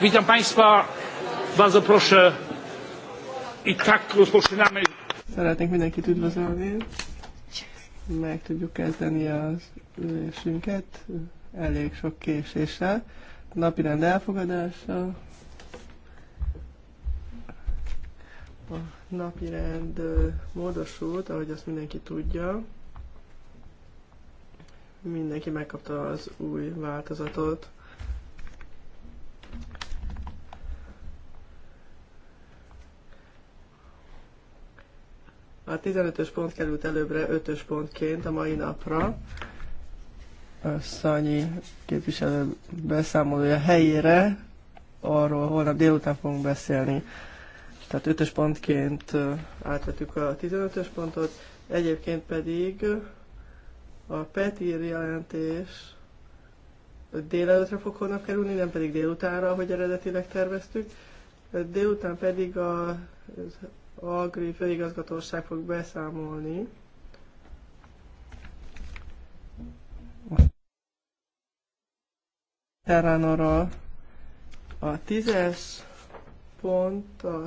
Witam Państwa. Bardzo proszę. I tak rozpoczynamy. Szeretnék mindenkit üdvözölni. Meg tudjuk kezdeni az ülésünket elég sok késéssel. Napi rend elfogadása. A napi rend módosult, ahogy azt mindenki tudja. Mindenki megkapta az új változatot A 15-ös pont került előbbre 5-ös pontként a mai napra. A Szanyi képviselő beszámolója helyére, arról holnap délután fogunk beszélni. Tehát 5-ös pontként átvettük a 15-ös pontot, egyébként pedig a PETIR jelentés délelőtre fog holnap kerülni, nem pedig délutánra, ahogy eredetileg terveztük. Délután pedig a Agri főigazgatóság fog beszámolni. Terránóról a tízes pont a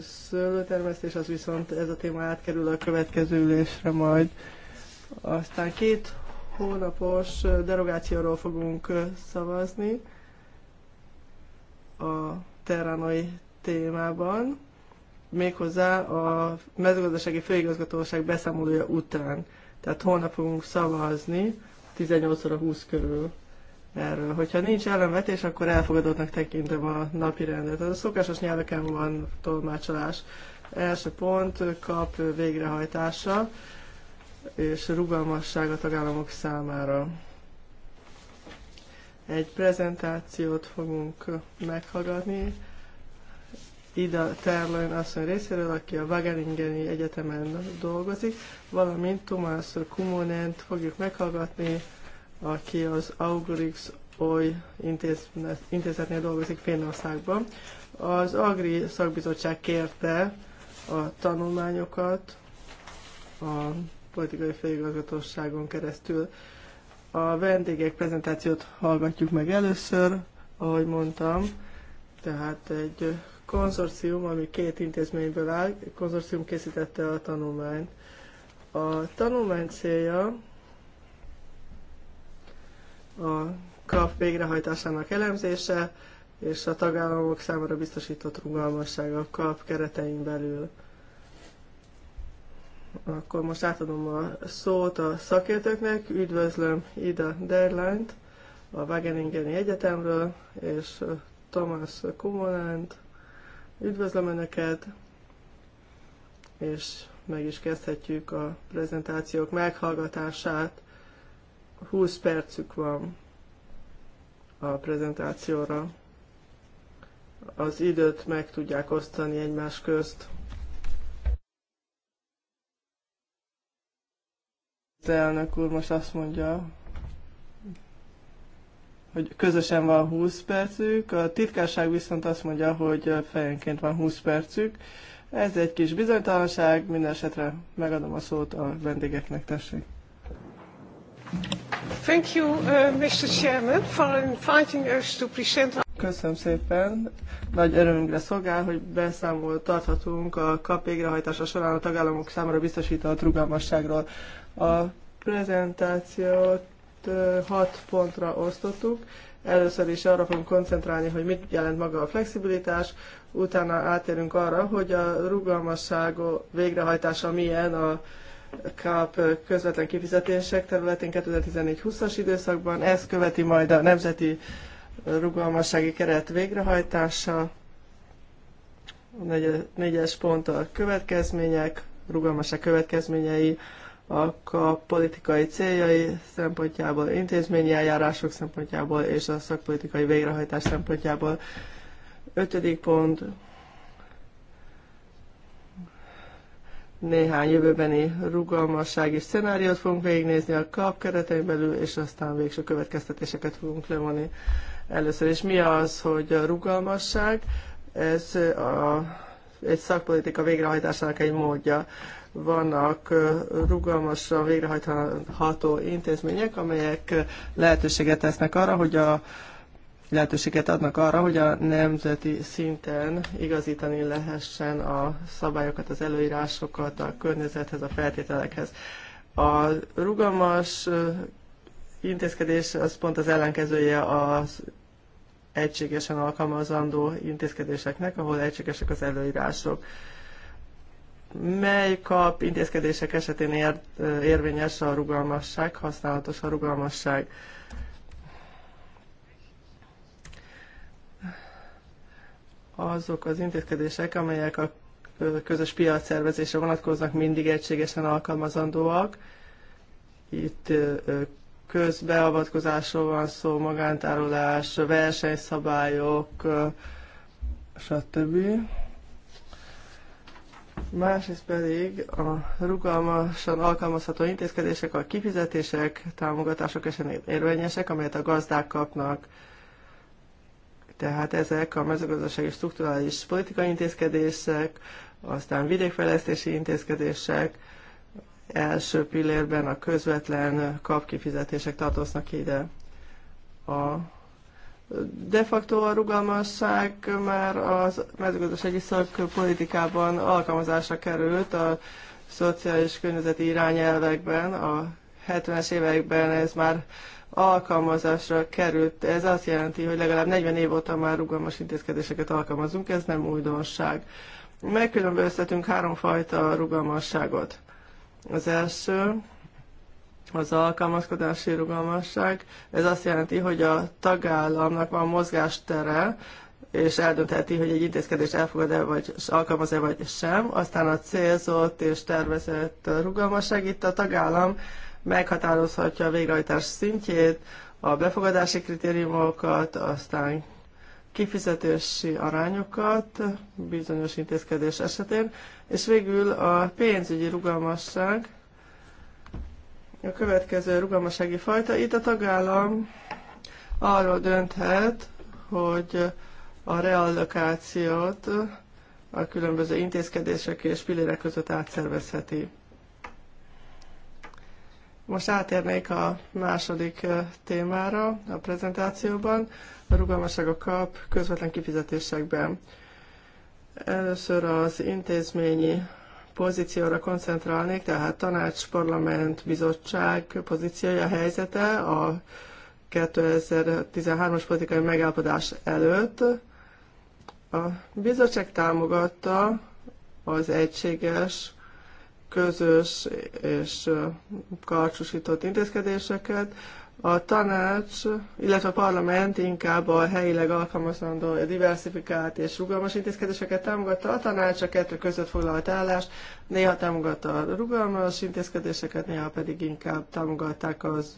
szőlőtermesztés, az viszont ez a téma átkerül a következő ülésre majd. Aztán két hónapos derogációról fogunk szavazni a terránoi témában méghozzá a mezőgazdasági főigazgatóság beszámolója után. Tehát holnap fogunk szavazni 18 óra 20 körül erről. Hogyha nincs ellenvetés, akkor elfogadottnak tekintem a napi rendet. Ez a szokásos nyelveken van tolmácsolás. Első pont kap végrehajtása és rugalmasság a tagállamok számára. Egy prezentációt fogunk meghallgatni Ida Terlen asszony részéről, aki a Wageningeni Egyetemen dolgozik, valamint Tomás Kumonent fogjuk meghallgatni, aki az Augurix Oly intézetnél dolgozik Finnországban. Az Agri szakbizottság kérte a tanulmányokat a politikai főigazgatóságon keresztül. A vendégek prezentációt hallgatjuk meg először, ahogy mondtam, tehát egy konzorcium, ami két intézményből áll, konzorcium készítette a tanulmányt. A tanulmány célja a KAF végrehajtásának elemzése és a tagállamok számára biztosított rugalmasság a KAP keretein belül. Akkor most átadom a szót a szakértőknek, üdvözlöm Ida Derlányt a Wageningeni Egyetemről, és Thomas Kumonant, Üdvözlöm Önöket, és meg is kezdhetjük a prezentációk meghallgatását. 20 percük van a prezentációra. Az időt meg tudják osztani egymás közt. Az elnök úr most azt mondja, hogy közösen van 20 percük, a titkárság viszont azt mondja, hogy fejenként van 20 percük. Ez egy kis bizonytalanság, minden esetre megadom a szót a vendégeknek, tessék. Thank you, uh, Mr. Chairman, for inviting us to present Köszönöm szépen. Nagy örömünkre szolgál, hogy beszámolt tarthatunk a kap végrehajtása során a tagállamok számára biztosított rugalmasságról. A prezentációt hat pontra osztottuk. Először is arra fogunk koncentrálni, hogy mit jelent maga a flexibilitás, utána átérünk arra, hogy a rugalmasság végrehajtása milyen a KAP közvetlen kifizetések területén 2014-20-as időszakban. Ez követi majd a nemzeti rugalmassági keret végrehajtása. A négyes pont a következmények, rugalmasság következményei, a politikai céljai szempontjából, intézményi eljárások szempontjából és a szakpolitikai végrehajtás szempontjából. Ötödik pont, néhány jövőbeni és szenáriót fogunk végignézni a KAP keretein belül, és aztán végső következtetéseket fogunk levonni először. És mi az, hogy a rugalmasság? Ez a, egy szakpolitika végrehajtásának egy módja vannak rugalmasan végrehajtható intézmények, amelyek lehetőséget tesznek arra, hogy a lehetőséget adnak arra, hogy a nemzeti szinten igazítani lehessen a szabályokat, az előírásokat, a környezethez, a feltételekhez. A rugalmas intézkedés az pont az ellenkezője az egységesen alkalmazandó intézkedéseknek, ahol egységesek az előírások mely kap intézkedések esetén ér, érvényes a rugalmasság, használatos a rugalmasság. Azok az intézkedések, amelyek a közös piac szervezésre vonatkoznak, mindig egységesen alkalmazandóak. Itt közbeavatkozásról van szó, magántárolás, versenyszabályok, stb másrészt pedig a rugalmasan alkalmazható intézkedések, a kifizetések, támogatások esetén érvényesek, amelyet a gazdák kapnak. Tehát ezek a mezőgazdasági strukturális politikai intézkedések, aztán vidékfejlesztési intézkedések, első pillérben a közvetlen kapkifizetések tartoznak ide. A de facto a rugalmasság már az mezőgazdasági szakpolitikában alkalmazásra került a szociális környezeti irányelvekben, a 70-es években ez már alkalmazásra került. Ez azt jelenti, hogy legalább 40 év óta már rugalmas intézkedéseket alkalmazunk, ez nem újdonság. Megkülönböztetünk háromfajta rugalmasságot. Az első, az alkalmazkodási rugalmasság. Ez azt jelenti, hogy a tagállamnak van mozgástere, és eldöntheti, hogy egy intézkedést elfogad-e, vagy alkalmaz-e, vagy sem. Aztán a célzott és tervezett rugalmasság itt a tagállam meghatározhatja a végrehajtás szintjét, a befogadási kritériumokat, aztán kifizetési arányokat bizonyos intézkedés esetén, és végül a pénzügyi rugalmasság, a következő rugalmassági fajta. Itt a tagállam arról dönthet, hogy a reallokációt a különböző intézkedések és pillérek között átszervezheti. Most átérnék a második témára a prezentációban, a rugalmaság a kap közvetlen kifizetésekben. Először az intézményi pozícióra koncentrálnék, tehát tanács, parlament, bizottság pozíciója, helyzete a 2013-as politikai megállapodás előtt. A bizottság támogatta az egységes, közös és karcsúsított intézkedéseket, a tanács, illetve a parlament inkább a helyileg alkalmazandó diversifikált és rugalmas intézkedéseket támogatta, a tanács a kettő között foglalt állást, néha támogatta a rugalmas intézkedéseket, néha pedig inkább támogatták az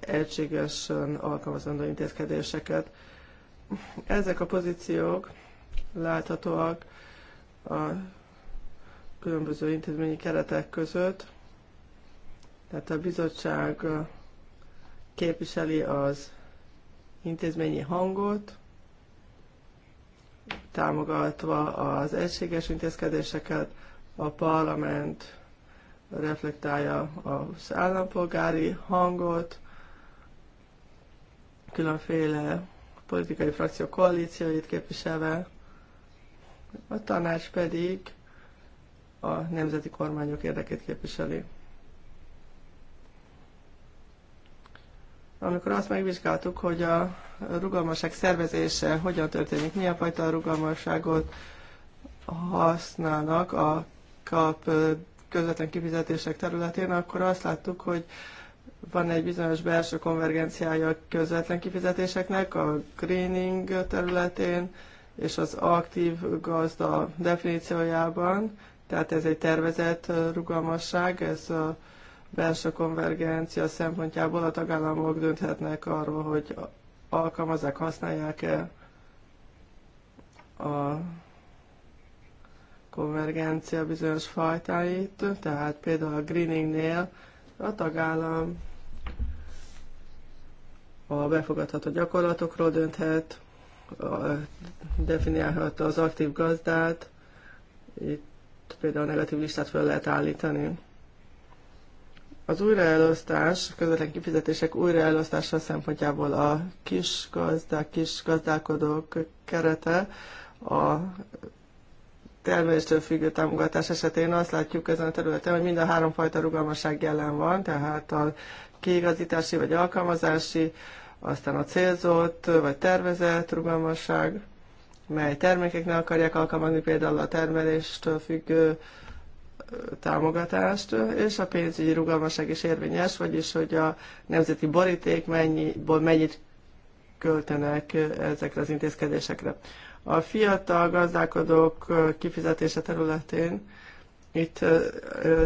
egységesen alkalmazandó intézkedéseket. Ezek a pozíciók láthatóak a különböző intézményi keretek között, tehát a bizottság képviseli az intézményi hangot, támogatva az egységes intézkedéseket, a parlament reflektálja az állampolgári hangot, különféle politikai frakció koalícióit képviselve, a tanács pedig a nemzeti kormányok érdekét képviseli. amikor azt megvizsgáltuk, hogy a rugalmasság szervezése hogyan történik, milyen fajta rugalmasságot használnak a kap közvetlen kifizetések területén, akkor azt láttuk, hogy van egy bizonyos belső konvergenciája közvetlen kifizetéseknek a greening területén és az aktív gazda definíciójában, tehát ez egy tervezett rugalmasság, ez a belső konvergencia szempontjából a tagállamok dönthetnek arról, hogy alkalmazzák, használják-e a konvergencia bizonyos fajtáit, tehát például a greeningnél a tagállam a befogadható gyakorlatokról dönthet, definiálhatta az aktív gazdát, itt például a negatív listát fel lehet állítani. Az újraelosztás, közvetlen kifizetések újraelosztása szempontjából a kis gazdák, kis gazdálkodók kerete a termeléstől függő támogatás esetén azt látjuk ezen a területen, hogy mind a három fajta rugalmasság jelen van, tehát a kiigazítási vagy alkalmazási, aztán a célzott vagy tervezett rugalmasság, mely termékeknek akarják alkalmazni például a termeléstől függő támogatást, és a pénzügyi rugalmasság is érvényes, vagyis hogy a nemzeti boríték mennyiból mennyit költenek ezekre az intézkedésekre. A fiatal gazdálkodók kifizetése területén itt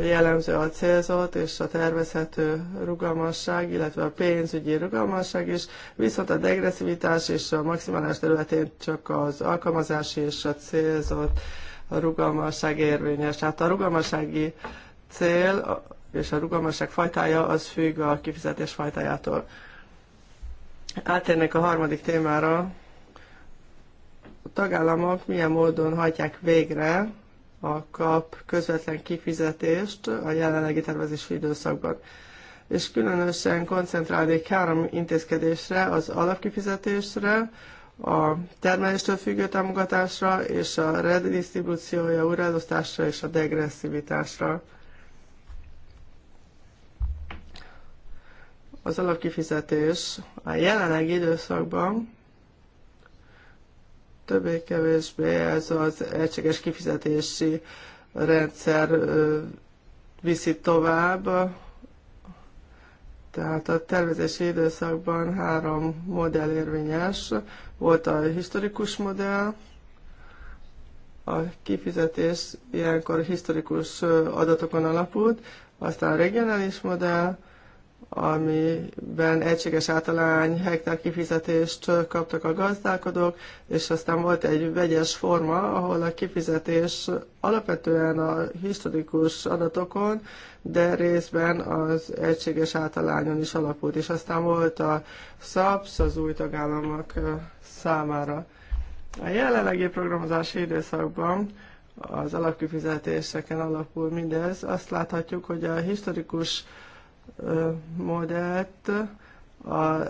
jellemző a célzott és a tervezhető rugalmasság, illetve a pénzügyi rugalmasság is, viszont a degresszivitás és a maximális területén csak az alkalmazás és a célzott a rugalmasság érvényes. Tehát a rugalmassági cél és a rugalmasság fajtája az függ a kifizetés fajtájától. Átérnék a harmadik témára. A tagállamok milyen módon hajtják végre a kap közvetlen kifizetést a jelenlegi tervezési időszakban. És különösen koncentrálnék három intézkedésre, az alapkifizetésre, a termeléstől függő támogatásra és a redistribúciója, újraelosztásra és a degresszivitásra. Az alapkifizetés a jelenleg időszakban többé-kevésbé ez az egységes kifizetési rendszer viszi tovább tehát a tervezési időszakban három modell érvényes. Volt a historikus modell, a kifizetés ilyenkor historikus adatokon alapult, aztán a regionális modell, amiben egységes általány hektár kifizetést kaptak a gazdálkodók, és aztán volt egy vegyes forma, ahol a kifizetés alapvetően a historikus adatokon, de részben az egységes általányon is alapult, és aztán volt a SZAPS az új tagállamok számára. A jelenlegi programozási időszakban az alapkifizetéseken alapul mindez. Azt láthatjuk, hogy a historikus modellt a,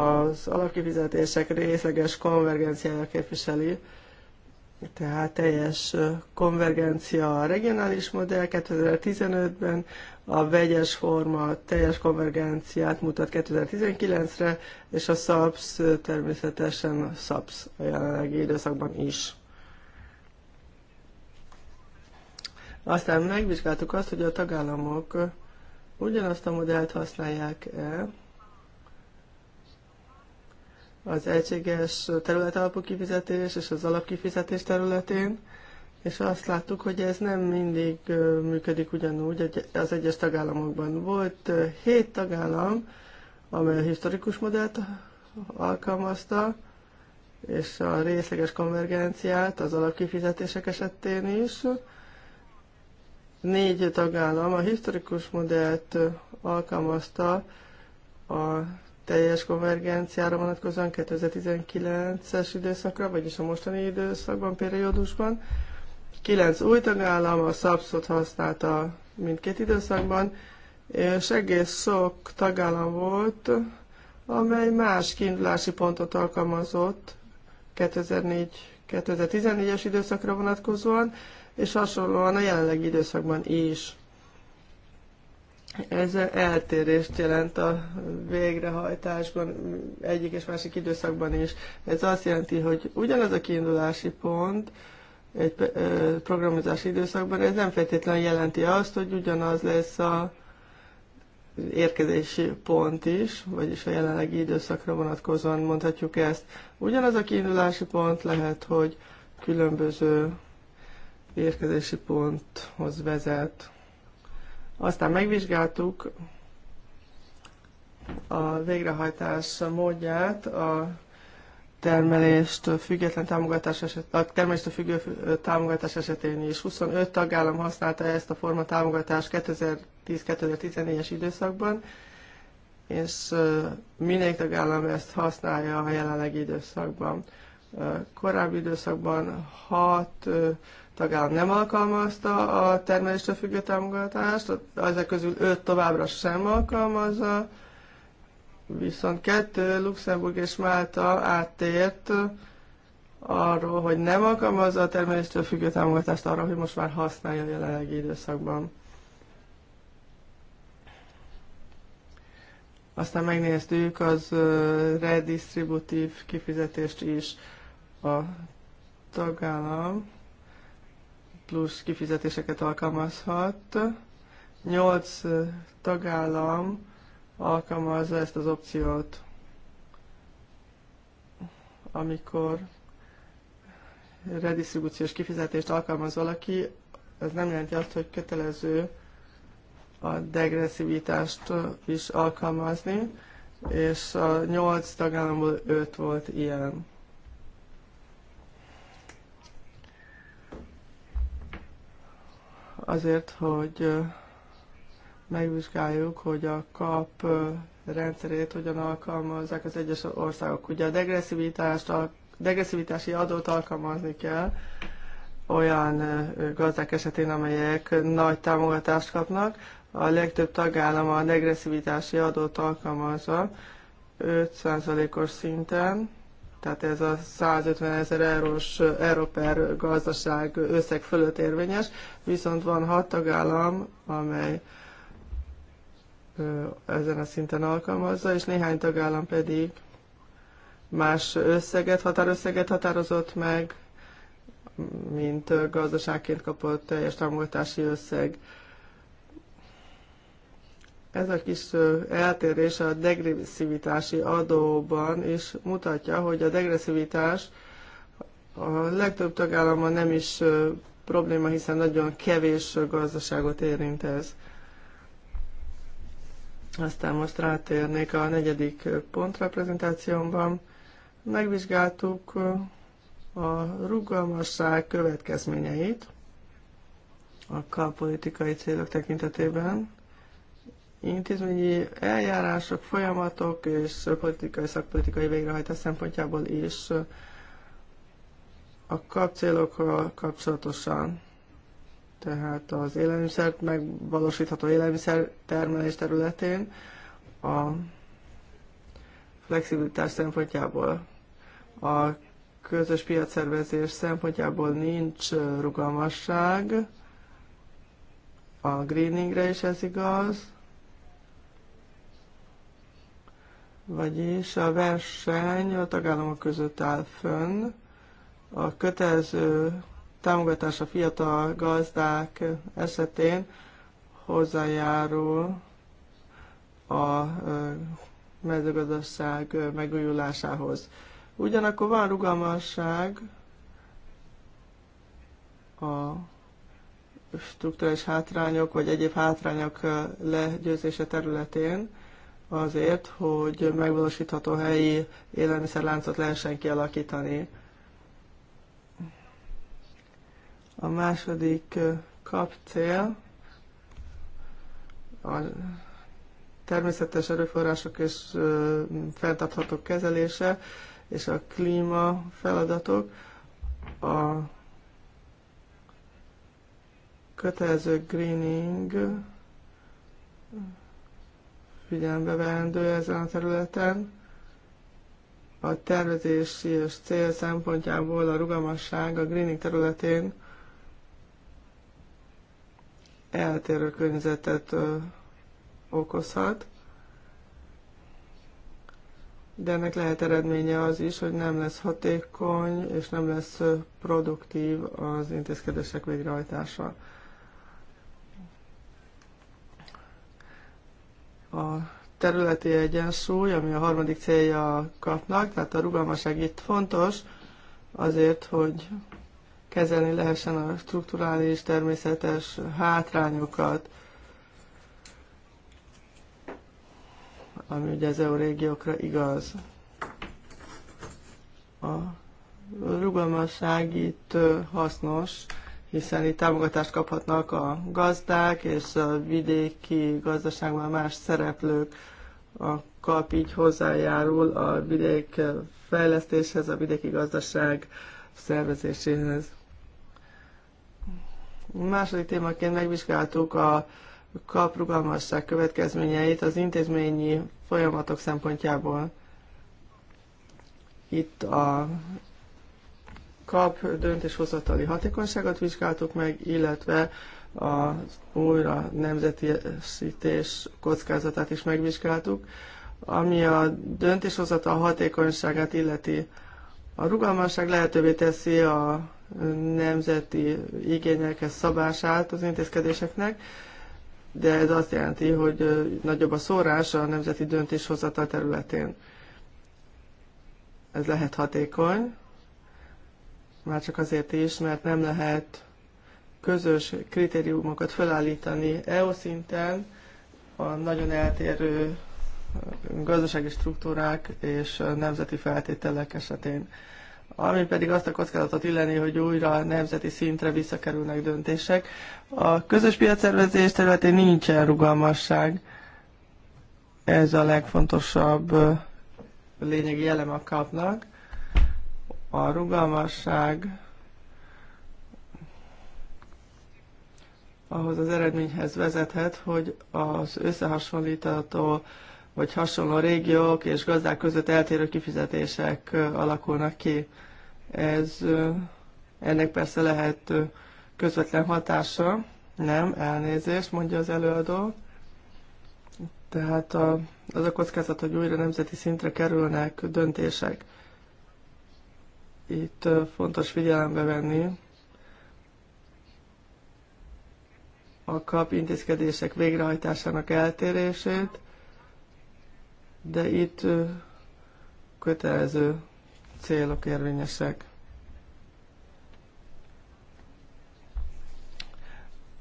az alapkifizetések részleges konvergenciája képviseli, tehát teljes konvergencia a regionális modell 2015-ben, a vegyes forma teljes konvergenciát mutat 2019-re, és a SAPS természetesen SAPS a jelenlegi időszakban is. Aztán megvizsgáltuk azt, hogy a tagállamok ugyanazt a modellt használják-e az egységes területalapú kifizetés és az alapkifizetés területén, és azt láttuk, hogy ez nem mindig működik ugyanúgy az egyes tagállamokban. Volt hét tagállam, amely a historikus modellt alkalmazta, és a részleges konvergenciát az alapkifizetések esetén is, négy tagállam a historikus modellt alkalmazta a teljes konvergenciára vonatkozóan 2019-es időszakra, vagyis a mostani időszakban, periódusban. Kilenc új tagállam a SAPS-ot használta mindkét időszakban, és egész sok tagállam volt, amely más kiindulási pontot alkalmazott 2004-2014-es időszakra vonatkozóan, és hasonlóan a jelenlegi időszakban is. Ez eltérést jelent a végrehajtásban egyik és másik időszakban is. Ez azt jelenti, hogy ugyanaz a kiindulási pont egy programozási időszakban, ez nem feltétlenül jelenti azt, hogy ugyanaz lesz a érkezési pont is, vagyis a jelenlegi időszakra vonatkozóan mondhatjuk ezt. Ugyanaz a kiindulási pont lehet, hogy különböző érkezési ponthoz vezet. Aztán megvizsgáltuk a végrehajtás módját, a termeléstől független támogatás esetén. a termeléstől függő támogatás esetén is. 25 tagállam használta ezt a forma támogatás 2010-2014-es időszakban, és mindegyik tagállam ezt használja a jelenlegi időszakban. Korábbi időszakban 6 tagállam nem alkalmazta a termelésre függő támogatást, ezek közül öt továbbra sem alkalmazza, viszont kettő, Luxemburg és Málta áttért arról, hogy nem alkalmazza a termelésre függő támogatást arra, hogy most már használja a jelenlegi időszakban. Aztán megnéztük az redistributív kifizetést is a tagállam plusz kifizetéseket alkalmazhat. Nyolc tagállam alkalmazza ezt az opciót, amikor redistribúciós kifizetést alkalmaz valaki, ez nem jelenti azt, hogy kötelező a degresszivitást is alkalmazni, és a nyolc tagállamból öt volt ilyen. azért, hogy megvizsgáljuk, hogy a kap rendszerét hogyan alkalmazzák az egyes országok. Ugye a degresszivitást, a degresszivitási adót alkalmazni kell olyan gazdák esetén, amelyek nagy támogatást kapnak. A legtöbb tagállam a degresszivitási adót alkalmazza 5%-os szinten, tehát ez a 150 ezer eurós európer per gazdaság összeg fölött érvényes, viszont van hat tagállam, amely ezen a szinten alkalmazza, és néhány tagállam pedig más összeget, határösszeget határozott meg, mint gazdaságként kapott teljes támogatási összeg. Ez a kis eltérés a degresszivitási adóban is mutatja, hogy a degresszivitás a legtöbb tagállamban nem is probléma, hiszen nagyon kevés gazdaságot érint ez. Aztán most rátérnék a negyedik pontra a prezentációmban. Megvizsgáltuk a rugalmasság következményeit a k-politikai célok tekintetében intézményi eljárások, folyamatok és politikai, szakpolitikai végrehajtás szempontjából is a kapcélokkal kapcsolatosan, tehát az élelmiszer, megvalósítható élelmiszer termelés területén a flexibilitás szempontjából, a közös piacszervezés szempontjából nincs rugalmasság, a greeningre is ez igaz, Vagyis a verseny a tagállamok között áll fönn, a kötelező támogatás a fiatal gazdák esetén hozzájárul a mezőgazdaság megújulásához. Ugyanakkor van rugalmasság a struktúrális hátrányok vagy egyéb hátrányok legyőzése területén, azért, hogy megvalósítható helyi élelmiszerláncot lehessen kialakítani. A második kapcél a természetes erőforrások és fenntartható kezelése és a klíma feladatok. A kötelező greening figyelembe veendő ezen a területen. A tervezési és cél szempontjából a rugalmasság a greening területén eltérő környezetet okozhat, de ennek lehet eredménye az is, hogy nem lesz hatékony és nem lesz produktív az intézkedések végrehajtása. a területi egyensúly, ami a harmadik célja kapnak, tehát a rugalmaság itt fontos azért, hogy kezelni lehessen a strukturális, természetes hátrányokat, ami ugye az EU régiókra igaz. A rugalmasság itt hasznos, hiszen itt támogatást kaphatnak a gazdák és a vidéki gazdaságban más szereplők. A kap így hozzájárul a vidék fejlesztéshez, a vidéki gazdaság szervezéséhez. Második témaként megvizsgáltuk a kap rugalmasság következményeit az intézményi folyamatok szempontjából. Itt a kap döntéshozatali hatékonyságot vizsgáltuk meg, illetve az újra nemzetisítés kockázatát is megvizsgáltuk. Ami a döntéshozatal hatékonyságát illeti, a rugalmasság lehetővé teszi a nemzeti igényekhez szabását az intézkedéseknek, de ez azt jelenti, hogy nagyobb a szórás a nemzeti döntéshozatal területén. Ez lehet hatékony, már csak azért is, mert nem lehet közös kritériumokat felállítani EU szinten a nagyon eltérő eh, gazdasági struktúrák és eh, nemzeti feltételek esetén. Ami pedig azt a kockázatot illeni, hogy újra nemzeti szintre visszakerülnek döntések. A közös piacszervezés területén nincsen rugalmasság. Ez a legfontosabb eh, lényegi eleme a kapnak a rugalmasság ahhoz az eredményhez vezethet, hogy az összehasonlítató vagy hasonló régiók és gazdák között eltérő kifizetések alakulnak ki. Ez, ennek persze lehet közvetlen hatása, nem, elnézést, mondja az előadó. Tehát a, az a kockázat, hogy újra nemzeti szintre kerülnek döntések. Itt fontos figyelembe venni a kap intézkedések végrehajtásának eltérését, de itt kötelező célok érvényesek.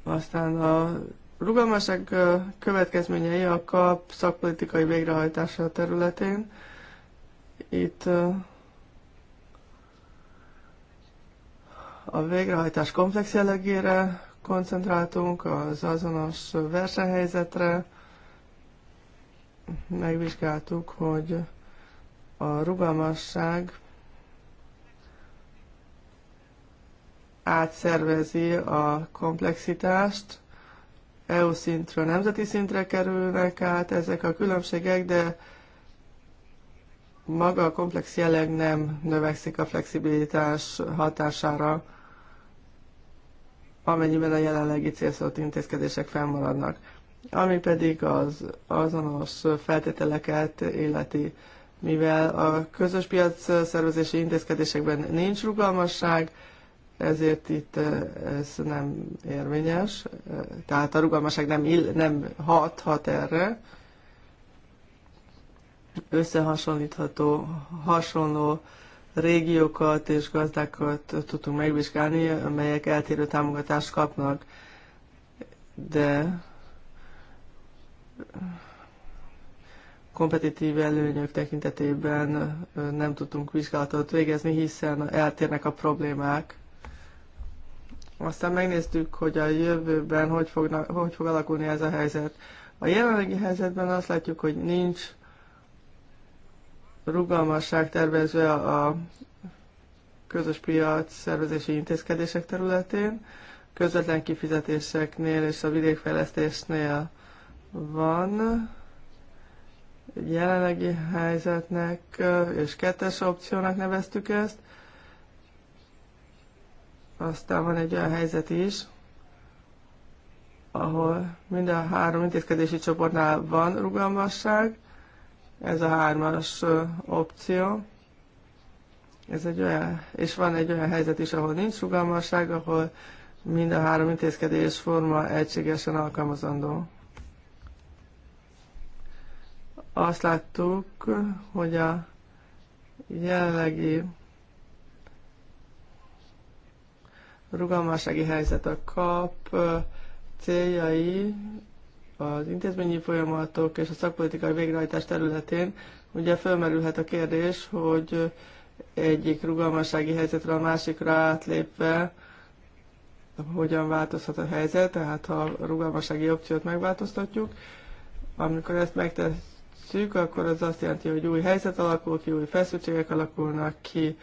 Aztán a rugalmasság következményei a kap szakpolitikai végrehajtása területén. Itt A végrehajtás komplex jellegére koncentráltunk, az azonos versenyhelyzetre, megvizsgáltuk, hogy a rugalmasság átszervezi a komplexitást, EU szintről nemzeti szintre kerülnek át ezek a különbségek, de maga a komplex jelleg nem növekszik a flexibilitás hatására amennyiben a jelenlegi célszolt intézkedések fennmaradnak. Ami pedig az azonos feltételeket illeti, mivel a közös piac szervezési intézkedésekben nincs rugalmasság, ezért itt eh, ez nem érvényes, tehát a rugalmasság nem, ill, nem hat, hat erre. Összehasonlítható, hasonló régiókat és gazdákat tudtunk megvizsgálni, amelyek eltérő támogatást kapnak. De kompetitív előnyök tekintetében nem tudtunk vizsgálatot végezni, hiszen eltérnek a problémák. Aztán megnéztük, hogy a jövőben hogy, fognak, hogy fog alakulni ez a helyzet. A jelenlegi helyzetben azt látjuk, hogy nincs rugalmasság tervezve a közös piac szervezési intézkedések területén, közvetlen kifizetéseknél és a vidékfejlesztésnél van jelenlegi helyzetnek és kettes opciónak neveztük ezt. Aztán van egy olyan helyzet is, ahol mind a három intézkedési csoportnál van rugalmasság, ez a hármas opció. Ez egy olyan, és van egy olyan helyzet is, ahol nincs rugalmasság, ahol mind a három intézkedés forma egységesen alkalmazandó. Azt láttuk, hogy a jelenlegi rugalmassági helyzet a kap céljai az intézményi folyamatok és a szakpolitikai végrehajtás területén ugye fölmerülhet a kérdés, hogy egyik rugalmassági helyzetre a másikra átlépve hogyan változhat a helyzet, tehát ha a rugalmassági opciót megváltoztatjuk, amikor ezt megtesszük, akkor az azt jelenti, hogy új helyzet alakul ki, új feszültségek alakulnak ki,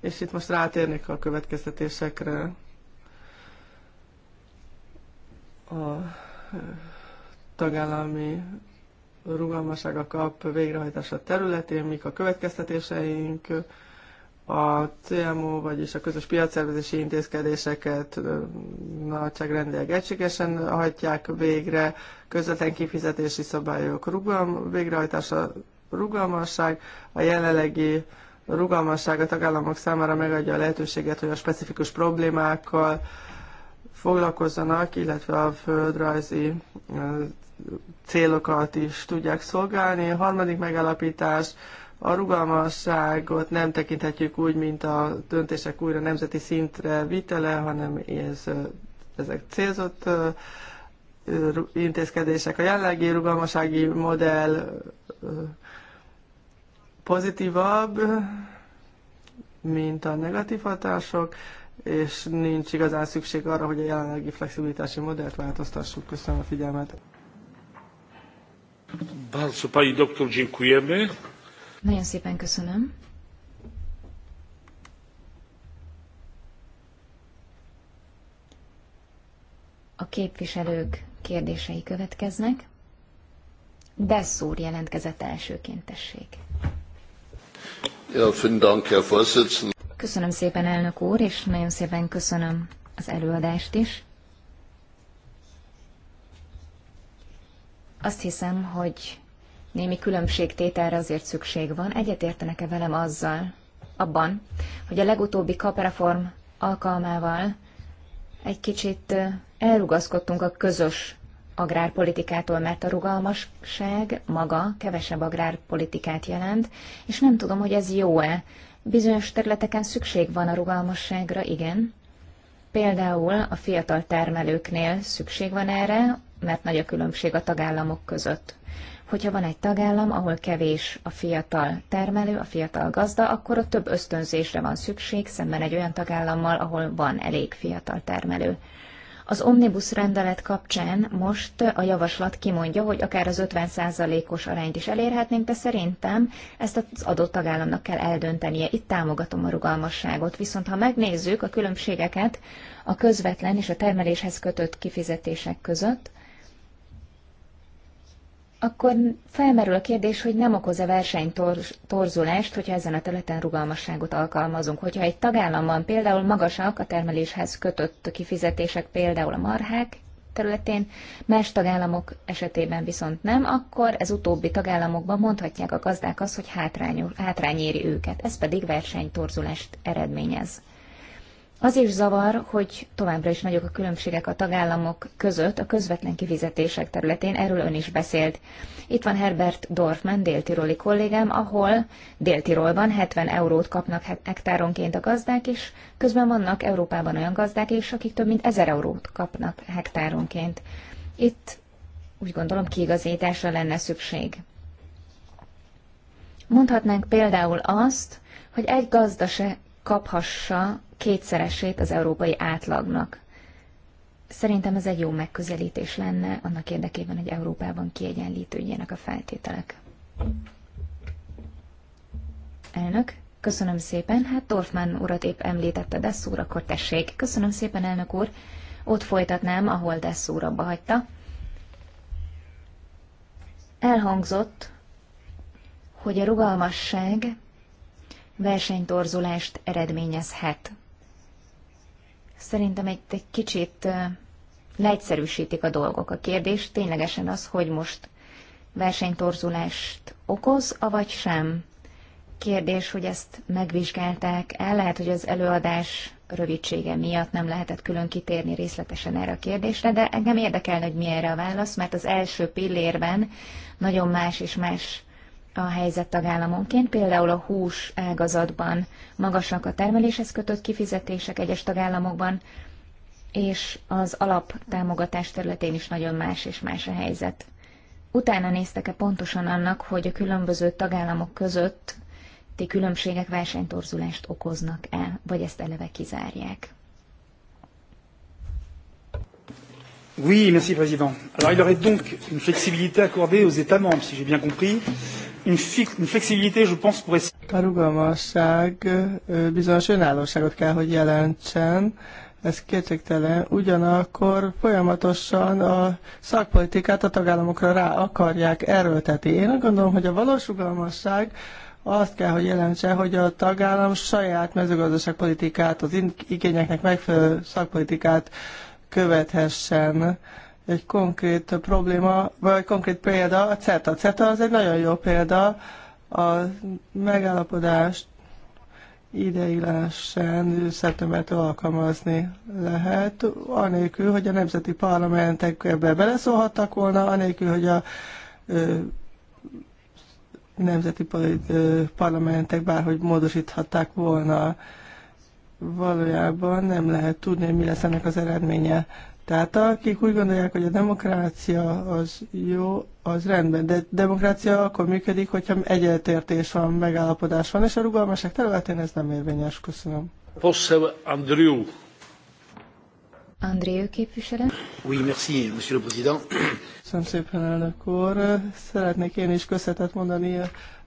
és itt most rátérnék a következtetésekre. a tagállami rugalmaság a kap végrehajtása területén, mik a következtetéseink, a CMO, vagyis a közös piacszervezési intézkedéseket nagyságrendileg egységesen hajtják végre, közvetlen kifizetési szabályok rugalm, végrehajtása rugalmasság, a jelenlegi rugalmasság a tagállamok számára megadja a lehetőséget, hogy a specifikus problémákkal foglalkozzanak, illetve a földrajzi célokat is tudják szolgálni. A harmadik megállapítás, a rugalmasságot nem tekinthetjük úgy, mint a döntések újra nemzeti szintre vitele, hanem ez, ezek célzott intézkedések. A jelenlegi rugalmasági modell pozitívabb, mint a negatív hatások és nincs igazán szükség arra, hogy a jelenlegi flexibilitási modellt változtassuk. Köszönöm a figyelmet. Bardzo doktor, dziękujemy. Nagyon szépen köszönöm. A képviselők kérdései következnek. Desszúr jelentkezett elsőként, tessék. Köszönöm szépen, elnök úr, és nagyon szépen köszönöm az előadást is. Azt hiszem, hogy némi különbségtételre azért szükség van. Egyetértenek-e velem azzal, abban, hogy a legutóbbi kapreform alkalmával egy kicsit elrugaszkodtunk a közös agrárpolitikától, mert a rugalmasság maga kevesebb agrárpolitikát jelent, és nem tudom, hogy ez jó-e. Bizonyos területeken szükség van a rugalmasságra, igen. Például a fiatal termelőknél szükség van erre, mert nagy a különbség a tagállamok között. Hogyha van egy tagállam, ahol kevés a fiatal termelő, a fiatal gazda, akkor ott több ösztönzésre van szükség, szemben egy olyan tagállammal, ahol van elég fiatal termelő. Az omnibus rendelet kapcsán most a javaslat kimondja, hogy akár az 50%-os arányt is elérhetnénk, de szerintem ezt az adott tagállamnak kell eldöntenie. Itt támogatom a rugalmasságot, viszont ha megnézzük a különbségeket a közvetlen és a termeléshez kötött kifizetések között, akkor felmerül a kérdés, hogy nem okoz-e versenytorzulást, hogyha ezen a területen rugalmasságot alkalmazunk. Hogyha egy tagállamban például magasak a termeléshez kötött kifizetések, például a marhák területén, más tagállamok esetében viszont nem, akkor ez utóbbi tagállamokban mondhatják a gazdák azt, hogy hátrány, hátrány éri őket. Ez pedig versenytorzulást eredményez. Az is zavar, hogy továbbra is nagyok a különbségek a tagállamok között a közvetlen kifizetések területén, erről ön is beszélt. Itt van Herbert Dorfman, déltiroli kollégám, ahol déltirolban 70 eurót kapnak hektáronként a gazdák, és közben vannak Európában olyan gazdák is, akik több mint 1000 eurót kapnak hektáronként. Itt úgy gondolom kiigazításra lenne szükség. Mondhatnánk például azt, hogy egy gazda se kaphassa kétszeresét az európai átlagnak. Szerintem ez egy jó megközelítés lenne annak érdekében, hogy Európában kiegyenlítődjenek a feltételek. Elnök, köszönöm szépen. Hát Dorfman urat épp említette Desszúr, akkor tessék. Köszönöm szépen, elnök úr. Ott folytatnám, ahol Desszúr abba hagyta. Elhangzott, hogy a rugalmasság versenytorzulást eredményezhet. Szerintem egy, egy kicsit leegyszerűsítik a dolgok. A kérdés ténylegesen az, hogy most versenytorzulást okoz, avagy sem. Kérdés, hogy ezt megvizsgálták el, lehet, hogy az előadás rövidsége miatt nem lehetett külön kitérni részletesen erre a kérdésre, de engem érdekelne, hogy mi erre a válasz, mert az első pillérben nagyon más és más a helyzet tagállamonként, például a hús ágazatban magasak a termeléshez kötött kifizetések egyes tagállamokban, és az alaptámogatás területén is nagyon más és más a helyzet. Utána néztek-e pontosan annak, hogy a különböző tagállamok között ti különbségek versenytorzulást okoznak-e, vagy ezt eleve kizárják? Oui, merci Président. Alors il aurait donc une flexibilité accordée aux États membres, si j'ai bien compris, une, une flexibilité, je pense, pour essayer. A rugalmasság bizonyos önállóságot kell, hogy jelentsen, ez kétségtelen. Ugyanakkor folyamatosan a szakpolitikát a tagállamokra rá akarják erőltetni. Én gondolom, hogy a valós rugalmasság azt kell, hogy jelentse, hogy a tagállam saját mezőgazdaságpolitikát, az igényeknek megfelelő szakpolitikát követhessen egy konkrét probléma, vagy konkrét példa a CETA. A CETA az egy nagyon jó példa, a megállapodást ideiglenesen szeptembertől alkalmazni lehet, anélkül, hogy a nemzeti parlamentek ebbe beleszólhattak volna, anélkül, hogy a ö, nemzeti parlamentek bárhogy módosíthatták volna. Valójában nem lehet tudni, mi lesz ennek az eredménye. Tehát akik úgy gondolják, hogy a demokrácia az jó, az rendben, de demokrácia akkor működik, hogyha egyetértés van, megállapodás van, és a rugalmaság területén ez nem érvényes. Köszönöm. Poszel Andrew. Andrew képviselő. Oui, merci, monsieur le président. Köszönöm szépen, elnök úr. Szeretnék én is köszönetet mondani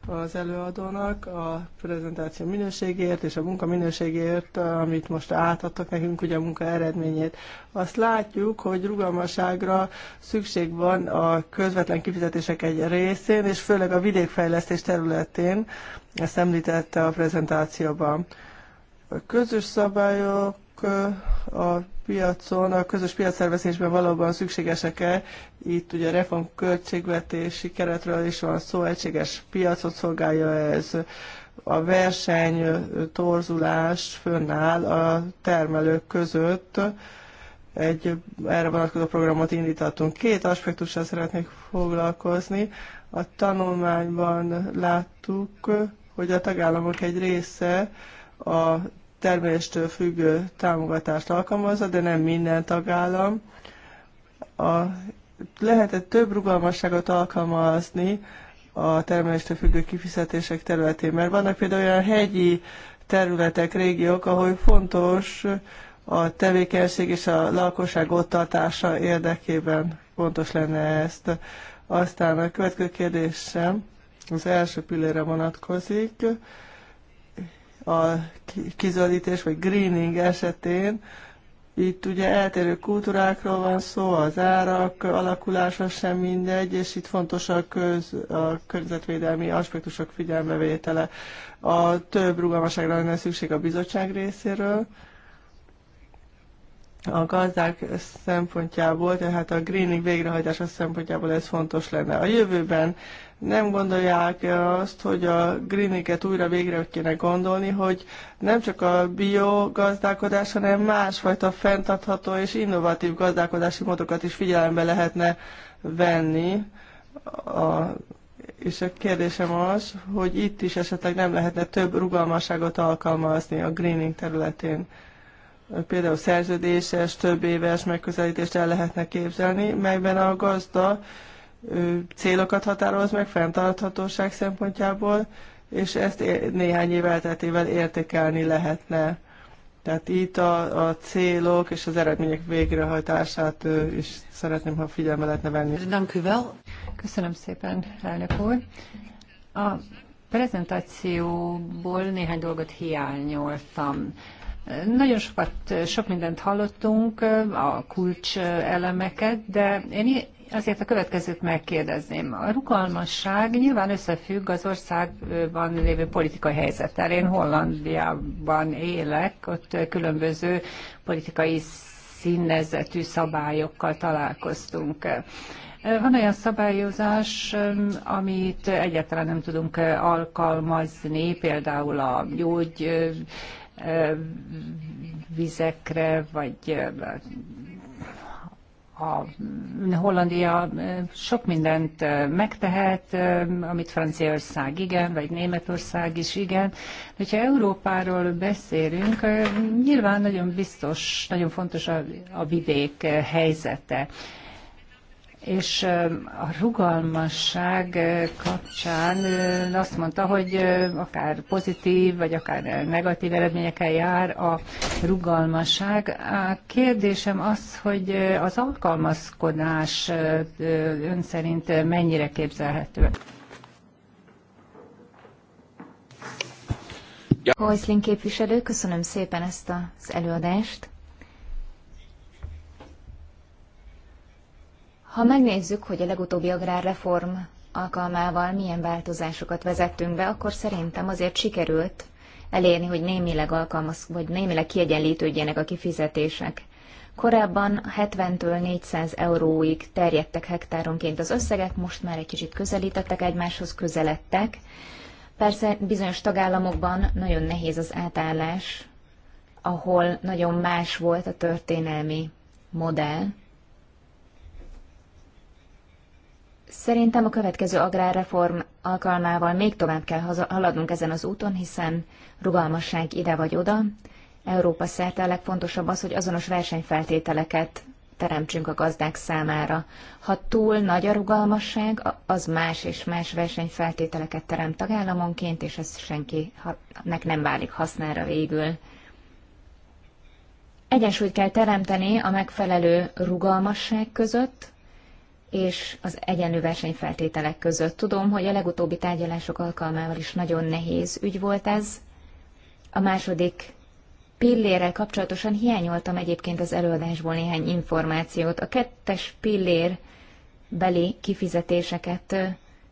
az előadónak a prezentáció minőségéért és a munka minőségéért, amit most átadtak nekünk, ugye a munka eredményét. Azt látjuk, hogy rugalmaságra szükség van a közvetlen kifizetések egy részén, és főleg a vidékfejlesztés területén, ezt említette a prezentációban. A közös szabályok a piacon, a közös piacszervezésben valóban szükségesek-e. Itt ugye reform költségvetési keretről is van szó, egységes piacot szolgálja ez. A verseny torzulás fönnáll a termelők között. Egy erre vonatkozó programot indítottunk. Két aspektussal szeretnék foglalkozni. A tanulmányban láttuk, hogy a tagállamok egy része a termeléstől függő támogatást alkalmazza, de nem minden tagállam. A, lehetett több rugalmasságot alkalmazni a termeléstől függő kifizetések területén, mert vannak például olyan hegyi területek, régiók, ahol fontos a tevékenység és a lakosság ott tartása érdekében fontos lenne ezt. Aztán a következő kérdésem az első pillére vonatkozik a kizöldítés vagy greening esetén itt ugye eltérő kultúrákról van szó, az árak alakulása sem mindegy, és itt fontos a, köz, a környezetvédelmi aspektusok figyelmevétele. A több rugalmaságra lenne szükség a bizottság részéről, a gazdák szempontjából, tehát a greening végrehajtása szempontjából ez fontos lenne. A jövőben nem gondolják azt, hogy a greeniket újra végre kéne gondolni, hogy nem csak a biogazdálkodás, hanem másfajta fenntartható és innovatív gazdálkodási módokat is figyelembe lehetne venni. A, és a kérdésem az, hogy itt is esetleg nem lehetne több rugalmasságot alkalmazni a greening területén például szerződéses, több éves megközelítést el lehetne képzelni, melyben a gazda célokat határoz meg fenntarthatóság szempontjából, és ezt néhány év elteltével értékelni lehetne. Tehát itt a, a célok és az eredmények végrehajtását is szeretném, ha figyelme lehetne venni. Köszönöm szépen, elnök úr. A prezentációból néhány dolgot hiányoltam. Nagyon sokat, sok mindent hallottunk, a kulcs elemeket, de én Azért a következőt megkérdezném. A rugalmasság nyilván összefügg az országban lévő politikai helyzettel. Én Hollandiában élek, ott különböző politikai színezetű szabályokkal találkoztunk. Van olyan szabályozás, amit egyáltalán nem tudunk alkalmazni, például a gyógy vizekre, vagy a mm, Hollandia mm, sok mindent megtehet, amit Franciaország igen, vagy Németország is igen. Hogyha Európáról beszélünk, nyilván nagyon biztos, nagyon fontos a, a vidék helyzete és a rugalmasság kapcsán azt mondta, hogy akár pozitív, vagy akár negatív eredményekkel jár a rugalmasság. A kérdésem az, hogy az alkalmazkodás ön szerint mennyire képzelhető? Hojszlin képviselő, köszönöm szépen ezt az előadást. Ha megnézzük, hogy a legutóbbi agrárreform alkalmával milyen változásokat vezettünk be, akkor szerintem azért sikerült elérni, hogy némileg alkalmaz, vagy némileg kiegyenlítődjenek a kifizetések. Korábban 70-től 400 euróig terjedtek hektáronként az összegek, most már egy kicsit közelítettek egymáshoz, közeledtek. Persze bizonyos tagállamokban nagyon nehéz az átállás, ahol nagyon más volt a történelmi modell, Szerintem a következő agrárreform alkalmával még tovább kell haladnunk ezen az úton, hiszen rugalmasság ide vagy oda. Európa szerte a legfontosabb az, hogy azonos versenyfeltételeket teremtsünk a gazdák számára. Ha túl nagy a rugalmasság, az más és más versenyfeltételeket terem tagállamonként, és ez senkinek nem válik hasznára végül. Egyensúlyt kell teremteni a megfelelő rugalmasság között, és az egyenlő versenyfeltételek között. Tudom, hogy a legutóbbi tárgyalások alkalmával is nagyon nehéz ügy volt ez. A második pillérrel kapcsolatosan hiányoltam egyébként az előadásból néhány információt. A kettes pillér beli kifizetéseket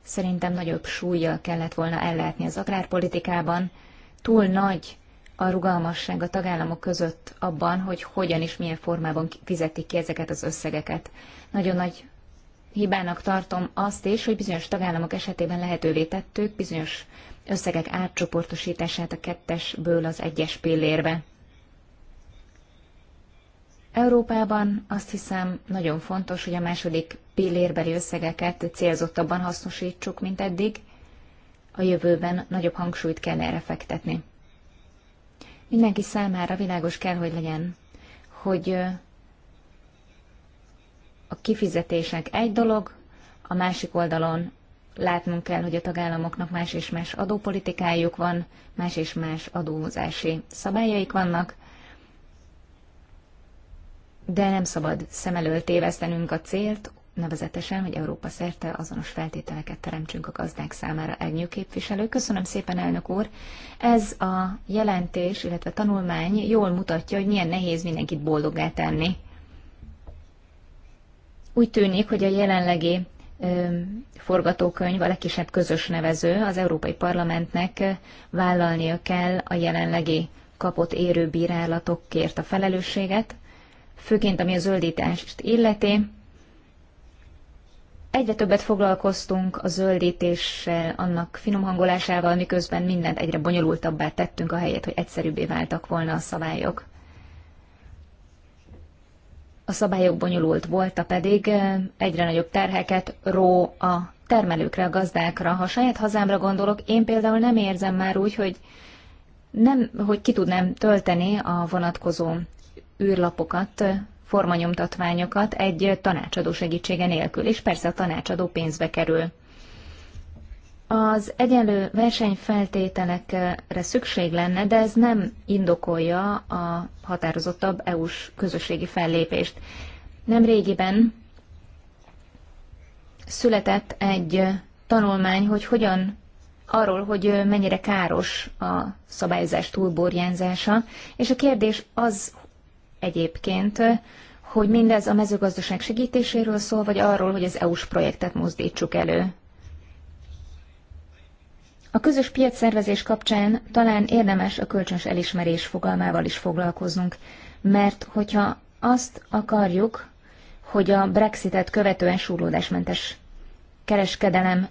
szerintem nagyobb súlyjal kellett volna ellátni az agrárpolitikában. Túl nagy a rugalmasság a tagállamok között abban, hogy hogyan és milyen formában fizetik ki ezeket az összegeket. Nagyon nagy hibának tartom azt is, hogy bizonyos tagállamok esetében lehetővé tettük bizonyos összegek átcsoportosítását a kettesből az egyes pillérbe. Európában azt hiszem nagyon fontos, hogy a második pillérbeli összegeket célzottabban hasznosítsuk, mint eddig. A jövőben nagyobb hangsúlyt kell erre fektetni. Mindenki számára világos kell, hogy legyen, hogy a kifizetések egy dolog, a másik oldalon látnunk kell, hogy a tagállamoknak más és más adópolitikájuk van, más és más adózási szabályaik vannak, de nem szabad szem elől tévesztenünk a célt, nevezetesen, hogy Európa szerte azonos feltételeket teremtsünk a gazdák számára elnyő képviselő. Köszönöm szépen, elnök úr! Ez a jelentés, illetve tanulmány jól mutatja, hogy milyen nehéz mindenkit boldoggá tenni. Úgy tűnik, hogy a jelenlegi forgatókönyv a legkisebb közös nevező, az Európai Parlamentnek vállalnia kell a jelenlegi kapott érő bírálatokért a felelősséget, főként ami a zöldítást illeti. Egyre többet foglalkoztunk a zöldítéssel, annak finomhangolásával, miközben mindent egyre bonyolultabbá tettünk a helyet, hogy egyszerűbbé váltak volna a szabályok a szabályok bonyolult volta pedig eh, egyre nagyobb terheket ró a termelőkre, a gazdákra. Ha saját hazámra gondolok, én például nem érzem már úgy, hogy, nem, hogy ki tudnám tölteni a vonatkozó űrlapokat, formanyomtatványokat egy tanácsadó segítsége nélkül, és persze a tanácsadó pénzbe kerül. Az egyenlő versenyfeltételekre szükség lenne, de ez nem indokolja a határozottabb EU-s közösségi fellépést. Nem régiben született egy tanulmány, hogy hogyan arról, hogy mennyire káros a szabályozás túlborjánzása, és a kérdés az egyébként, hogy mindez a mezőgazdaság segítéséről szól, vagy arról, hogy az EU-s projektet mozdítsuk elő. A közös piacszervezés kapcsán talán érdemes a kölcsönös elismerés fogalmával is foglalkoznunk, mert hogyha azt akarjuk, hogy a Brexitet követően súrlódásmentes kereskedelemre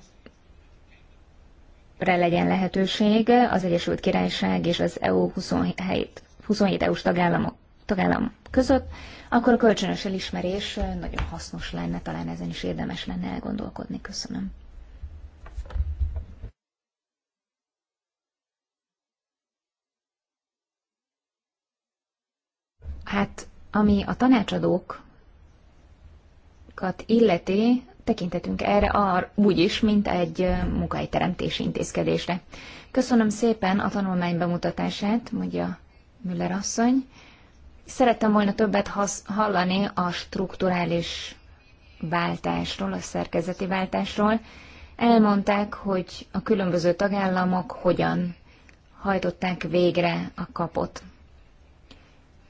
legyen lehetőség az Egyesült Királyság és az EU 27, 27 EU-s tagállamok, tagállam között, akkor a kölcsönös elismerés nagyon hasznos lenne, talán ezen is érdemes lenne elgondolkodni. Köszönöm. Hát, ami a tanácsadókat illeti, tekintetünk erre ar, úgy is, mint egy munkahelyteremtési intézkedésre. Köszönöm szépen a tanulmány bemutatását, mondja Müller asszony. Szerettem volna többet hasz, hallani a strukturális váltásról, a szerkezeti váltásról. Elmondták, hogy a különböző tagállamok hogyan hajtották végre a kapot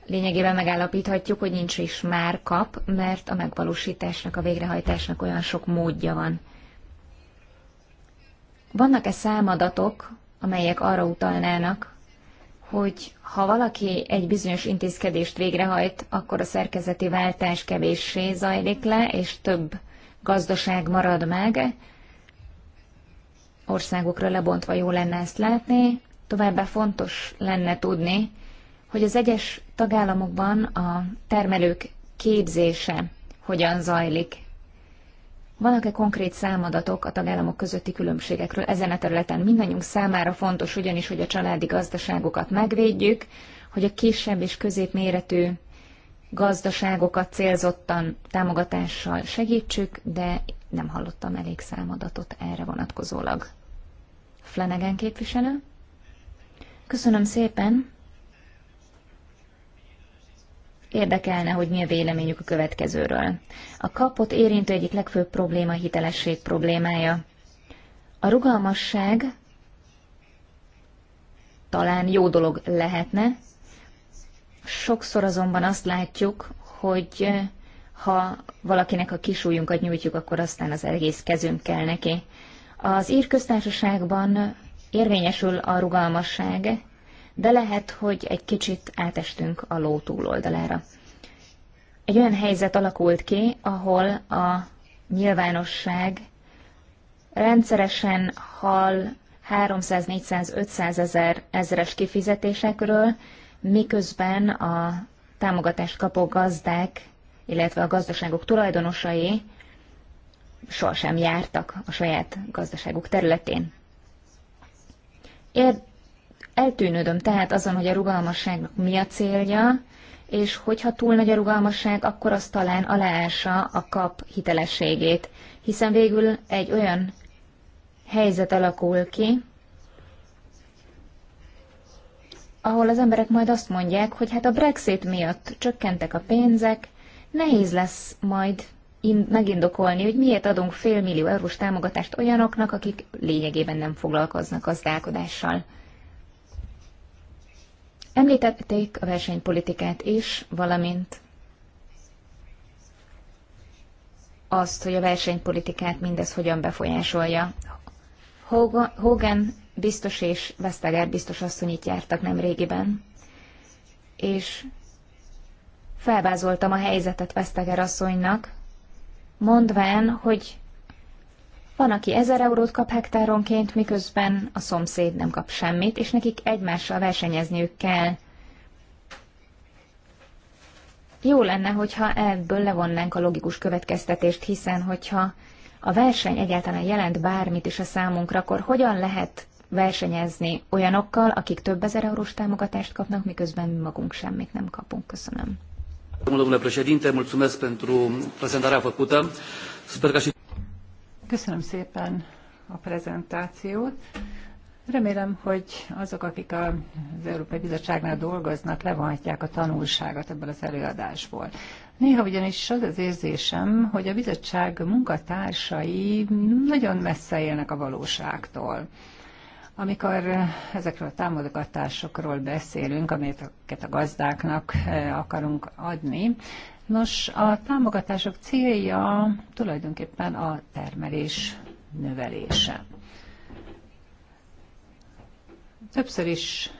lényegében megállapíthatjuk, hogy nincs is már kap, mert a megvalósításnak, a végrehajtásnak olyan sok módja van. Vannak-e számadatok, amelyek arra utalnának, hogy ha valaki egy bizonyos intézkedést végrehajt, akkor a szerkezeti váltás kevéssé zajlik le, és több gazdaság marad meg. Országokra lebontva jó lenne ezt látni. Továbbá fontos lenne tudni, hogy az egyes tagállamokban a termelők képzése hogyan zajlik. Vannak-e konkrét számadatok a tagállamok közötti különbségekről ezen a területen? Mindannyiunk számára fontos ugyanis, hogy a családi gazdaságokat megvédjük, hogy a kisebb és középméretű gazdaságokat célzottan támogatással segítsük, de nem hallottam elég számadatot erre vonatkozólag. Flanagan képviselő? Köszönöm szépen! Érdekelne, hogy mi a véleményük a következőről. A kapot érintő egyik legfőbb probléma a hitelesség problémája. A rugalmasság talán jó dolog lehetne, sokszor azonban azt látjuk, hogy eh, ha valakinek a kisújunkat nyújtjuk, akkor aztán az egész kezünk kell neki. Az írköztársaságban érvényesül a rugalmasság, de lehet, hogy egy kicsit átestünk a ló túloldalára. Egy olyan helyzet alakult ki, ahol a nyilvánosság rendszeresen hall 300, 400, 500 ezer ezeres kifizetésekről, miközben a támogatást kapó gazdák, illetve a gazdaságok tulajdonosai sohasem jártak a saját gazdaságuk területén. Eltűnődöm tehát azon, hogy a rugalmasságnak mi a célja, és hogyha túl nagy a rugalmasság, akkor az talán aláása a kap hitelességét, hiszen végül egy olyan helyzet alakul ki, ahol az emberek majd azt mondják, hogy hát a Brexit miatt csökkentek a pénzek, nehéz lesz majd megindokolni, hogy miért adunk fél millió eurós támogatást olyanoknak, akik lényegében nem foglalkoznak gazdálkodással. Említették a versenypolitikát is, valamint azt, hogy a versenypolitikát mindez hogyan befolyásolja. Hogan biztos és Vesztager biztos asszonyit jártak nem régiben, és felvázoltam a helyzetet Vesztager asszonynak, mondván, hogy van, aki 1000 eurót kap hektáronként, miközben a szomszéd nem kap semmit, és nekik egymással versenyezniük kell. Jó lenne, hogyha ebből levonnánk a logikus következtetést, hiszen hogyha a verseny egyáltalán jelent bármit is a számunkra, akkor hogyan lehet versenyezni olyanokkal, akik több ezer eurós támogatást kapnak, miközben mi magunk semmit nem kapunk. Köszönöm. Domnule președinte, mulțumesc pentru prezentarea făcută. Sper că și... Köszönöm szépen a prezentációt. Remélem, hogy azok, akik az Európai Bizottságnál dolgoznak, levonhatják a tanulságot ebből az előadásból. Néha ugyanis az az érzésem, hogy a bizottság munkatársai nagyon messze élnek a valóságtól. Amikor eh, ezekről a támogatásokról beszélünk, amelyeket a gazdáknak eh, akarunk adni, nos, a támogatások célja tulajdonképpen a termelés növelése. Többször is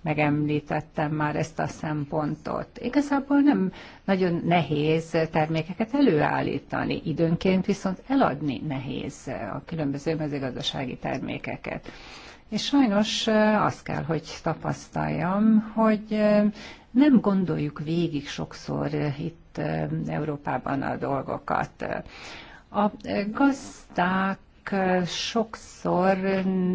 megemlítettem már ezt a szempontot. Igazából nem nagyon nehéz termékeket előállítani, időnként viszont eladni nehéz a különböző mezőgazdasági termékeket. És sajnos azt kell, hogy tapasztaljam, hogy nem gondoljuk végig sokszor itt Európában a dolgokat. A gazdák sokszor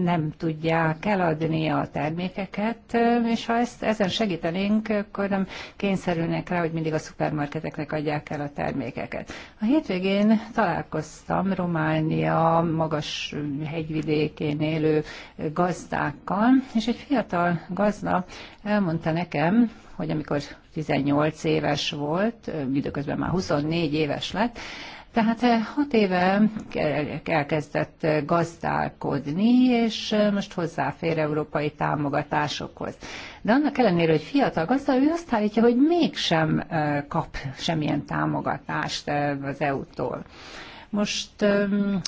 nem tudják eladni a termékeket, és ha ezt, ezen segítenénk, akkor nem kényszerülnek rá, hogy mindig a szupermarketeknek adják el a termékeket. A hétvégén találkoztam Románia magas hegyvidékén élő gazdákkal, és egy fiatal gazda elmondta nekem, hogy amikor 18 éves volt, időközben már 24 éves lett, tehát eh, hat éve elkezdett eh, gazdálkodni, és eh, most hozzáfér európai támogatásokhoz. De annak ellenére, hogy fiatal gazda, ő azt állítja, hogy mégsem kap semmilyen támogatást az EU-tól. Most,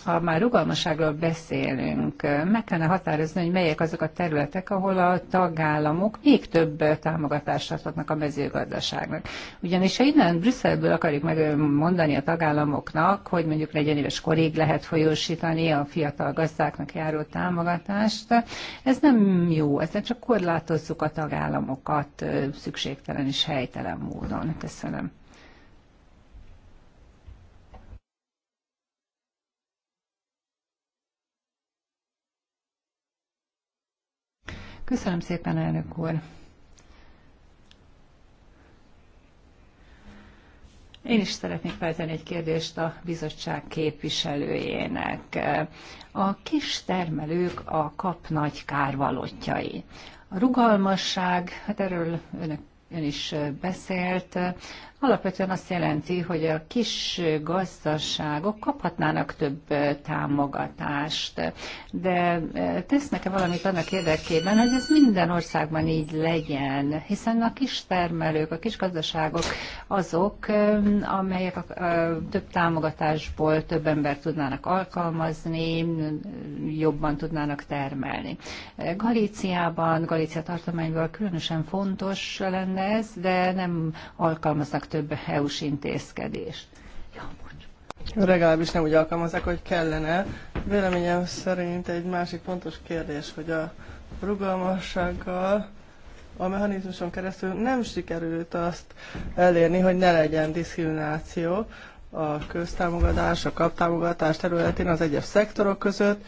ha már rugalmaságról beszélünk, meg kellene határozni, hogy melyek azok a területek, ahol a tagállamok még több támogatást adhatnak a mezőgazdaságnak. Ugyanis ha innen Brüsszelből akarjuk megmondani a tagállamoknak, hogy mondjuk legyen éves korig lehet folyósítani a fiatal gazdáknak járó támogatást, ez nem jó, ezzel csak korlátozzuk a tagállamokat szükségtelen és helytelen módon. Köszönöm. Köszönöm szépen, elnök úr. Én is szeretnék feltenni egy kérdést a bizottság képviselőjének. A kis termelők a kap nagy kárvalotjai. A rugalmasság, hát erről önök, ön is beszélt, alapvetően azt jelenti, hogy a kis gazdaságok kaphatnának több támogatást, de tesznek-e valamit annak érdekében, hogy ez minden országban így legyen, hiszen a kis termelők, a kis gazdaságok azok, amelyek a több támogatásból több ember tudnának alkalmazni, jobban tudnának termelni. Galíciában, Galícia tartományban különösen fontos lenne ez, de nem alkalmaznak alkalmazzák több EU-s intézkedést. Legalábbis nem úgy alkalmazzák, hogy kellene. Véleményem szerint egy másik fontos kérdés, hogy a rugalmassággal a mechanizmuson keresztül nem sikerült azt elérni, hogy ne legyen diszkrimináció a köztámogatás, a kaptámogatás területén az egyes szektorok között,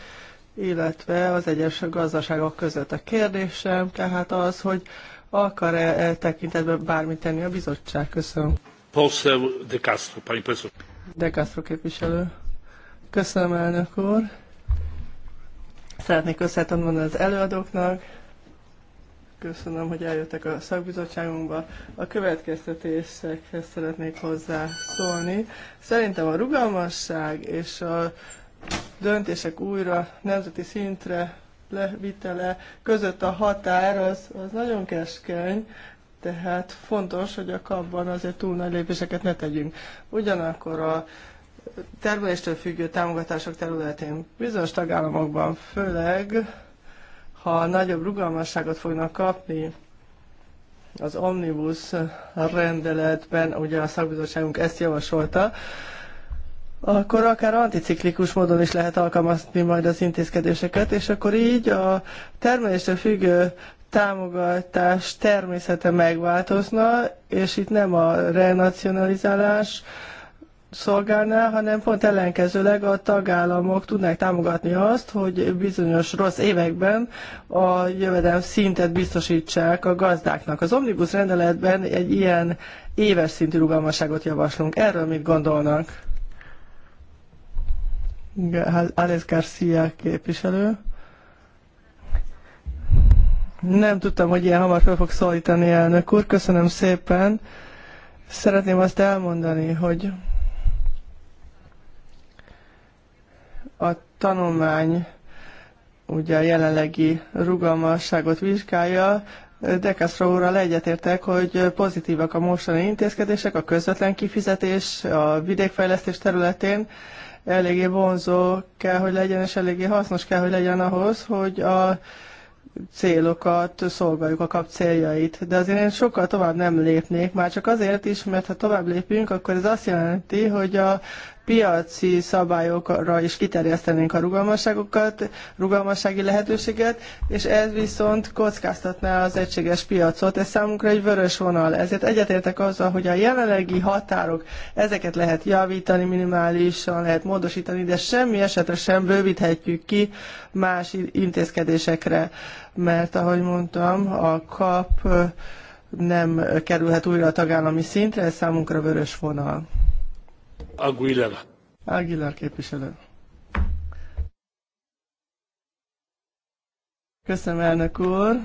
illetve az egyes gazdaságok között. A kérdésem tehát az, hogy akar-e e tekintetben bármit tenni a bizottság? Köszönöm. Poszel De Castro, pani profesor. De Castro képviselő. Köszönöm, elnök úr. Szeretnék köszönetet mondani az előadóknak. Köszönöm, hogy eljöttek a szakbizottságunkba. A következtetésekhez szeretnék hozzá szólni. Szerintem a rugalmasság és a döntések újra nemzeti szintre levitele között a határ az, az nagyon keskeny, tehát fontos, hogy a kapban azért túl nagy lépéseket ne tegyünk. Ugyanakkor a termeléstől függő támogatások területén bizonyos tagállamokban főleg, ha nagyobb rugalmasságot fognak kapni az omnibus rendeletben, ugye a szakbizottságunk ezt javasolta, akkor akár anticiklikus módon is lehet alkalmazni majd az intézkedéseket, és akkor így a termelésre függő támogatás természete megváltozna, és itt nem a renacionalizálás szolgálná, hanem pont ellenkezőleg a tagállamok tudnák támogatni azt, hogy bizonyos rossz években a jövedelem szintet biztosítsák a gazdáknak. Az omnibus rendeletben egy ilyen éves szintű rugalmasságot javaslunk. Erről mit gondolnak? Alex Garcia képviselő. Nem tudtam, hogy ilyen hamar fel fog szólítani, elnök úr. Köszönöm szépen. Szeretném azt elmondani, hogy a tanulmány ugye a jelenlegi rugalmasságot vizsgálja, de Castro úrral egyetértek, hogy pozitívak a mostani intézkedések, a közvetlen kifizetés a vidékfejlesztés területén, eléggé vonzó kell, hogy legyen, és eléggé hasznos kell, hogy legyen ahhoz, hogy a célokat szolgáljuk, a kap céljait. De azért én sokkal tovább nem lépnék, már csak azért is, mert ha tovább lépünk, akkor ez azt jelenti, hogy a piaci szabályokra is kiterjesztenénk a rugalmasságokat, rugalmassági lehetőséget, és ez viszont kockáztatná az egységes piacot. Ez számunkra egy vörös vonal. Ezért egyetértek azzal, hogy a jelenlegi határok, ezeket lehet javítani minimálisan, lehet módosítani, de semmi esetre sem bővíthetjük ki más intézkedésekre, mert ahogy mondtam, a kap nem kerülhet újra a tagállami szintre, ez számunkra vörös vonal. Aguilera. Aguilar képviselő. Köszönöm, elnök úr.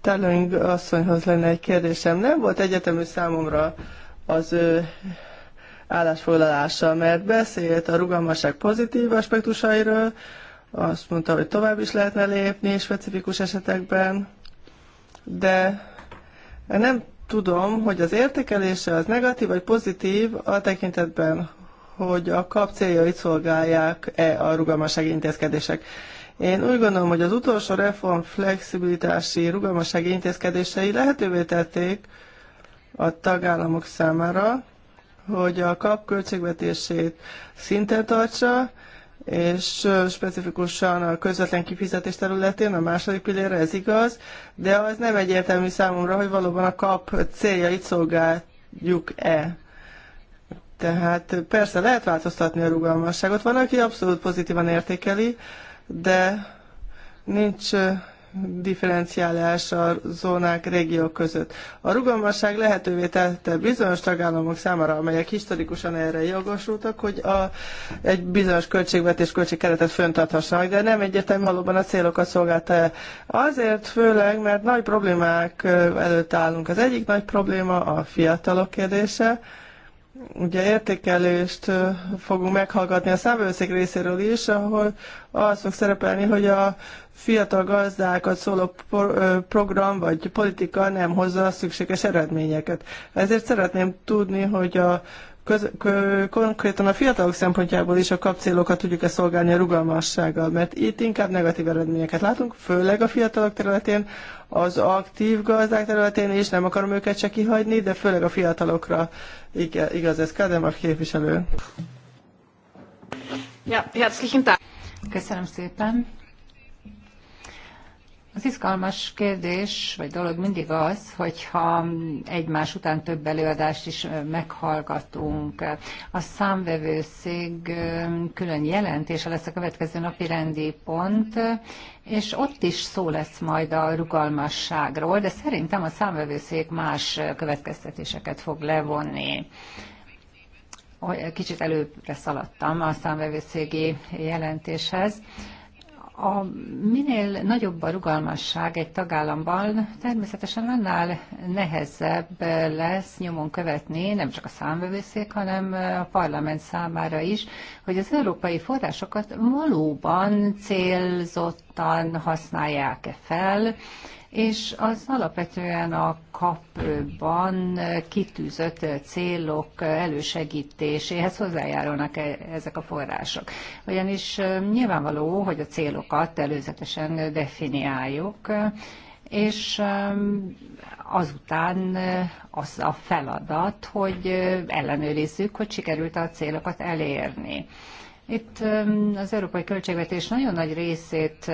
Tálőink asszonyhoz lenne egy kérdésem. Nem volt egyetemű számomra az ő állásfoglalása, mert beszélt a rugalmasság pozitív aspektusairól, azt mondta, hogy tovább is lehetne lépni specifikus esetekben, de nem tudom, hogy az értékelése az negatív vagy pozitív a tekintetben, hogy a kap céljait szolgálják-e a rugalmassági intézkedések. Én úgy gondolom, hogy az utolsó reform flexibilitási rugalmassági intézkedései lehetővé tették a tagállamok számára, hogy a kap költségvetését szinten tartsa, és specifikusan a közvetlen kifizetés területén, a második pillére ez igaz, de az nem egyértelmű számomra, hogy valóban a kap céljait szolgáljuk-e. Tehát persze lehet változtatni a rugalmasságot, van, aki abszolút pozitívan értékeli, de nincs differenciálás a zónák, régiók között. A rugalmasság lehetővé tette bizonyos tagállamok számára, amelyek historikusan erre jogosultak, hogy a, egy bizonyos költségvetés költségkeretet föntarthassanak, de nem egyetem valóban a célokat szolgálta -e. Azért főleg, mert nagy problémák előtt állunk. Az egyik nagy probléma a fiatalok kérdése, ugye értékelést fogunk meghallgatni a számvevőszék részéről is, ahol az fog szerepelni, hogy a fiatal gazdákat szóló program vagy politika nem hozza a szükséges eredményeket. Ezért szeretném tudni, hogy a köz, kö, konkrétan a fiatalok szempontjából is a kapcélokat tudjuk-e szolgálni a rugalmassággal, mert itt inkább negatív eredményeket látunk, főleg a fiatalok területén, az aktív gazdák területén, és nem akarom őket se kihagyni, de főleg a fiatalokra igaz, igaz ez Kadem a képviselő. Ja, herzlichen Dank. Köszönöm szépen. Az izgalmas kérdés, vagy dolog mindig az, hogyha egymás után több előadást is meghallgatunk. A számvevőszég külön jelentése lesz a következő napi rendi pont, és ott is szó lesz majd a rugalmasságról, de szerintem a számvevőszék más következtetéseket fog levonni kicsit előbbre szaladtam a számvevőszégi jelentéshez. A minél nagyobb a rugalmasság egy tagállamban, természetesen annál nehezebb lesz nyomon követni, nem csak a számvevőszék, hanem a parlament számára is, hogy az európai forrásokat valóban célzottan használják-e fel, és az alapvetően a kapban kitűzött célok elősegítéséhez hozzájárulnak e, ezek a források. Ugyanis nyilvánvaló, hogy a célokat előzetesen definiáljuk, és azután az a feladat, hogy ellenőrizzük, hogy sikerült a célokat elérni. Itt az európai költségvetés nagyon nagy részét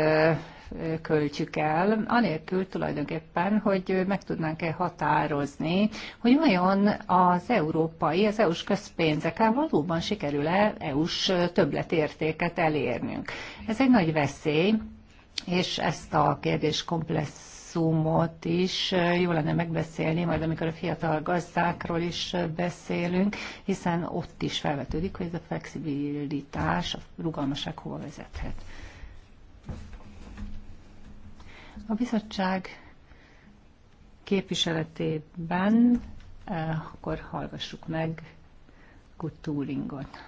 költsük el, anélkül tulajdonképpen, hogy meg tudnánk-e határozni, hogy vajon az európai, az EU-s közpénzekkel valóban sikerül-e EU-s többletértéket elérnünk. Ez egy nagy veszély, és ezt a kérdés komplex Zoomot is jó lenne megbeszélni, majd amikor a fiatal gazdákról is beszélünk, hiszen ott is felvetődik, hogy ez a flexibilitás, a rugalmaság hova vezethet. A bizottság képviseletében eh, akkor hallgassuk meg Kutúringot.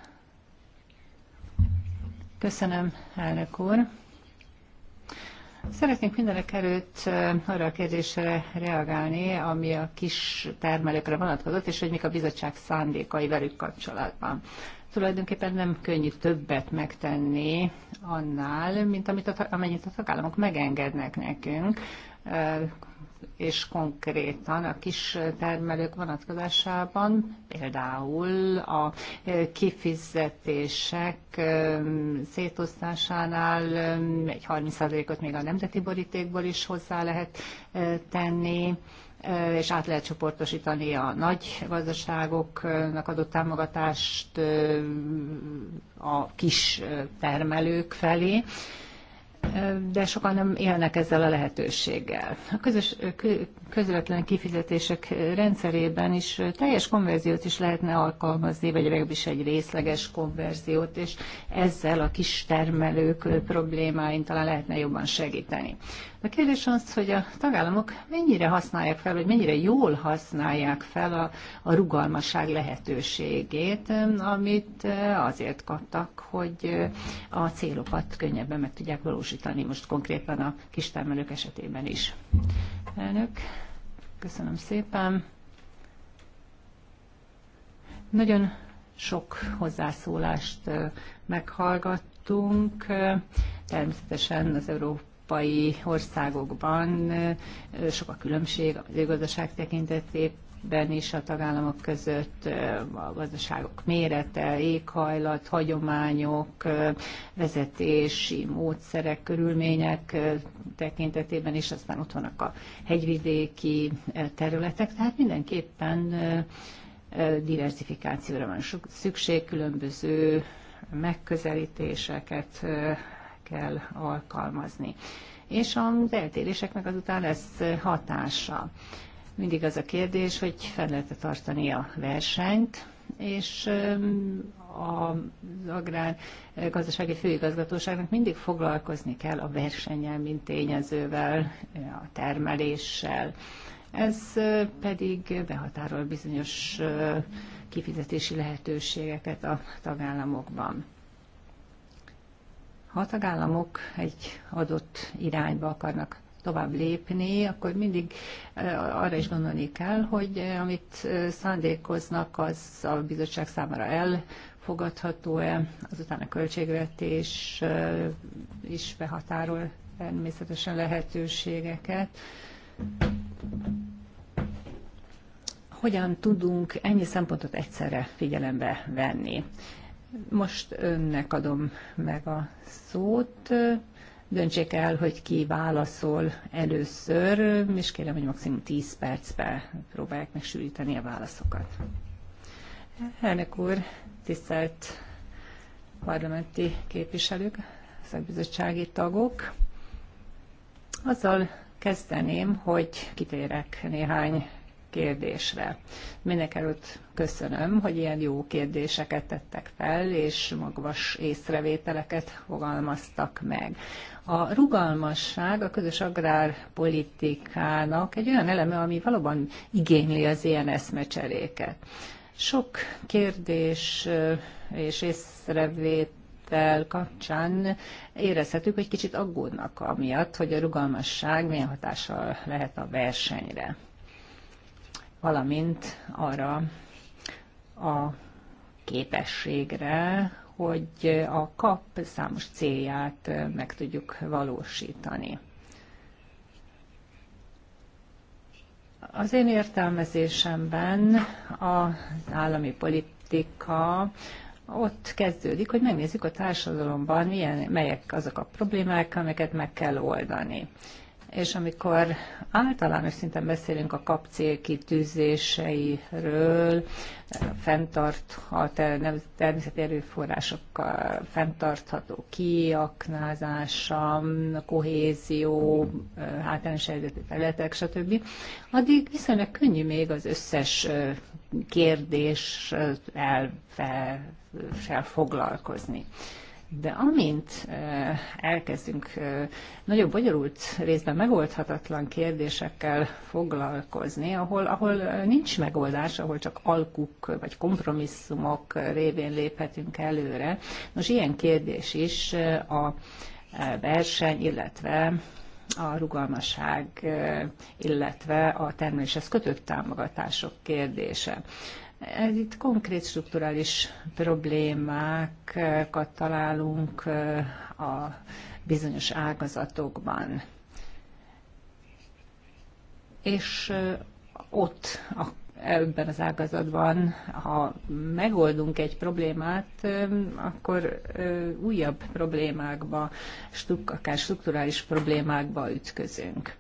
Köszönöm, elnök úr. Szeretnénk mindenek előtt eh, arra a kérdésre reagálni, ami a kis termelőkre vonatkozott, és hogy mik a bizottság szándékai velük kapcsolatban tulajdonképpen nem könnyű többet megtenni annál, mint amit a, amennyit a tagállamok megengednek nekünk, és konkrétan a kis termelők vonatkozásában például a kifizetések szétosztásánál egy 30%-ot még a nemzeti borítékból is hozzá lehet tenni, és át lehet csoportosítani a nagy gazdaságoknak adott támogatást a kis termelők felé, de sokan nem élnek ezzel a lehetőséggel. A közös, közvetlen kifizetések rendszerében is teljes konverziót is lehetne alkalmazni, vagy legalábbis egy részleges konverziót, és ezzel a kis termelők problémáin talán lehetne jobban segíteni. A kérdés az, hogy a tagállamok mennyire használják fel, vagy mennyire jól használják fel a, a rugalmasság lehetőségét, amit azért kaptak, hogy a célokat könnyebben meg tudják valósítani, most konkrétan a kistermelők esetében is. Elnök, köszönöm szépen. Nagyon sok hozzászólást meghallgattunk. Természetesen az Európa európai országokban sok a különbség a mezőgazdaság tekintetében is a tagállamok között, a gazdaságok mérete, éghajlat, hagyományok, vezetési módszerek, körülmények tekintetében is, aztán ott vannak a hegyvidéki területek, tehát mindenképpen diversifikációra van szükség, különböző megközelítéseket kell alkalmazni. És az eltéréseknek azután lesz hatása. Mindig az a kérdés, hogy fel lehet e tartani a versenyt, és az agrár gazdasági főigazgatóságnak mindig foglalkozni kell a versennyel, mint tényezővel, a termeléssel. Ez pedig behatárol bizonyos kifizetési lehetőségeket a tagállamokban. Ha a tagállamok egy adott irányba akarnak tovább lépni, akkor mindig arra is gondolni kell, hogy amit szándékoznak, az a bizottság számára elfogadható-e, azután a költségvetés is behatárol természetesen lehetőségeket. Hogyan tudunk ennyi szempontot egyszerre figyelembe venni? Most önnek adom meg a szót. Döntsék el, hogy ki válaszol először, és kérem, hogy maximum 10 percbe próbálják meg a válaszokat. Elnök úr, tisztelt parlamenti képviselők, szakbizottsági tagok, azzal kezdeném, hogy kitérek néhány kérdésre. Mindenek előtt köszönöm, hogy ilyen jó kérdéseket tettek fel, és magvas észrevételeket fogalmaztak meg. A rugalmasság a közös agrárpolitikának egy olyan eleme, ami valóban igényli az ilyen eszmecseréket. Sok kérdés és észrevétel kapcsán érezhetők, hogy kicsit aggódnak amiatt, hogy a rugalmasság milyen hatással lehet a versenyre valamint arra a képességre, hogy a kap számos célját meg tudjuk valósítani. Az én értelmezésemben az állami politika ott kezdődik, hogy megnézzük a társadalomban, milyen, melyek azok a problémák, amelyeket meg kell oldani és amikor általános szinten beszélünk a kap célkitűzéseiről, a természeti erőforrások fenntartható kiaknázása, kohézió, hátrányos helyzetű területek, stb., addig viszonylag könnyű még az összes kérdés el, fel, fel foglalkozni. De amint elkezdünk nagyobb bonyolult részben megoldhatatlan kérdésekkel foglalkozni, ahol, ahol nincs megoldás, ahol csak alkuk vagy kompromisszumok révén léphetünk előre, nos ilyen kérdés is a verseny, illetve a rugalmasság, illetve a termeléshez kötött támogatások kérdése. Itt konkrét strukturális problémákat találunk a bizonyos ágazatokban. És ott ebben az ágazatban, ha megoldunk egy problémát, akkor újabb problémákba, akár strukturális problémákba ütközünk.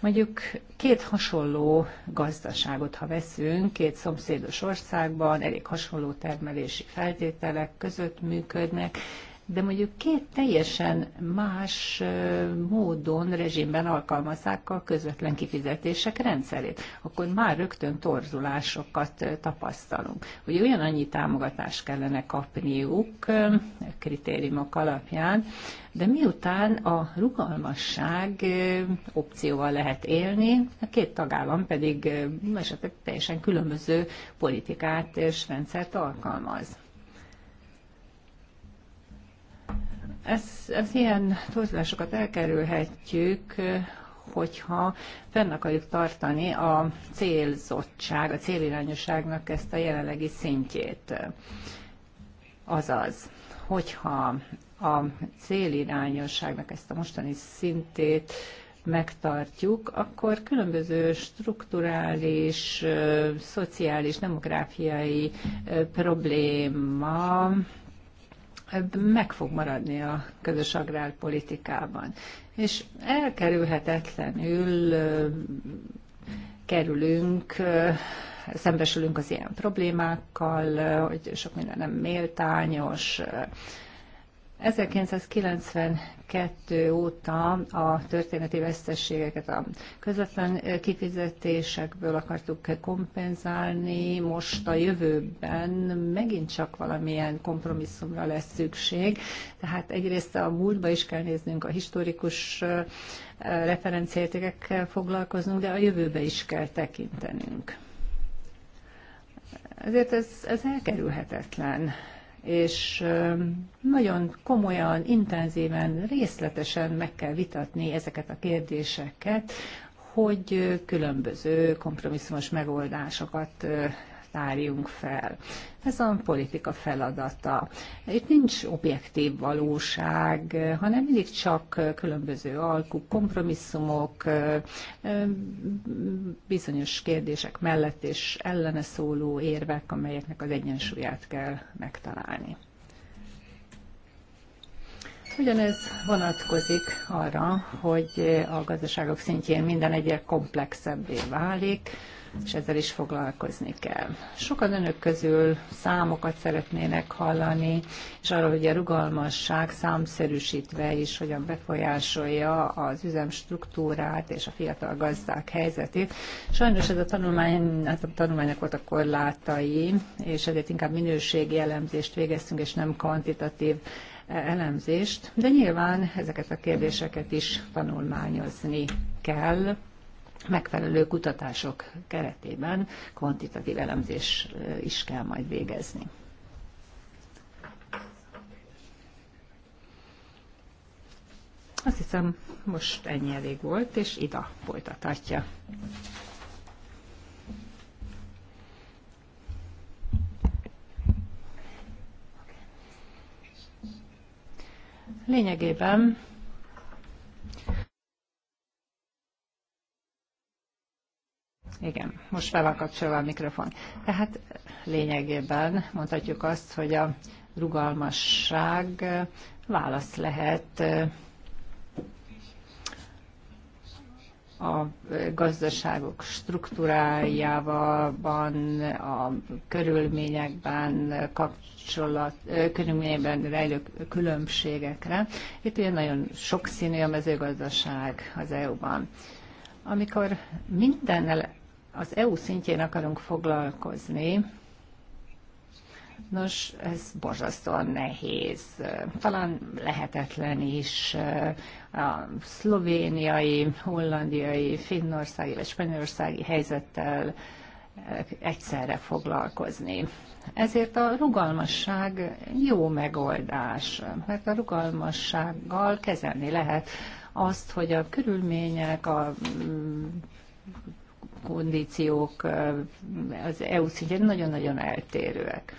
Mondjuk két hasonló gazdaságot, ha veszünk, két szomszédos országban, elég hasonló termelési feltételek között működnek, de mondjuk két teljesen más módon rezsimben alkalmazzák a közvetlen kifizetések rendszerét, akkor már rögtön torzulásokat tapasztalunk. Ugye annyi támogatást kellene kapniuk kritériumok alapján, de miután a rugalmasság opcióval lehet élni, a két tagállam pedig esetleg teljesen különböző politikát és rendszert alkalmaz. Ez, ez ilyen túlzásokat elkerülhetjük, hogyha fenn akarjuk tartani a célzottság, a célirányosságnak ezt a jelenlegi szintjét. Azaz, hogyha a célirányosságnak ezt a mostani szintét megtartjuk, akkor különböző strukturális, szociális, demográfiai probléma meg fog maradni a közös agrárpolitikában. És elkerülhetetlenül kerülünk, szembesülünk az ilyen problémákkal, hogy sok minden nem méltányos, 1992 óta a történeti vesztességeket a közvetlen kifizetésekből akartuk kompenzálni, most a jövőben megint csak valamilyen kompromisszumra lesz szükség. Tehát egyrészt a múltba is kell néznünk, a historikus referenciértékekkel foglalkoznunk, de a jövőbe is kell tekintenünk. Ezért ez, ez elkerülhetetlen és nagyon komolyan, intenzíven, részletesen meg kell vitatni ezeket a kérdéseket, hogy különböző kompromisszumos megoldásokat tárjunk fel. Ez a politika feladata. Itt nincs objektív valóság, hanem mindig csak különböző alkuk, kompromisszumok, bizonyos kérdések mellett és ellene szóló érvek, amelyeknek az egyensúlyát kell megtalálni. Ugyanez vonatkozik arra, hogy a gazdaságok szintjén minden egyre komplexebbé válik, és ezzel is foglalkozni kell. Sokan önök közül számokat szeretnének hallani, és arról, hogy a rugalmasság számszerűsítve is hogyan befolyásolja az üzemstruktúrát és a fiatal gazdák helyzetét. Sajnos ez a tanulmány, hát a tanulmánynak voltak korlátai, és ezért inkább minőségi elemzést végeztünk, és nem kvantitatív eh, elemzést, de nyilván ezeket a kérdéseket is tanulmányozni kell megfelelő kutatások keretében kvantitatív elemzés is kell majd végezni. Azt hiszem, most ennyi elég volt, és Ida folytatja. Lényegében Igen, most fel van kapcsolva a mikrofon. Tehát lényegében mondhatjuk azt, hogy a rugalmasság válasz lehet eh, a gazdaságok struktúrájában, a körülményekben kapcsolat, eh, körülményekben rejlő különbségekre. Itt ugye nagyon sokszínű a mezőgazdaság az EU-ban. Amikor mindennel az EU szintjén akarunk foglalkozni, Nos, ez borzasztóan nehéz, talán lehetetlen is. Eh, a szlovéniai, hollandiai, finnországi vagy spanyolországi helyzettel eh, egyszerre foglalkozni. Ezért a rugalmasság jó megoldás, mert a rugalmassággal kezelni lehet azt, hogy a körülmények, a mm, kondíciók az EU szintjén nagyon-nagyon eltérőek.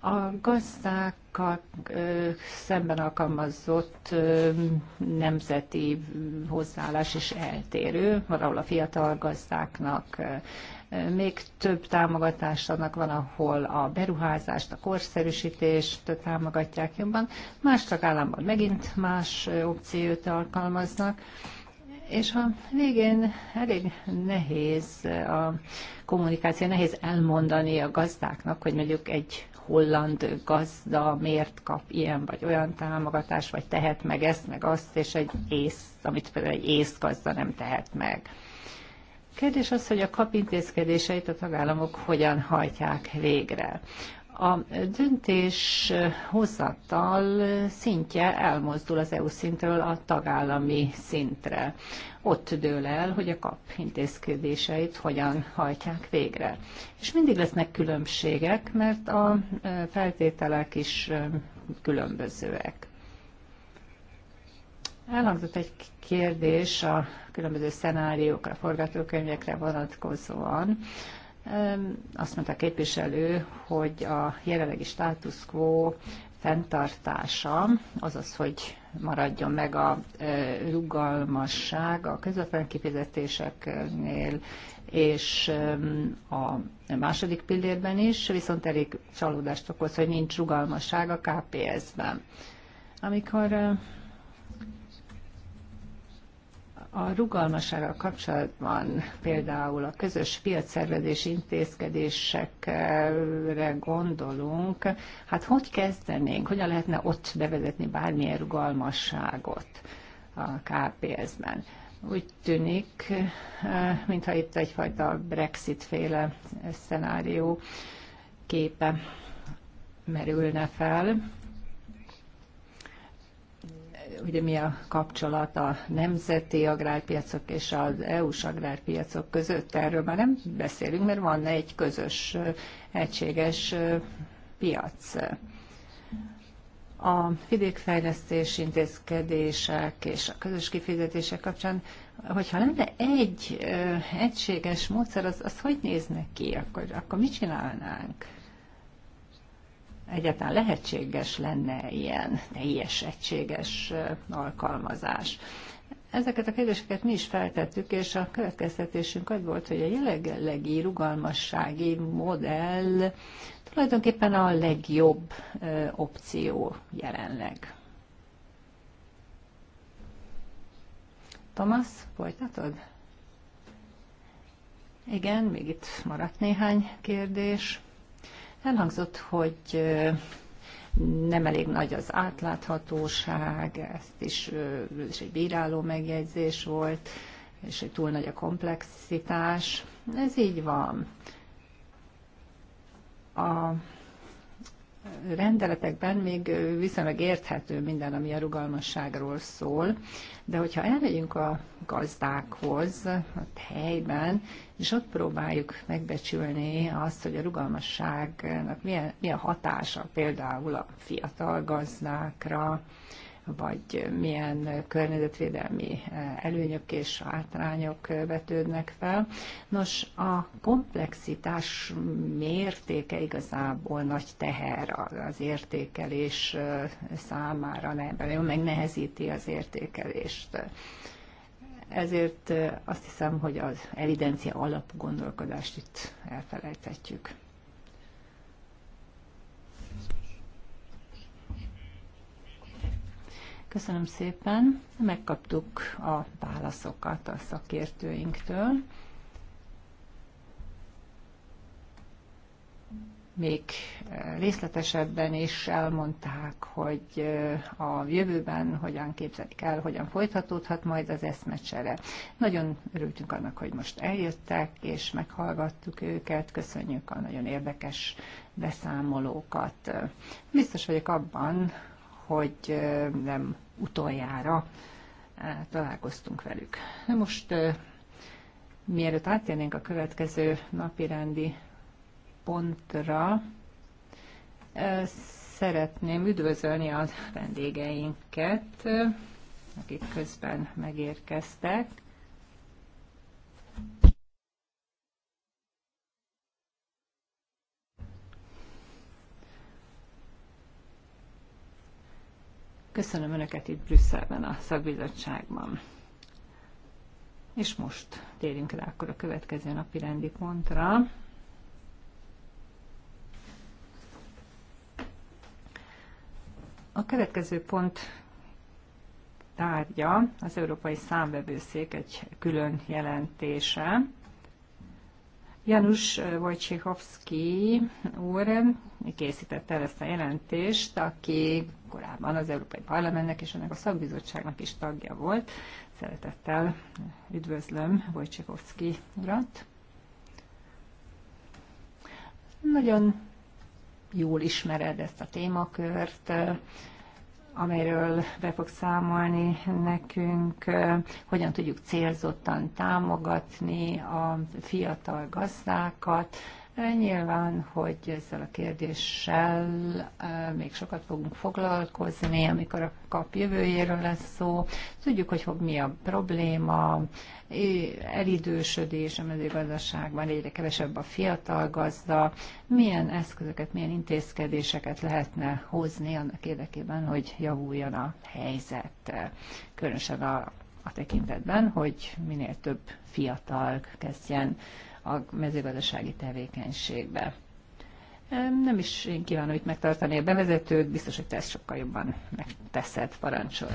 A gazdákkal szemben alkalmazott nemzeti hozzáállás is eltérő, valahol a fiatal gazdáknak még több támogatást adnak, van, ahol a beruházást, a korszerűsítést támogatják jobban, más tagállamban megint más opciót alkalmaznak. És a végén elég nehéz a kommunikáció, nehéz elmondani a gazdáknak, hogy mondjuk egy holland gazda miért kap ilyen vagy olyan támogatást, vagy tehet meg ezt, meg azt, és egy ész, amit például egy ész gazda nem tehet meg. Kérdés az, hogy a kap intézkedéseit a tagállamok hogyan hajtják végre a döntés hozattal szintje elmozdul az EU szintről a tagállami szintre. Ott dől el, hogy a kap intézkedéseit hogyan hajtják végre. És mindig lesznek különbségek, mert a e, feltételek is e, különbözőek. Elhangzott egy kérdés a különböző szenáriókra, forgatókönyvekre vonatkozóan. Azt mondta a képviselő, hogy a jelenlegi status quo fenntartása, azaz, hogy maradjon meg a rugalmasság a közvetlen kifizetéseknél, és a második pillérben is, viszont elég csalódást okoz, hogy nincs rugalmasság a KPS-ben. Amikor a rugalmasággal kapcsolatban például a közös piacszervezés intézkedésekre gondolunk, hát hogy kezdenénk, hogyan lehetne ott bevezetni bármilyen rugalmasságot a KPS-ben? Úgy tűnik, mintha itt egyfajta Brexit-féle szenárió képe merülne fel ugye mi a kapcsolat a nemzeti agrárpiacok és az EU-s agrárpiacok között, erről már nem beszélünk, mert van egy közös, egységes piac. A vidékfejlesztés intézkedések és a közös kifizetések kapcsán, hogyha lenne egy egységes módszer, az, az hogy nézne ki, akkor, akkor mit csinálnánk? egyáltalán lehetséges lenne ilyen teljes egységes alkalmazás. Ezeket a kérdéseket mi is feltettük, és a következtetésünk az volt, hogy a jelenlegi rugalmassági modell tulajdonképpen a legjobb opció jelenleg. Thomas, folytatod? Igen, még itt maradt néhány kérdés. Elhangzott, hogy nem elég nagy az átláthatóság, ezt is, ez is egy bíráló megjegyzés volt, és egy túl nagy a komplexitás. Ez így van. A rendeletekben még viszonylag érthető minden, ami a rugalmasságról szól, de hogyha elmegyünk a gazdákhoz, a helyben, és ott próbáljuk megbecsülni azt, hogy a rugalmasságnak milyen, milyen hatása például a fiatal gazdákra, vagy milyen környezetvédelmi eh, előnyök és hátrányok eh, vetődnek fel. Nos, a komplexitás mértéke igazából nagy teher az értékelés eh, számára, nagyon megnehezíti az értékelést. Ezért azt hiszem, hogy az evidencia alapú gondolkodást itt elfelejthetjük. Köszönöm szépen. Megkaptuk a válaszokat a szakértőinktől. még eh, részletesebben is elmondták, hogy eh, a jövőben hogyan képzelik el, hogyan folytatódhat majd az eszmecsere. Nagyon örültünk annak, hogy most eljöttek, és meghallgattuk őket, köszönjük a nagyon érdekes beszámolókat. Biztos vagyok abban, hogy nem utoljára találkoztunk velük. Na most, mielőtt áttérnénk a következő napi rendi pontra, szeretném üdvözölni a vendégeinket, akik közben megérkeztek. Köszönöm Önöket itt Brüsszelben, a szakbizottságban. És most térjünk rá akkor a következő napi rendi pontra. A következő pont tárgya az Európai Számvevőszék egy külön jelentése. Janusz Wojciechowski úr készítette el ezt a jelentést, aki korábban az Európai Parlamentnek és ennek a szakbizottságnak is tagja volt. Szeretettel üdvözlöm Wojciechowski urat. Nagyon jól ismered ezt a témakört, amiről be fog számolni nekünk, hogyan tudjuk célzottan támogatni a fiatal gazdákat, E, nyilván, hogy ezzel a kérdéssel e, még sokat fogunk foglalkozni, amikor a kap jövőjéről lesz szó. Tudjuk, hogy mi a probléma, e, elidősödés a mezőgazdaságban, egyre kevesebb a fiatal gazda. Milyen eszközöket, milyen intézkedéseket lehetne hozni annak érdekében, hogy javuljon a helyzet, különösen a, a tekintetben, hogy minél több fiatal kezdjen a mezőgazdasági tevékenységbe. Nem is én kívánom itt megtartani a bevezetőt, biztos, hogy te ezt sokkal jobban megteszed, parancsolj.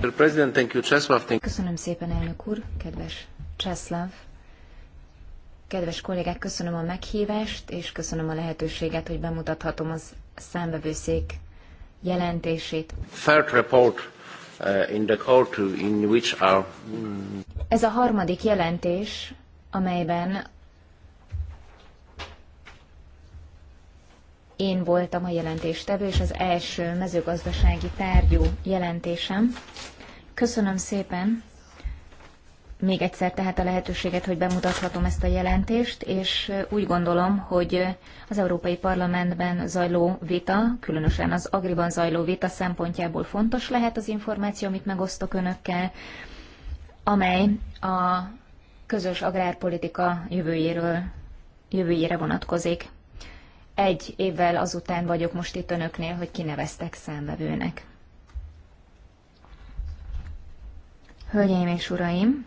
Köszönöm szépen, elnök úr, kedves Cseszlav. Kedves kollégák, köszönöm a meghívást, és köszönöm a lehetőséget, hogy bemutathatom az számbevőszék jelentését. Third report uh, in the court in which our... Mm, Ez a harmadik jelentés, amelyben Én voltam a jelentéstevő, és az első mezőgazdasági tárgyú jelentésem. Köszönöm szépen még egyszer tehát a lehetőséget, hogy bemutathatom ezt a jelentést, és úgy gondolom, hogy az Európai Parlamentben zajló vita, különösen az Agriban zajló vita szempontjából fontos lehet az információ, amit megosztok önökkel, amely a közös agrárpolitika jövőjéről, jövőjére vonatkozik. Egy évvel azután vagyok most itt önöknél, hogy kineveztek számvevőnek. Hölgyeim és uraim!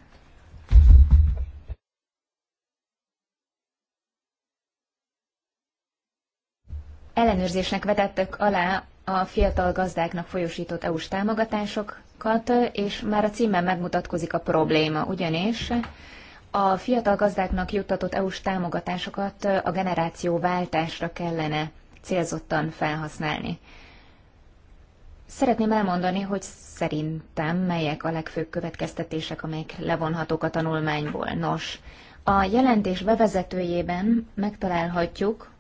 Ellenőrzésnek vetettek alá a fiatal gazdáknak folyosított EU-s támogatásokat, és már a címmel megmutatkozik a probléma, ugyanis a fiatal gazdáknak juttatott EU-s támogatásokat a generációváltásra kellene célzottan felhasználni. Szeretném elmondani, hogy szerintem melyek a legfőbb következtetések, amelyek levonhatók a tanulmányból. Nos, a jelentés bevezetőjében megtalálhatjuk,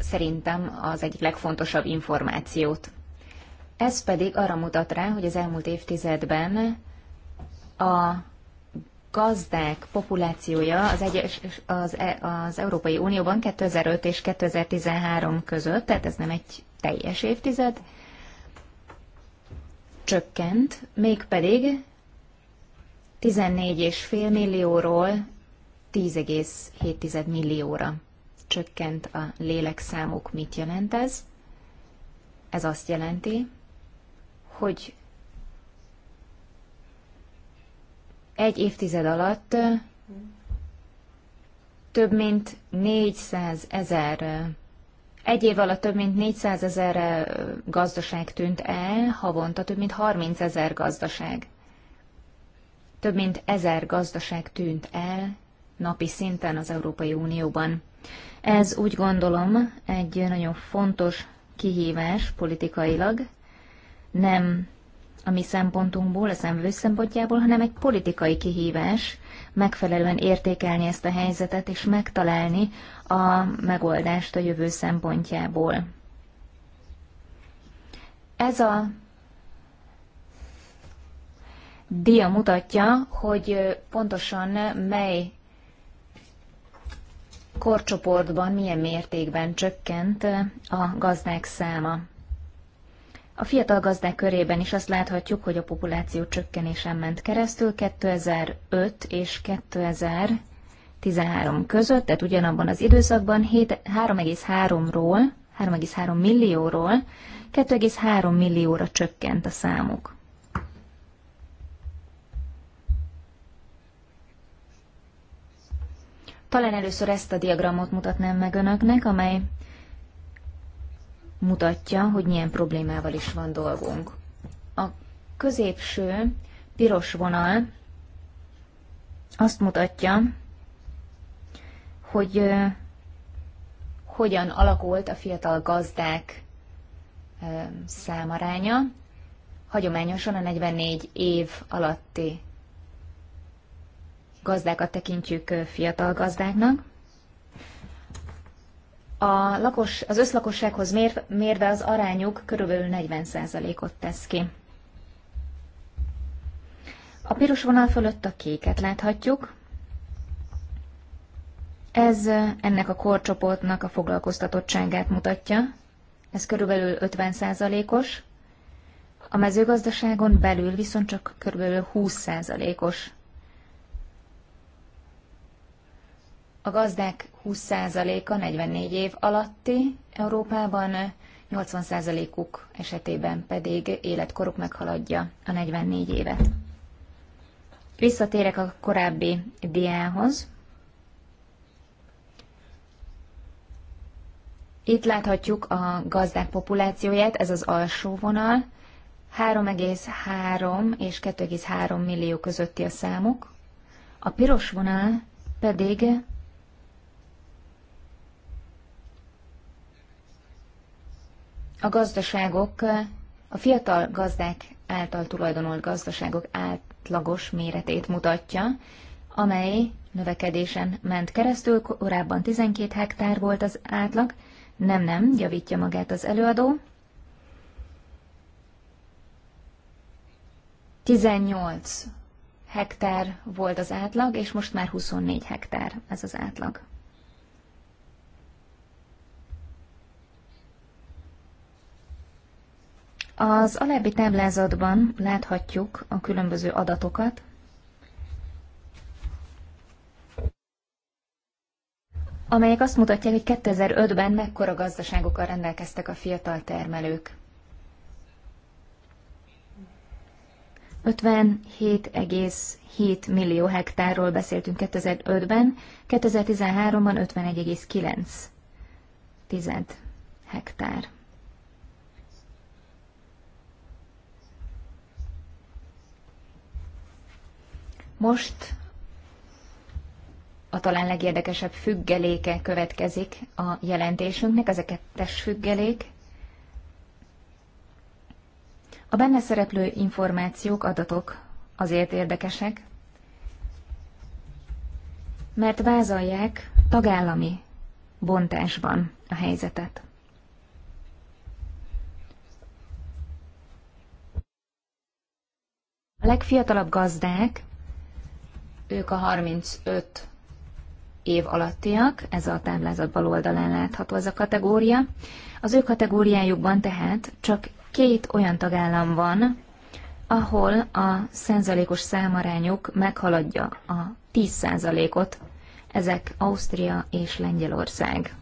szerintem az egyik legfontosabb információt. Ez pedig arra mutat rá, hogy az elmúlt évtizedben a gazdák populációja az, egyes, az, e- az Európai Unióban 2005 és 2013 között, tehát ez nem egy teljes évtized, csökkent, mégpedig 14,5 millióról 10,7 millióra csökkent a lélekszámuk. Mit jelent ez? Ez azt jelenti, hogy egy évtized alatt több mint 400 ezer, egy év alatt több mint 400 ezer gazdaság tűnt el, havonta több mint 30 ezer gazdaság. Több mint ezer gazdaság tűnt el napi szinten az Európai Unióban. Ez úgy gondolom egy nagyon fontos kihívás politikailag, nem a mi szempontunkból, a szemvő szempontjából, hanem egy politikai kihívás megfelelően értékelni ezt a helyzetet, és megtalálni a megoldást a jövő szempontjából. Ez a dia mutatja, hogy pontosan mely korcsoportban milyen mértékben csökkent a gazdák száma. A fiatal gazdák körében is azt láthatjuk, hogy a populáció csökkenésen ment keresztül 2005 és 2013 között, tehát ugyanabban az időszakban 3,3-ról, 3,3 millióról 2,3 millióra csökkent a számuk. Talán először ezt a diagramot mutatnám meg önöknek, amely mutatja, hogy milyen problémával is van dolgunk. A középső piros vonal azt mutatja, hogy uh, hogyan alakult a fiatal gazdák uh, számaránya, hagyományosan a 44 év alatti gazdákat tekintjük fiatal gazdáknak a lakos, az összlakossághoz mér, mérve az arányuk körülbelül 40%-ot tesz ki. A piros vonal fölött a kéket láthatjuk. Ez ennek a korcsoportnak a foglalkoztatottságát mutatja. Ez körülbelül 50%-os. A mezőgazdaságon belül viszont csak körülbelül 20%-os A gazdák 20%-a 44 év alatti Európában, 80%-uk esetében pedig életkoruk meghaladja a 44 évet. Visszatérek a korábbi diához. Itt láthatjuk a gazdák populációját, ez az alsó vonal. 3,3 és 2,3 millió közötti a számuk. A piros vonal pedig a gazdaságok, a fiatal gazdák által tulajdonolt gazdaságok átlagos méretét mutatja, amely növekedésen ment keresztül, korábban 12 hektár volt az átlag, nem, nem, javítja magát az előadó. 18 hektár volt az átlag, és most már 24 hektár ez az átlag. Az alábbi táblázatban láthatjuk a különböző adatokat. amelyek azt mutatják, hogy 2005-ben mekkora gazdaságokkal rendelkeztek a fiatal termelők. 57,7 millió hektárról beszéltünk 2005-ben, 2013-ban 51,9 hektár. Most a talán legérdekesebb függeléke következik a jelentésünknek, ez a kettes függelék. A benne szereplő információk, adatok azért érdekesek, mert vázolják tagállami bontásban a helyzetet. A legfiatalabb gazdák ők a 35 év alattiak, ez a táblázat bal oldalán látható ez a kategória. Az ő kategóriájukban tehát csak két olyan tagállam van, ahol a százalékos számarányuk meghaladja a 10 százalékot, ezek Ausztria és Lengyelország.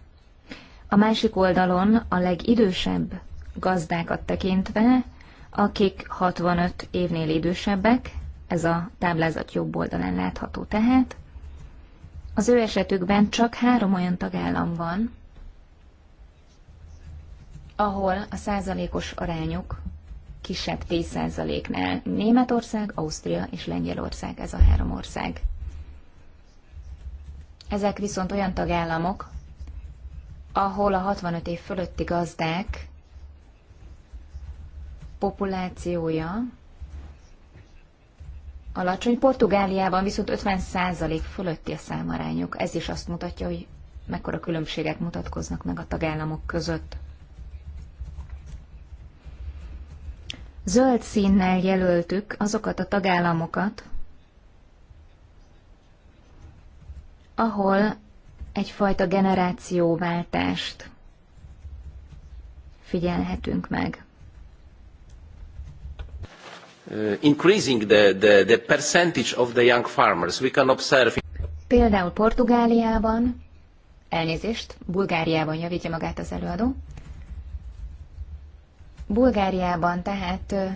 A másik oldalon a legidősebb gazdákat tekintve, akik 65 évnél idősebbek, ez a táblázat jobb oldalán látható tehát. Az ő esetükben csak három olyan tagállam van, ahol a százalékos arányok kisebb 10 százaléknál Németország, Ausztria és Lengyelország, ez a három ország. Ezek viszont olyan tagállamok, ahol a 65 év fölötti gazdák populációja alacsony, Portugáliában viszont 50% százalék fölötti a számarányok. Ez is azt mutatja, hogy mekkora különbségek mutatkoznak meg a tagállamok között. Zöld színnel jelöltük azokat a tagállamokat, ahol egyfajta generációváltást figyelhetünk meg. Uh, increasing the, the, the percentage of the young farmers. We can observe... Például Portugáliában, elnézést, Bulgáriában javítja magát az előadó. Bulgáriában tehát uh,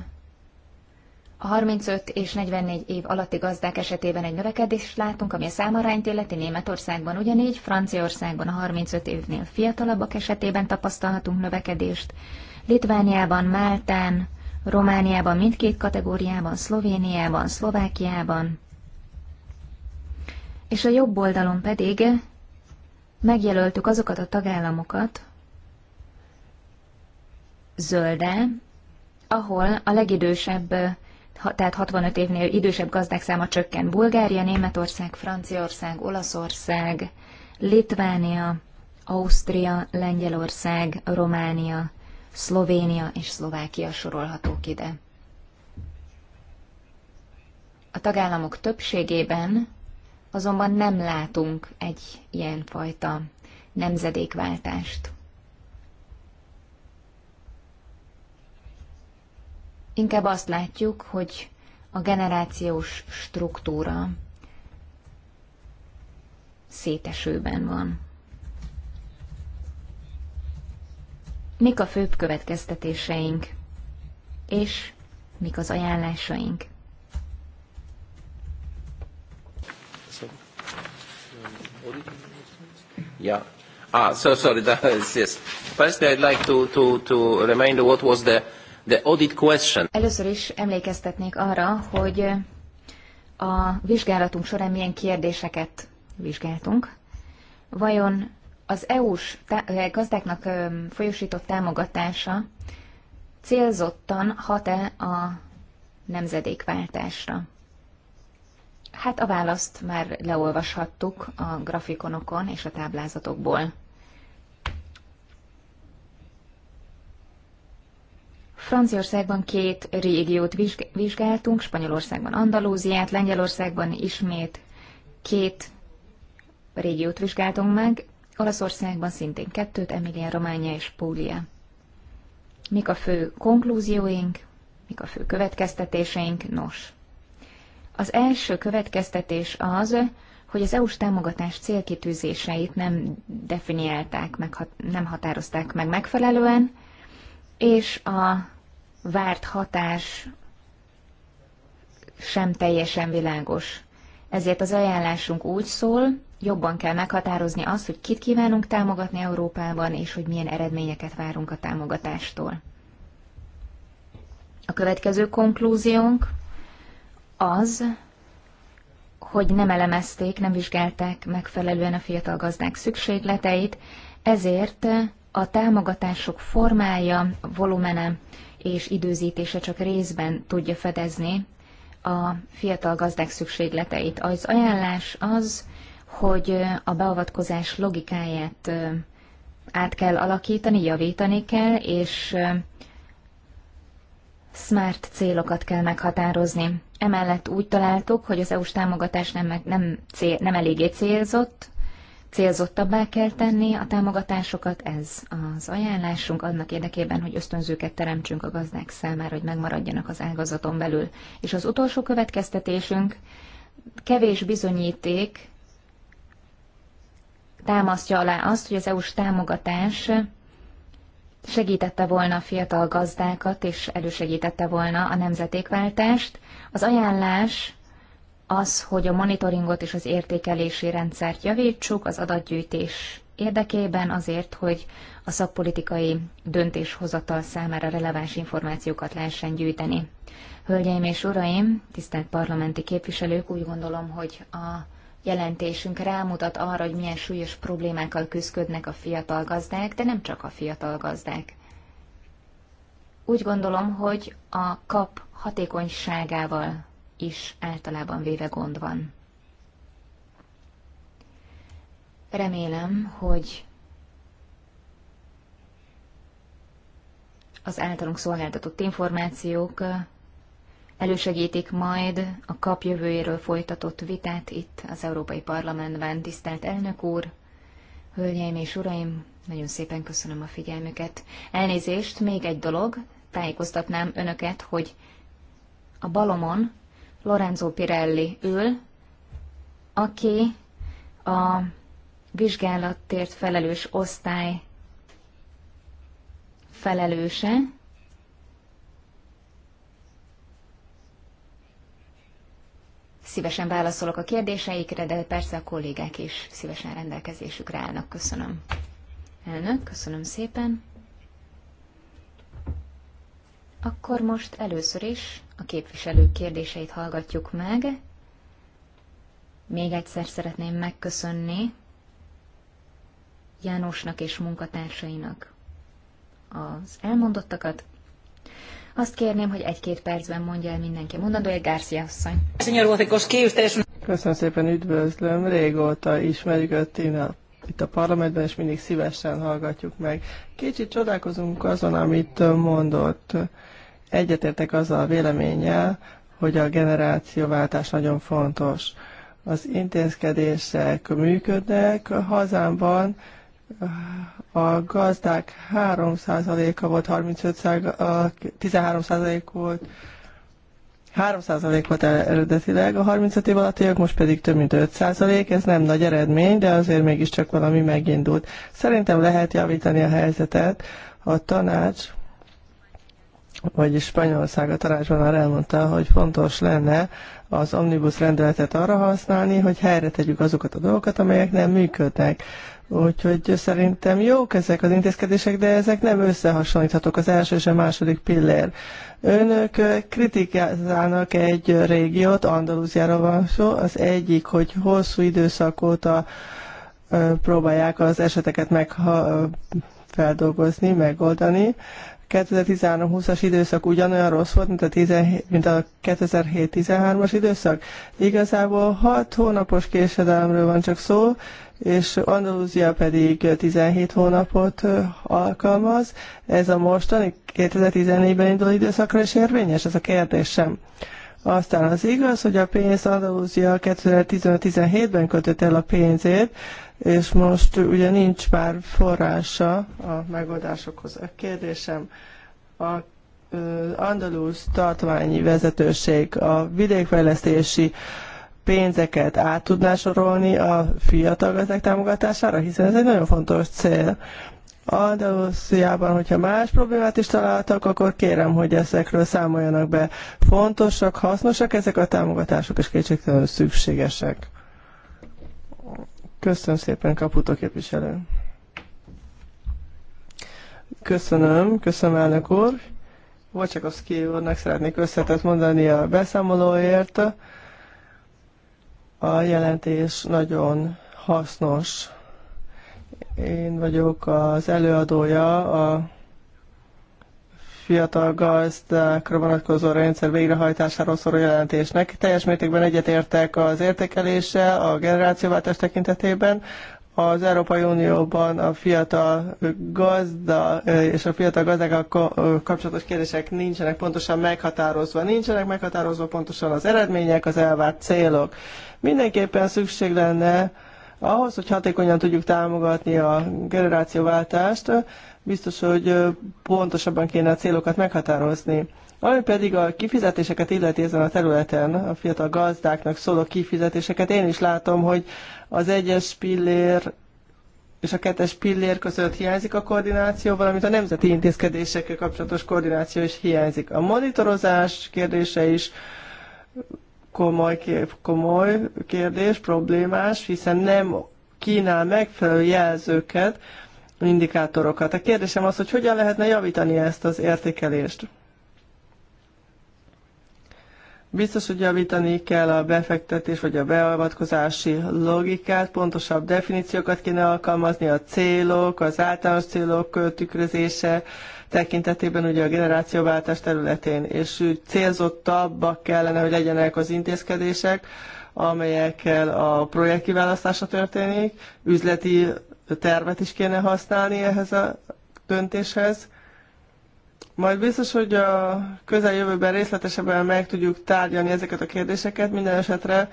a 35 és 44 év alatti gazdák esetében egy növekedést látunk, ami a számarányt illeti Németországban ugyanígy, Franciaországban a 35 évnél fiatalabbak esetében tapasztalhatunk növekedést, Litvániában, Máltán, Romániában mindkét kategóriában, Szlovéniában, Szlovákiában, és a jobb oldalon pedig megjelöltük azokat a tagállamokat zölde, ahol a legidősebb, tehát 65 évnél idősebb gazdák száma csökken. Bulgária, Németország, Franciaország, Olaszország, Litvánia, Ausztria, Lengyelország, Románia Szlovénia és Szlovákia sorolhatók ide. A tagállamok többségében azonban nem látunk egy ilyenfajta nemzedékváltást. Inkább azt látjuk, hogy a generációs struktúra szétesőben van. mik a főbb következtetéseink, és mik az ajánlásaink. Yeah. Ah, so sorry. That is, yes. First, I'd like to, to, to remind what was the, the audit question. Először is emlékeztetnék arra, hogy a vizsgálatunk során milyen kérdéseket vizsgáltunk. Vajon az EU-s eh, gazdáknak folyosított támogatása célzottan hat-e a nemzedékváltásra? Hát a választ már leolvashattuk a grafikonokon és a táblázatokból. Franciaországban két régiót vizsgáltunk, Spanyolországban Andalúziát, Lengyelországban ismét két régiót vizsgáltunk meg, Olaszországban szintén kettőt, Emilia, Románia és Púlia. Mik a fő konklúzióink, mik a fő következtetéseink? Nos, az első következtetés az, hogy az EU-s támogatás célkitűzéseit nem definiálták, meg, nem határozták meg megfelelően, és a várt hatás sem teljesen világos. Ezért az ajánlásunk úgy szól, jobban kell meghatározni azt, hogy kit kívánunk támogatni Európában, és hogy milyen eredményeket várunk a támogatástól. A következő konklúziónk az, hogy nem elemezték, nem vizsgálták megfelelően a fiatal gazdák szükségleteit, ezért a támogatások formája, volumene és időzítése csak részben tudja fedezni a fiatal gazdák szükségleteit. Az ajánlás az, hogy a beavatkozás logikáját át kell alakítani, javítani kell, és smart célokat kell meghatározni. Emellett úgy találtuk, hogy az EU-s támogatás nem, nem, cél, nem eléggé célzott, célzottabbá kell tenni a támogatásokat, ez az ajánlásunk annak érdekében, hogy ösztönzőket teremtsünk a gazdák számára, hogy megmaradjanak az ágazaton belül. És az utolsó következtetésünk, kevés bizonyíték támasztja alá azt, hogy az EU-s támogatás segítette volna a fiatal gazdákat, és elősegítette volna a nemzetékváltást. Az ajánlás az, hogy a monitoringot és az értékelési rendszert javítsuk az adatgyűjtés érdekében azért, hogy a szakpolitikai döntéshozatal számára releváns információkat lehessen gyűjteni. Hölgyeim és uraim, tisztelt parlamenti képviselők, úgy gondolom, hogy a jelentésünk rámutat arra, hogy milyen súlyos problémákkal küzdködnek a fiatal gazdák, de nem csak a fiatal gazdák. Úgy gondolom, hogy a kap hatékonyságával is általában véve gond van. Remélem, hogy az általunk szolgáltatott információk elősegítik majd a kap jövőjéről folytatott vitát itt az Európai Parlamentben. Tisztelt elnök úr, hölgyeim és uraim, nagyon szépen köszönöm a figyelmüket. Elnézést, még egy dolog, tájékoztatnám önöket, hogy a balomon Lorenzo Pirelli ül, aki a vizsgálatért felelős osztály felelőse, Szívesen válaszolok a kérdéseikre, de persze a kollégák is szívesen rendelkezésükre állnak. Köszönöm. Elnök, köszönöm szépen. Akkor most először is a képviselők kérdéseit hallgatjuk meg. Még egyszer szeretném megköszönni Jánosnak és munkatársainak az elmondottakat, azt kérném, hogy egy-két percben mondja el mindenki Mondandó mondandója, Garcia asszony. Köszönöm szépen, üdvözlöm. Régóta ismerjük a Tina itt a parlamentben, és mindig szívesen hallgatjuk meg. Kicsit csodálkozunk azon, amit mondott. Egyetértek azzal a véleménnyel, hogy a generációváltás nagyon fontos. Az intézkedések működnek hazámban, a gazdák 3%-a volt, 35 a 13% volt, 3% volt eredetileg a 35 év alattiak, most pedig több mint 5%. Ez nem nagy eredmény, de azért mégiscsak valami megindult. Szerintem lehet javítani a helyzetet. A tanács, vagyis Spanyolország a tanácsban már elmondta, hogy fontos lenne az omnibus rendeletet arra használni, hogy helyre tegyük azokat a dolgokat, amelyek nem működnek. Úgyhogy szerintem jók ezek az intézkedések, de ezek nem összehasonlíthatók az első és a második pillér. Önök kritikázálnak egy régiót, Andalúziára van szó, az egyik, hogy hosszú időszak óta próbálják az eseteket meg feldolgozni, megoldani. 2013-20-as időszak ugyanolyan rossz volt, mint a, a 2007-13-as időszak. Igazából 6 hónapos késedelemről van csak szó, és Andalúzia pedig 17 hónapot alkalmaz. Ez a mostani 2014-ben induló időszakra is érvényes, ez a kérdésem. Aztán az igaz, hogy a pénz Andalúzia 2015-17-ben kötött el a pénzét, és most ugye nincs már forrása a megoldásokhoz. A kérdésem, a Andalúz tartványi vezetőség, a vidékfejlesztési uh, pénzeket át tudná sorolni a fiatal gazdák támogatására, hiszen ez egy nagyon fontos cél. Andalusziában, hogyha más problémát is találtak, akkor kérem, hogy ezekről számoljanak be. Fontosak, hasznosak ezek a támogatások, és kétségtelenül szükségesek. Köszönöm szépen, Kaputo képviselő. Köszönöm, köszönöm elnök úr. a úrnak szeretnék összetett mondani a beszámolóért. A jelentés nagyon hasznos. Én vagyok az előadója a fiatal gazdákra vonatkozó rendszer végrehajtásáról szóló jelentésnek. Teljes mértékben egyetértek az értékeléssel a generációváltás tekintetében az Európai Unióban a fiatal gazda és a fiatal gazdák kapcsolatos kérdések nincsenek pontosan meghatározva. Nincsenek meghatározva pontosan az eredmények, az elvárt célok. Mindenképpen szükség lenne ahhoz, hogy hatékonyan tudjuk támogatni a generációváltást, biztos, hogy pontosabban kéne a célokat meghatározni. Ami pedig a kifizetéseket illeti ezen a területen, a fiatal gazdáknak szóló kifizetéseket, én is látom, hogy az egyes pillér és a kettes pillér között hiányzik a koordináció, valamint a nemzeti intézkedésekkel kapcsolatos koordináció is hiányzik. A monitorozás kérdése is komoly, komoly kérdés, problémás, hiszen nem kínál megfelelő jelzőket, indikátorokat. A kérdésem az, hogy hogyan lehetne javítani ezt az értékelést. Biztos, hogy javítani kell a befektetés vagy a beavatkozási logikát, pontosabb definíciókat kéne alkalmazni, a célok, az általános célok tükrözése tekintetében ugye a generációváltás területén, és célzottabbak kellene, hogy legyenek az intézkedések, amelyekkel a projekt kiválasztása történik, üzleti tervet is kéne használni ehhez a döntéshez, majd biztos, hogy a közeljövőben részletesebben meg tudjuk tárgyalni ezeket a kérdéseket. Minden esetre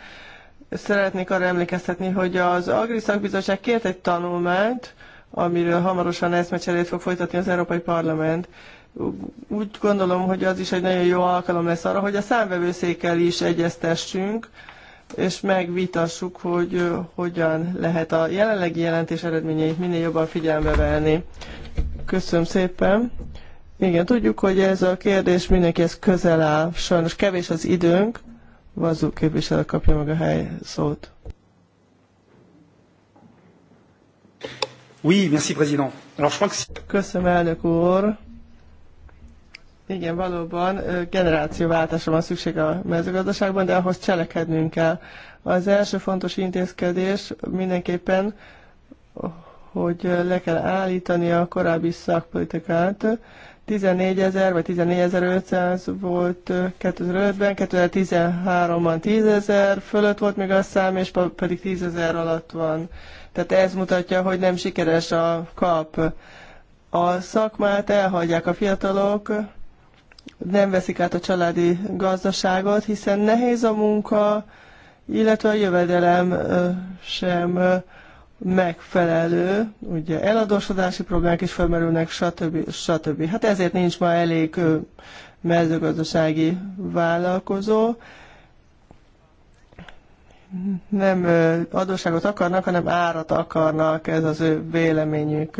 szeretnék arra emlékeztetni, hogy az Agri Szakbizottság kért egy tanulmányt, amiről hamarosan eszmecserét fog folytatni az Európai Parlament. Úgy gondolom, hogy az is egy nagyon jó alkalom lesz arra, hogy a számvevőszékkel is egyeztessünk, és megvitassuk, hogy hogyan lehet a jelenlegi jelentés eredményeit minél jobban figyelme venni. Köszönöm szépen! Igen, tudjuk, hogy ez a kérdés mindenkihez közel áll. Sajnos kevés az időnk. Vazú képviselő kapja meg a hely szót. Oui, merci, président. Alors, je crois que... Köszönöm, elnök úr. Igen, valóban generációváltásra van szükség a mezőgazdaságban, de ahhoz cselekednünk kell. Az első fontos intézkedés mindenképpen, hogy le kell állítani a korábbi szakpolitikát, 14 ezer vagy 14.500 volt 2005-ben, 2013-ban 10 ezer fölött volt még a szám, és pedig 10 ezer alatt van. Tehát ez mutatja, hogy nem sikeres a kap. A szakmát elhagyják a fiatalok, nem veszik át a családi gazdaságot, hiszen nehéz a munka, illetve a jövedelem sem megfelelő, ugye eladósodási problémák is felmerülnek, stb. stb. Hát ezért nincs ma elég mezőgazdasági vállalkozó. Nem adósságot akarnak, hanem árat akarnak, ez az ő véleményük.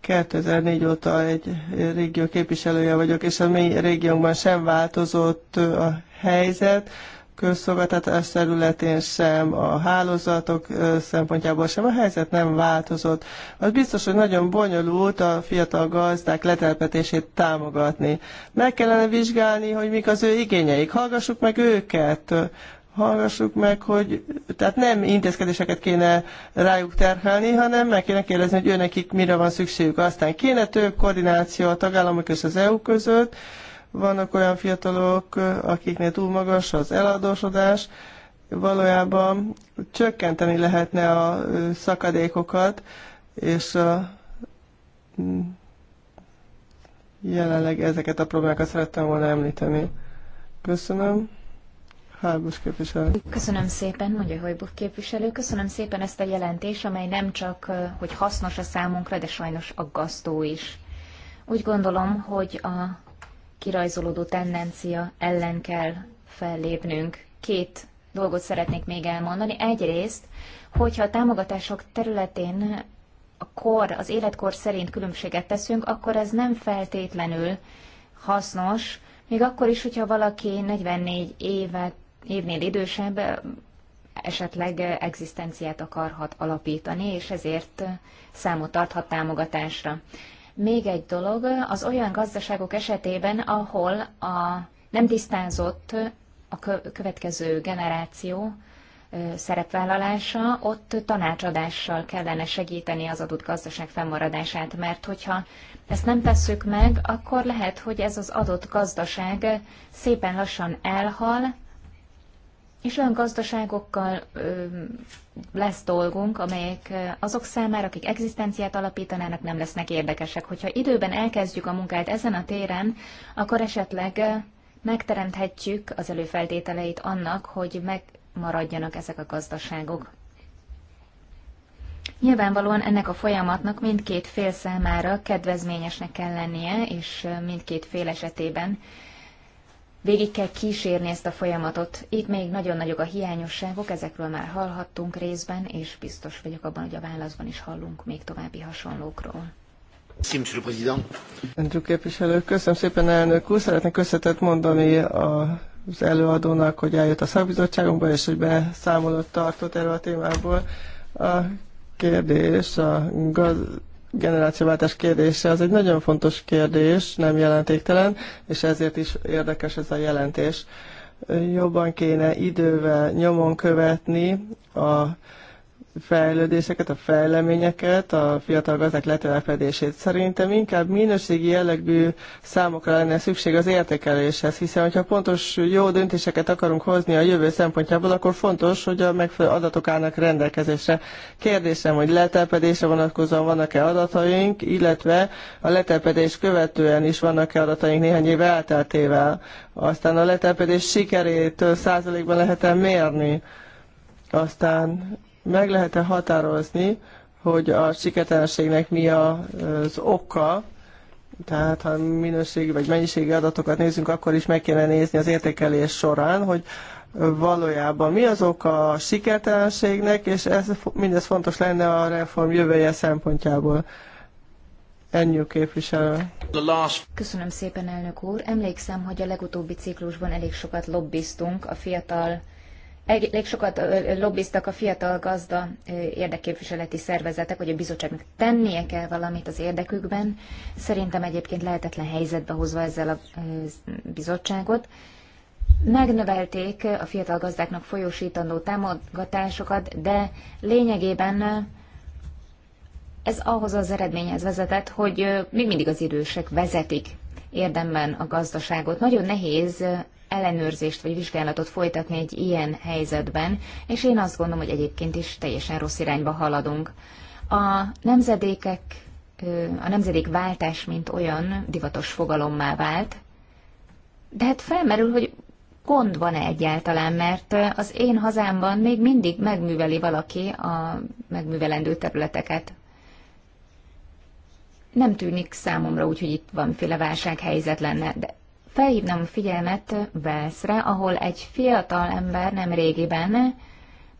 2004 óta egy régió képviselője vagyok, és a mi régiónkban sem változott a helyzet közszolgáltatás e területén sem, a hálózatok szempontjából sem. A helyzet nem változott. Az biztos, hogy nagyon bonyolult a fiatal gazdák letelepetését támogatni. Meg kellene vizsgálni, hogy mik az ő igényeik. Hallgassuk meg őket hallgassuk meg, hogy tehát nem intézkedéseket kéne rájuk terhelni, hanem meg kéne kérdezni, hogy őnekik mire van szükségük. Aztán kéne több koordináció a tagállamok és az EU között, vannak olyan fiatalok, akiknél túl magas az eladósodás, valójában csökkenteni lehetne a szakadékokat, és a mm, jelenleg ezeket a problémákat szerettem volna említeni. Köszönöm. Hágos képviselő. Köszönöm szépen, mondja Hajbuk képviselő. Köszönöm szépen ezt a jelentést, amely nem csak, hogy hasznos a számunkra, de sajnos aggasztó is. Úgy gondolom, hogy a kirajzolódó tendencia ellen kell fellépnünk. Két dolgot szeretnék még elmondani. Egyrészt, hogyha a támogatások területén a kor, az életkor szerint különbséget teszünk, akkor ez nem feltétlenül hasznos, még akkor is, hogyha valaki 44 éve, évnél idősebb, esetleg egzisztenciát akarhat alapítani, és ezért számot tarthat támogatásra. Még egy dolog, az olyan gazdaságok esetében, ahol a nem tisztázott a következő generáció szerepvállalása, ott tanácsadással kellene segíteni az adott gazdaság fennmaradását, mert hogyha ezt nem tesszük meg, akkor lehet, hogy ez az adott gazdaság szépen lassan elhal, és olyan gazdaságokkal ö, lesz dolgunk, amelyek azok számára, akik egzisztenciát alapítanának, nem lesznek érdekesek. Hogyha időben elkezdjük a munkát ezen a téren, akkor esetleg megteremthetjük az előfeltételeit annak, hogy megmaradjanak ezek a gazdaságok. Nyilvánvalóan ennek a folyamatnak mindkét fél számára kedvezményesnek kell lennie, és mindkét fél esetében végig kell kísérni ezt a folyamatot. Itt még nagyon nagyok a hiányosságok, ezekről már hallhattunk részben, és biztos vagyok abban, hogy a válaszban is hallunk még további hasonlókról. Andrew képviselő, köszönöm szépen elnök úr, szeretnék köszönetet mondani a az előadónak, hogy eljött a szakbizottságunkba, és hogy beszámolót tartott erről a témából. A kérdés a gaz, generációváltás kérdése az egy nagyon fontos kérdés, nem jelentéktelen, és ezért is érdekes ez a jelentés. Jobban kéne idővel nyomon követni a fejlődéseket, a fejleményeket, a fiatal gazdák letelepedését. Szerintem inkább minőségi jellegű számokra lenne szükség az értékeléshez, hiszen hogyha pontos jó döntéseket akarunk hozni a jövő szempontjából, akkor fontos, hogy a megfelelő adatok állnak rendelkezésre. Kérdésem, hogy letelepedésre vonatkozóan vannak-e adataink, illetve a letelepedés követően is vannak-e adataink néhány év elteltével. Aztán a letelepedés sikerét százalékban lehet-e mérni. Aztán meg lehet-e határozni, hogy a siketelenségnek mi az oka, tehát ha minőségi vagy mennyiségi adatokat nézzünk, akkor is meg kéne nézni az értékelés során, hogy valójában mi az oka a sikertelenségnek, és ez, mindez fontos lenne a reform jövője szempontjából. Ennyi képviselő. Köszönöm szépen, elnök úr. Emlékszem, hogy a legutóbbi ciklusban elég sokat lobbiztunk a fiatal Elég sokat lobbiztak a fiatal gazda érdekképviseleti szervezetek, hogy a bizottságnak tennie kell valamit az érdekükben. Szerintem egyébként lehetetlen helyzetbe hozva ezzel a bizottságot. Megnövelték a fiatal gazdáknak folyósítandó támogatásokat, de lényegében ez ahhoz az eredményhez vezetett, hogy még mindig az idősek vezetik érdemben a gazdaságot. Nagyon nehéz ellenőrzést vagy vizsgálatot folytatni egy ilyen helyzetben, és én azt gondolom, hogy egyébként is teljesen rossz irányba haladunk. A nemzedékek, a nemzedékváltás, mint olyan divatos fogalommá vált, de hát felmerül, hogy gond van-e egyáltalán, mert az én hazámban még mindig megműveli valaki a megművelendő területeket. Nem tűnik számomra úgy, hogy itt valamiféle válsághelyzet lenne, de felhívnám a figyelmet Velszre, ahol egy fiatal ember nem régiben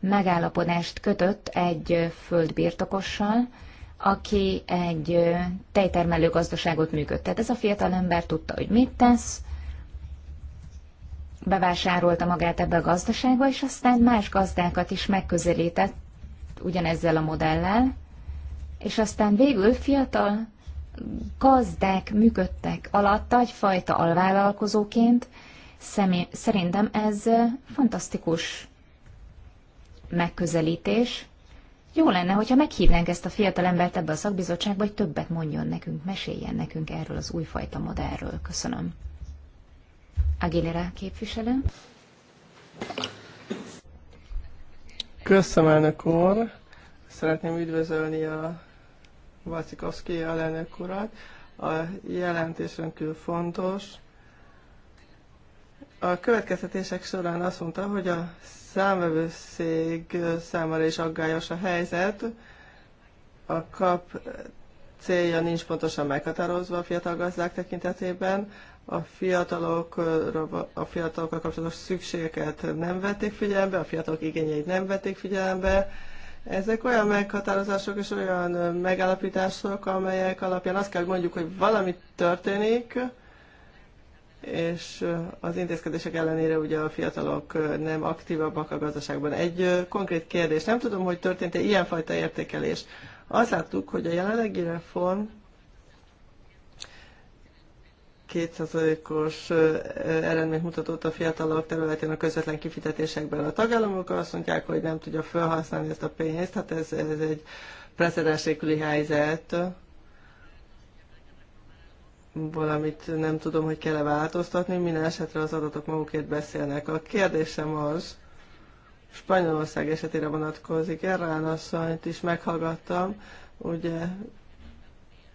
megállapodást kötött egy földbirtokossal, aki egy tejtermelő gazdaságot működtet. Ez a fiatal ember tudta, hogy mit tesz, bevásárolta magát ebbe a gazdaságba, és aztán más gazdákat is megközelített ugyanezzel a modellel, és aztán végül fiatal gazdák működtek alatta egyfajta alvállalkozóként, személy, szerintem ez fantasztikus megközelítés. Jó lenne, hogyha meghívnánk ezt a embert ebbe a szakbizottságba, hogy többet mondjon nekünk, meséljen nekünk erről az újfajta modellről. Köszönöm. Agilera képviselő. Köszönöm, elnök úr. Szeretném üdvözölni a Vacikovszki alelnök urat. A jelentés rendkívül fontos. A következtetések során azt mondta, hogy a számvevőszék számára is aggályos a helyzet. A kap célja nincs pontosan meghatározva a fiatal gazdák tekintetében. A, fiatalok a fiatalokkal kapcsolatos szükségeket nem vették figyelembe, a fiatalok igényeit nem vették figyelembe ezek olyan meghatározások és olyan megállapítások, amelyek alapján azt kell, mondjuk, hogy valami történik, és az intézkedések ellenére ugye a fiatalok nem aktívabbak a gazdaságban. Egy konkrét kérdés, nem tudom, hogy történt-e ilyenfajta értékelés. Azt láttuk, hogy a jelenlegi reform 2%-os eredményt mutatott a fiatalok területén a közvetlen kifizetésekben. A tagállamok azt mondják, hogy nem tudja felhasználni ezt a pénzt, hát ez, ez egy precedens helyzet. Valamit nem tudom, hogy kell-e változtatni, minden esetre az adatok magukért beszélnek. A kérdésem az, Spanyolország esetére vonatkozik, erre asszonyt is meghallgattam, ugye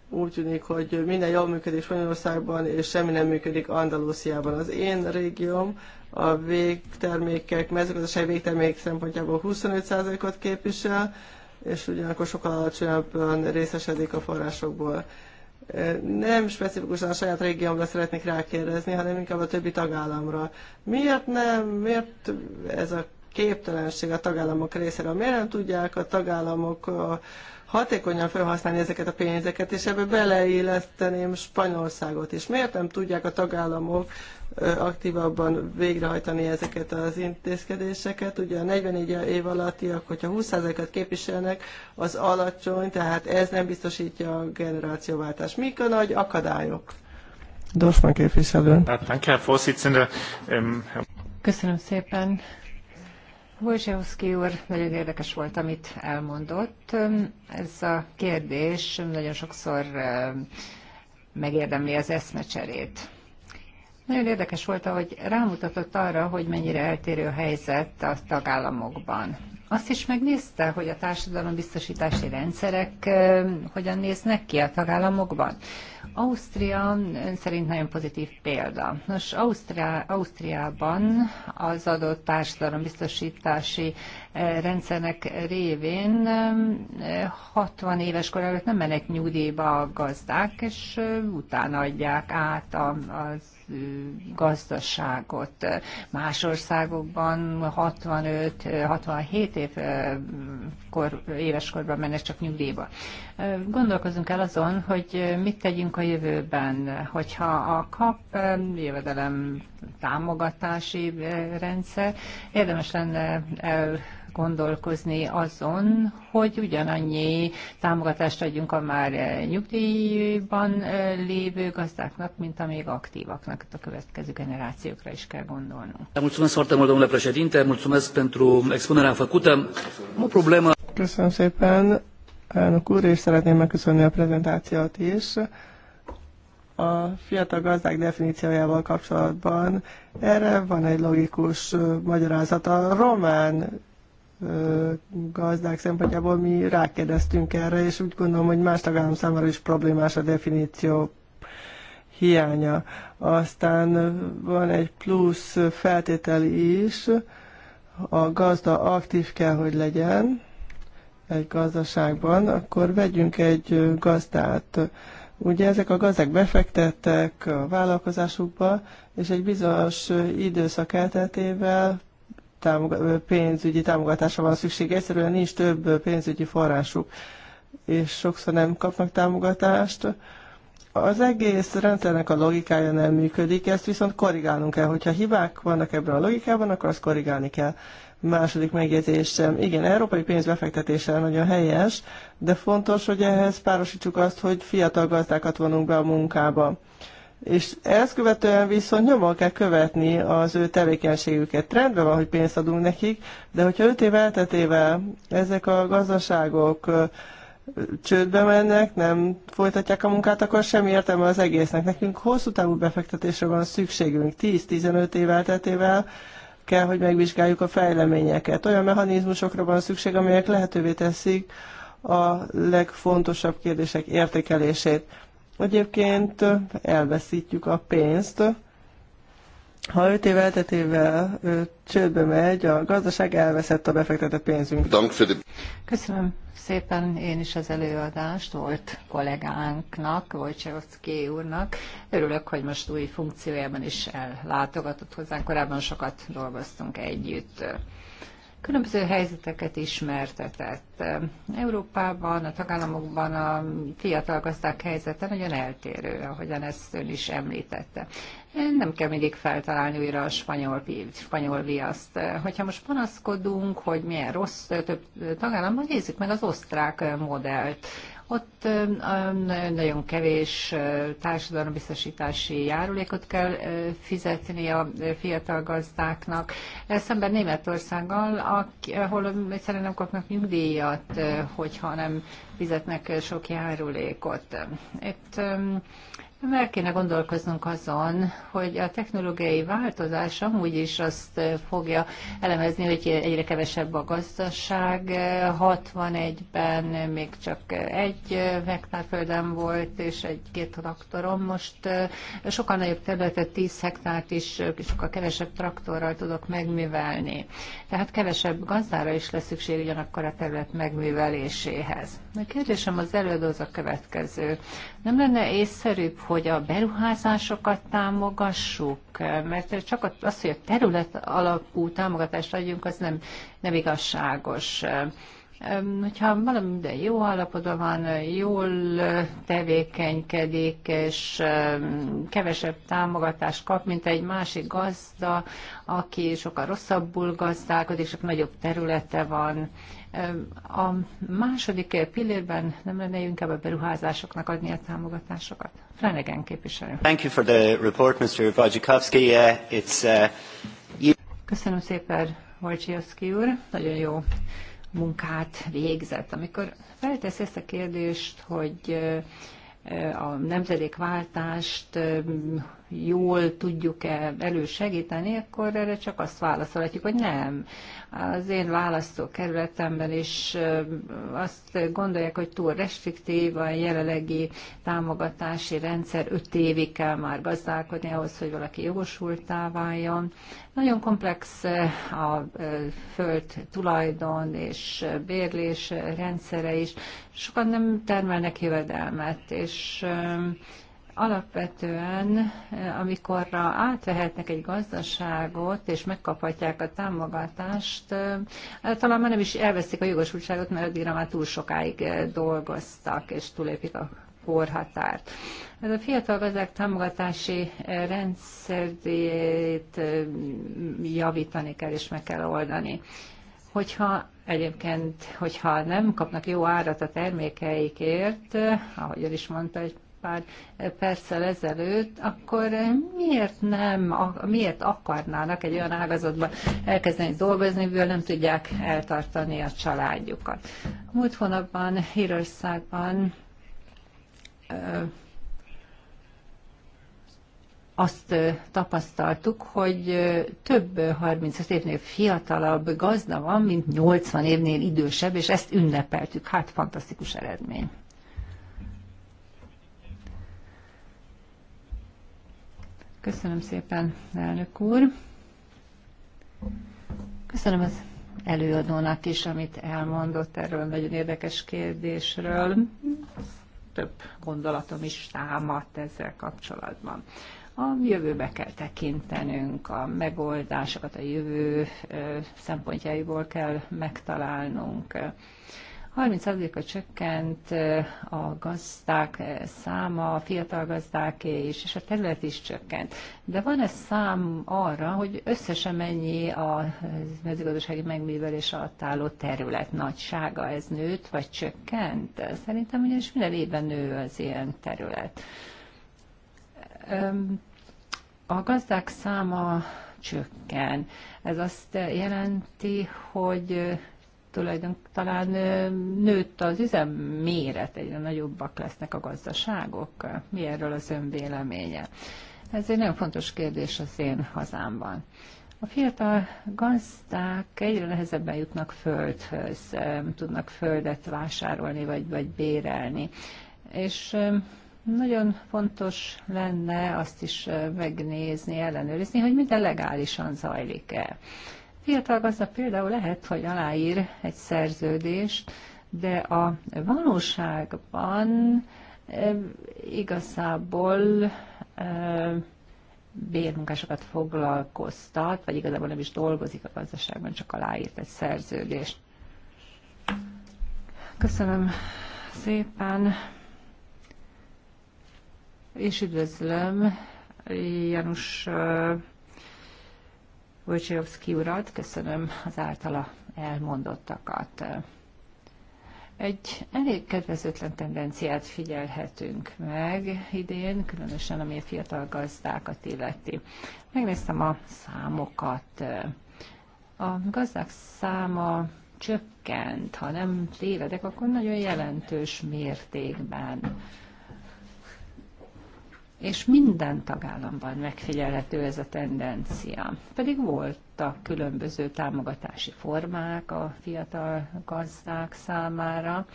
úgy tűnik, hogy minden jól működik Spanyolországban, és semmi nem működik Andalúziában. Az én régióm a végtermékek, mezőgazdasági végtermék szempontjából 25%-ot képvisel, és ugyanakkor sokkal alacsonyabban részesedik a forrásokból. Nem specifikusan a saját régiómra szeretnék rákérdezni, hanem inkább a többi tagállamra. Miért nem, miért ez a képtelenség a tagállamok részéről? Miért nem tudják a tagállamok a hatékonyan felhasználni ezeket a pénzeket, és ebbe beleilleszteném Spanyolországot is. Miért nem tudják a tagállamok aktívabban végrehajtani ezeket az intézkedéseket? Ugye a 44 év alattiak, hogyha 20%-at képviselnek, az alacsony, tehát ez nem biztosítja a generációváltást. Mik a nagy akadályok? Dorfman képviselő. Ähm, Köszönöm szépen, Wojciechowski úr, nagyon érdekes volt, amit elmondott. Ez a kérdés nagyon sokszor megérdemli az eszmecserét. Nagyon érdekes volt, ahogy rámutatott arra, hogy mennyire eltérő a helyzet a tagállamokban. Azt is megnézte, hogy a társadalombiztosítási rendszerek hogyan néznek ki a tagállamokban? Ausztria ön szerint nagyon pozitív példa. Nos, Ausztria, Ausztriában az adott társadalombiztosítási rendszernek révén 60 éves kor előtt nem mennek nyugdíjba a gazdák, és utána adják át az gazdaságot. Más országokban 65-67 év kor, éves korban mennek csak nyugdíjba. Gondolkozunk el azon, hogy mit tegyünk a jövőben, hogyha a kap jövedelem támogatási rendszer, érdemes lenne el gondolkozni azon, hogy ugyanannyi támogatást adjunk a már nyugdíjban eh, lévő gazdáknak, mint a még aktívaknak. A következő generációkra is kell gondolnunk. Köszönöm szépen, elnök úr, és szeretném megköszönni a prezentációt is a fiatal gazdák definíciójával kapcsolatban. Erre van egy logikus eh, magyarázat. A román gazdák szempontjából mi rákérdeztünk erre, és úgy gondolom, hogy más tagállam számára is problémás a definíció hiánya. Aztán van egy plusz feltétel is, a gazda aktív kell, hogy legyen egy gazdaságban, akkor vegyünk egy gazdát. Ugye ezek a gazdák befektettek a vállalkozásukba, és egy bizonyos időszak elteltével támogat, pénzügyi támogatásra van szükség. Egyszerűen nincs több pénzügyi forrásuk, és sokszor nem kapnak támogatást. Az egész rendszernek a logikája nem működik, ezt viszont korrigálnunk kell. Hogyha hibák vannak ebben a logikában, akkor azt korrigálni kell. Második megjegyzésem. Igen, európai pénz befektetése nagyon helyes, de fontos, hogy ehhez párosítsuk azt, hogy fiatal gazdákat vonunk be a munkába és ezt követően viszont nyomon kell követni az ő tevékenységüket. Rendben van, hogy pénzt adunk nekik, de hogyha 5 év elteltével ezek a gazdaságok csődbe mennek, nem folytatják a munkát, akkor semmi értelme az egésznek. Nekünk hosszú távú befektetésre van szükségünk. 10-15 év elteltével kell, hogy megvizsgáljuk a fejleményeket. Olyan mechanizmusokra van szükség, amelyek lehetővé teszik a legfontosabb kérdések értékelését Egyébként elveszítjük a pénzt. Ha 5 év elteltével csődbe megy, a gazdaság elveszett a befektetett pénzünk. Köszönöm szépen én is az előadást volt kollégánknak, Wojciechowski úrnak. Örülök, hogy most új funkciójában is ellátogatott hozzánk. Korábban sokat dolgoztunk együtt különböző helyzeteket ismertetett. Európában, a tagállamokban a fiatal gazdák helyzete nagyon eltérő, ahogyan ezt ön is említette. Nem kell mindig feltalálni újra a spanyol, spanyol viaszt. Hogyha most panaszkodunk, hogy milyen rossz több tagállamban, nézzük meg az osztrák modellt. Ott nagyon kevés társadalombiztosítási járulékot kell fizetni a fiatal gazdáknak. Szemben Németországgal, ahol egyszerűen nem kapnak nyugdíjat, hogyha nem fizetnek sok járulékot. Itt meg kéne gondolkoznunk azon, hogy a technológiai változás amúgy is azt eh, fogja elemezni, hogy egyre kevesebb a gazdaság. 61-ben még csak egy eh, hektárföldem volt, és egy-két traktorom. Most eh, sokkal nagyobb területet, 10 hektárt is sokkal kevesebb traktorral tudok megművelni. Tehát kevesebb gazdára is lesz szükség ugyanakkor a terület megműveléséhez. A kérdésem az előadó az a következő. Nem lenne észszerűbb, hogy a beruházásokat támogassuk, mert csak az, hogy a terület alapú támogatást adjunk, az nem, nem igazságos. Hogyha valami minden jó állapotban van, jól tevékenykedik, és kevesebb támogatást kap, mint egy másik gazda, aki sokkal rosszabbul gazdálkodik, és nagyobb területe van, a második pillérben nem lenne inkább a beruházásoknak adni a támogatásokat? Flanagan képviselő. Thank you for the report, Mr. Wojciechowski. Uh, it's, uh, you... Köszönöm szépen, Wojciechowski úr. Nagyon jó munkát végzett. Amikor feltesz ezt a kérdést, hogy a nemzedékváltást jól tudjuk-e elősegíteni, akkor erre csak azt válaszolhatjuk, hogy nem. Az én választókerületemben is azt gondolják, hogy túl restriktív a jelenlegi támogatási rendszer, öt évig kell már gazdálkodni ahhoz, hogy valaki jogosultá váljon. Nagyon komplex a föld tulajdon és bérlés rendszere is. Sokan nem termelnek jövedelmet, és alapvetően, eh, amikor átvehetnek egy gazdaságot, és megkaphatják a támogatást, eh, talán már nem is elveszik a jogosultságot, mert addigra már túl sokáig eh, dolgoztak, és túlépik a korhatárt. Ez a fiatal gazdák támogatási rendszerét javítani kell, és meg kell oldani. Hogyha Egyébként, hogyha nem kapnak jó árat a termékeikért, ahogyan is mondta egy pár perccel ezelőtt, akkor miért nem, miért akarnának egy olyan ágazatban elkezdeni dolgozni, mivel nem tudják eltartani a családjukat. Múlt hónapban Hírországban azt tapasztaltuk, hogy több 35 évnél fiatalabb gazda van, mint 80 évnél idősebb, és ezt ünnepeltük. Hát fantasztikus eredmény. Köszönöm szépen, elnök úr. Köszönöm az előadónak is, amit elmondott erről nagyon érdekes kérdésről. Több gondolatom is támadt ezzel kapcsolatban. A jövőbe kell tekintenünk, a megoldásokat a jövő szempontjaiból kell megtalálnunk. 30%-a csökkent a gazdák száma, a fiatal gazdáké is, és a terület is csökkent. De van-e szám arra, hogy összesen mennyi a mezőgazdasági megművelés alatt álló terület nagysága? Ez nőtt vagy csökkent? Szerintem ugyanis minden évben nő az ilyen terület. A gazdák száma csökken. Ez azt jelenti, hogy Tulajdonképpen talán nőtt az üzem méret, egyre nagyobbak lesznek a gazdaságok. Mi erről az ön véleménye? Ez egy nagyon fontos kérdés az én hazámban. A fiatal gazdák egyre nehezebben jutnak földhöz, tudnak földet vásárolni vagy, vagy bérelni. És nagyon fontos lenne azt is megnézni, ellenőrizni, hogy minden legálisan zajlik-e fiatal gazda például lehet, hogy aláír egy szerződést, de a valóságban igazából bérmunkásokat foglalkoztat, vagy igazából nem is dolgozik a gazdaságban, csak aláírt egy szerződést. Köszönöm szépen, és üdvözlöm Janus Wojciechowski urat, köszönöm az általa elmondottakat. Egy elég kedvezőtlen tendenciát figyelhetünk meg idén, különösen ami a fiatal gazdákat illeti. Megnéztem a számokat. A gazdák száma csökkent, ha nem tévedek, akkor nagyon jelentős mértékben és minden tagállamban megfigyelhető ez a tendencia. Pedig voltak különböző támogatási formák a fiatal gazdák számára.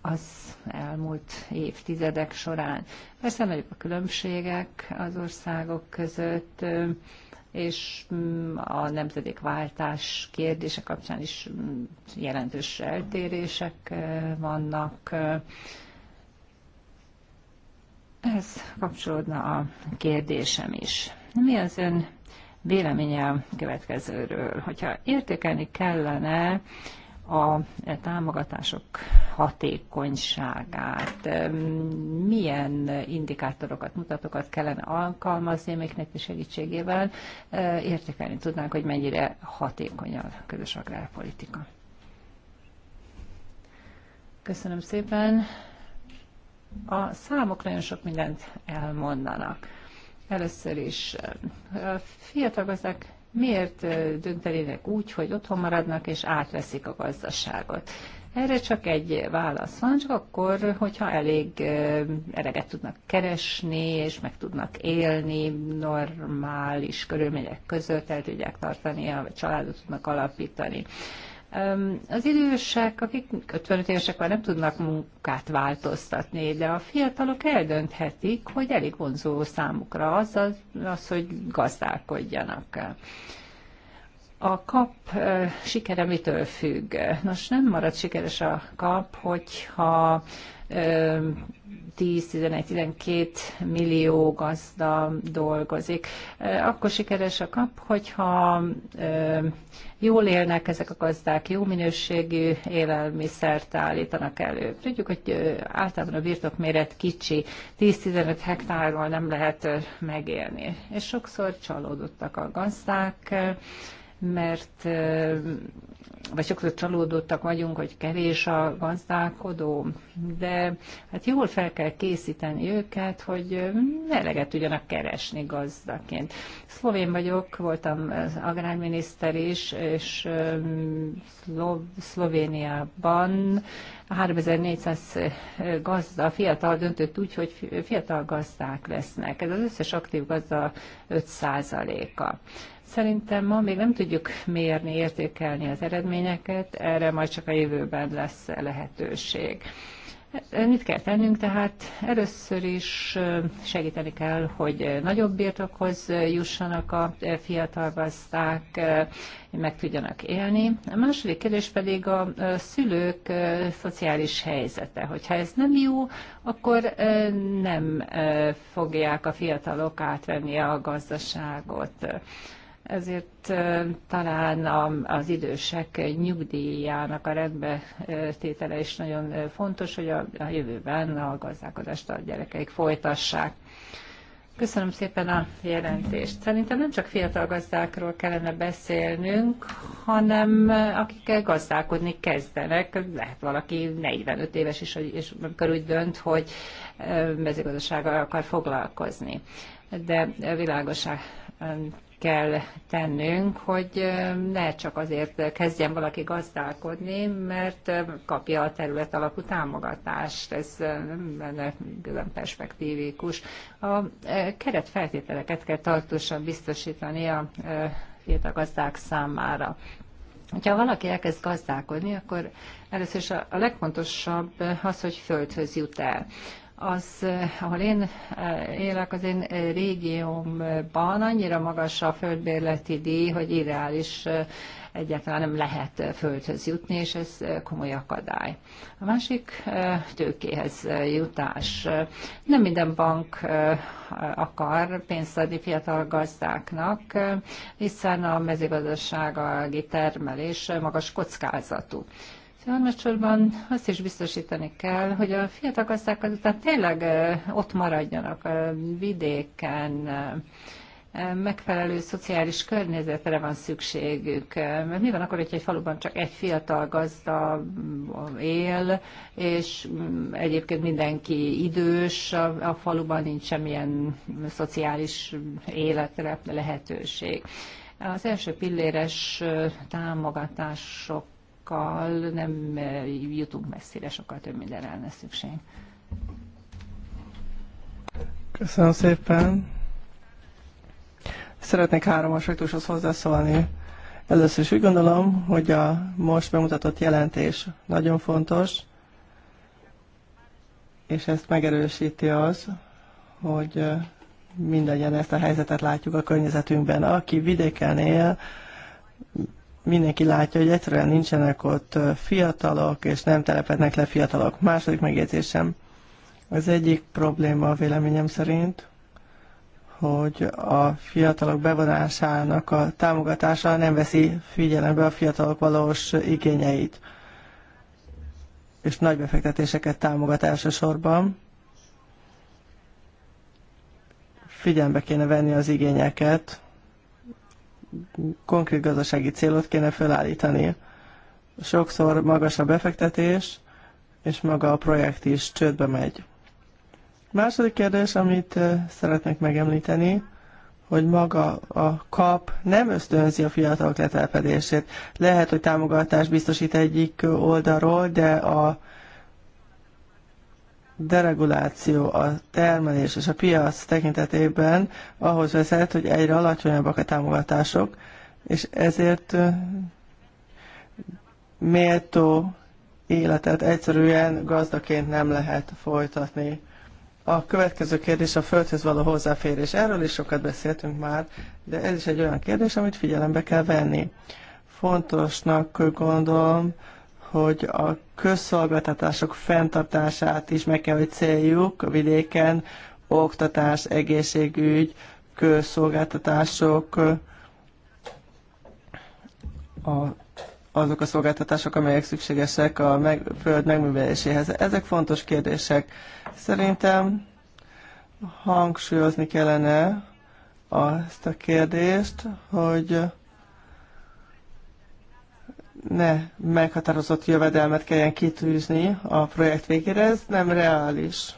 Az elmúlt évtizedek során. Persze nagyobb a különbségek az országok között, és mm, a nemzedékváltás kérdése kapcsán is mm, jelentős eltérések vannak. Ehhez kapcsolódna a kérdésem is. Mi az ön véleménye a következőről? Hogyha értékelni kellene a támogatások hatékonyságát, milyen indikátorokat, mutatokat kellene alkalmazni, amiknek segítségével értékelni tudnánk, hogy mennyire hatékony a közös agrárpolitika. Köszönöm szépen. A számok nagyon sok mindent elmondanak. Először is a fiatal gazdák miért döntenének úgy, hogy otthon maradnak és átveszik a gazdaságot? Erre csak egy válasz van, csak akkor, hogyha elég ereget tudnak keresni, és meg tudnak élni normális körülmények között, el tudják tartani, a családot tudnak alapítani. Az idősek, akik 55 évesek már nem tudnak munkát változtatni, de a fiatalok eldönthetik, hogy elég vonzó számukra az, az, az hogy gazdálkodjanak. A kap sikere mitől függ? Nos, nem marad sikeres a kap, hogyha 10-11-12 millió gazda dolgozik. Akkor sikeres a kap, hogyha jól élnek ezek a gazdák, jó minőségű élelmiszert állítanak elő. Tudjuk, hogy általában a birtokméret kicsi, 10-15 hektárról nem lehet megélni. És sokszor csalódottak a gazdák, mert vagy sokszor csalódottak vagyunk, hogy kevés a gazdálkodó, de hát jól fel kell készíteni őket, hogy eleget tudjanak keresni gazdaként. Szlovén vagyok, voltam agrárminiszter is, és um, Szlo- Szlovéniában 3400 eh, gazda, fiatal döntött úgy, hogy fiatal gazdák lesznek. Ez az összes aktív gazda 5 a Szerintem ma még nem tudjuk mérni, értékelni az eredményeket, erre majd csak a jövőben lesz lehetőség. Mit kell tennünk? Tehát először is segíteni kell, hogy nagyobb birtokhoz jussanak a fiatal gazdák, meg tudjanak élni. A második kérdés pedig a szülők szociális helyzete. Hogyha ez nem jó, akkor nem fogják a fiatalok átvenni a gazdaságot ezért talán az idősek nyugdíjának a rendbe tétele is nagyon fontos, hogy a, jövőben a gazdálkodást a gyerekeik folytassák. Köszönöm szépen a jelentést. Szerintem nem csak fiatal gazdákról kellene beszélnünk, hanem akikkel gazdálkodni kezdenek. Lehet valaki 45 éves is, és amikor úgy dönt, hogy mezőgazdasággal akar foglalkozni. De világosan kell tennünk, hogy ne csak azért kezdjen valaki gazdálkodni, mert kapja a terület alapú támogatást. Ez nem lenne igazán perspektívikus. A keretfeltételeket kell tartósan biztosítani a fiatal gazdák számára. Ha valaki elkezd gazdálkodni, akkor először is a legfontosabb az, hogy földhöz jut el az, ahol én eh, élek, az én eh, régiómban annyira magas a földbérleti díj, hogy ideális eh, egyáltalán nem lehet földhöz jutni, és ez komoly akadály. A másik tőkéhez jutás. Nem minden bank akar pénzt adni fiatal gazdáknak, hiszen a mezőgazdasági termelés magas kockázatú szóval, azt is biztosítani kell, hogy a fiatal gazdák után tényleg ott maradjanak a vidéken, megfelelő szociális környezetre van szükségük. Mert mi van akkor, hogyha egy faluban csak egy fiatal gazda él, és mm, egyébként mindenki idős, a, a faluban nincs semmilyen szociális életre lehetőség. Az első pilléres támogatások sokkal nem eh, jutunk messzire, sokkal több mindenre lenne szükség. Köszönöm szépen. Szeretnék három aspektushoz hozzászólni. Először is úgy gondolom, hogy a most bemutatott jelentés nagyon fontos, és ezt megerősíti az, hogy eh, mindannyian ezt a helyzetet látjuk a környezetünkben. Aki vidéken él, mindenki látja, hogy egyszerűen nincsenek ott fiatalok, és nem telepednek le fiatalok. Második megjegyzésem. Az egyik probléma a véleményem szerint, hogy a fiatalok bevonásának a támogatása nem veszi figyelembe a fiatalok valós igényeit, és nagy befektetéseket támogat elsősorban. Figyelembe kéne venni az igényeket, konkrét gazdasági célot kéne felállítani. Sokszor magas a befektetés, és maga a projekt is csődbe megy. Második kérdés, amit eh, szeretnék megemlíteni, hogy maga a kap nem ösztönzi a fiatalok letelepedését. Lehet, hogy támogatást biztosít egyik eh, oldalról, de a dereguláció a termelés és a piac tekintetében ahhoz vezet, hogy egyre alacsonyabbak a támogatások, és ezért méltó életet egyszerűen gazdaként nem lehet folytatni. A következő kérdés a földhöz való hozzáférés. Erről is sokat beszéltünk már, de ez is egy olyan kérdés, amit figyelembe kell venni. Fontosnak gondolom, hogy a közszolgáltatások fenntartását is meg kell, hogy céljuk a vidéken, oktatás, egészségügy, közszolgáltatások, a, azok a szolgáltatások, amelyek szükségesek a meg, föld megműveléséhez. Ezek fontos kérdések. Szerintem hangsúlyozni kellene azt a kérdést, hogy ne meghatározott jövedelmet kelljen kitűzni a projekt végére, ez nem reális.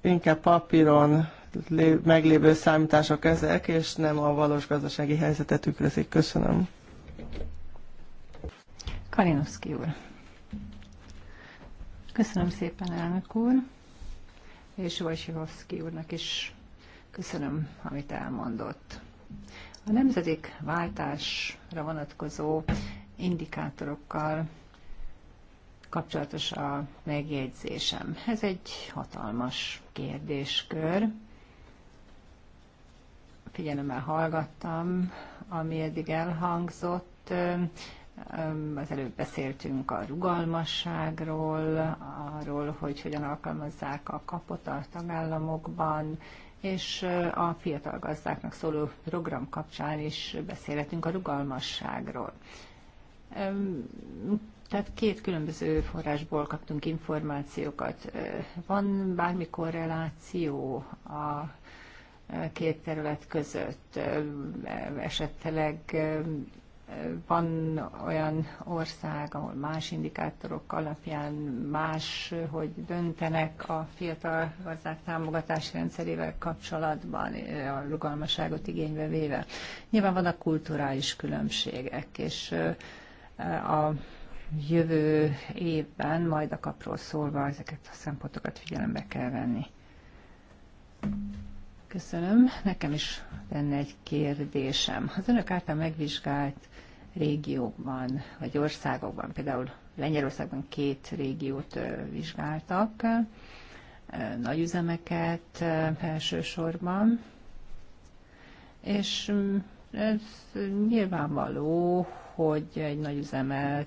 Inkább papíron meglévő számítások ezek, és nem a valós gazdasági helyzetet tükrözik. Köszönöm. Kalinowski úr. Köszönöm szépen, elnök úr, és Vajsihovszki úrnak is köszönöm, amit elmondott. A nemzedik váltásra vonatkozó indikátorokkal kapcsolatos a megjegyzésem. Ez egy hatalmas kérdéskör. Figyelemmel hallgattam, ami eddig elhangzott. Az előbb beszéltünk a rugalmasságról, arról, hogy hogyan alkalmazzák a kapot a tagállamokban, és a fiatal gazdáknak szóló program kapcsán is beszélhetünk a rugalmasságról tehát két különböző forrásból kaptunk információkat. Van bármi korreláció a két terület között? Esetleg van olyan ország, ahol más indikátorok alapján más, hogy döntenek a fiatal gazdák támogatási rendszerével kapcsolatban, a rugalmasságot igénybe véve. Nyilván vannak kulturális különbségek, és a jövő évben, majd a kapról szólva ezeket a szempontokat figyelembe kell venni. Köszönöm. Nekem is lenne egy kérdésem. Az önök által megvizsgált régiókban, vagy országokban, például Lengyelországban két régiót vizsgáltak, nagyüzemeket elsősorban, és mm, ez nyilvánvaló, hogy egy nagy üzemet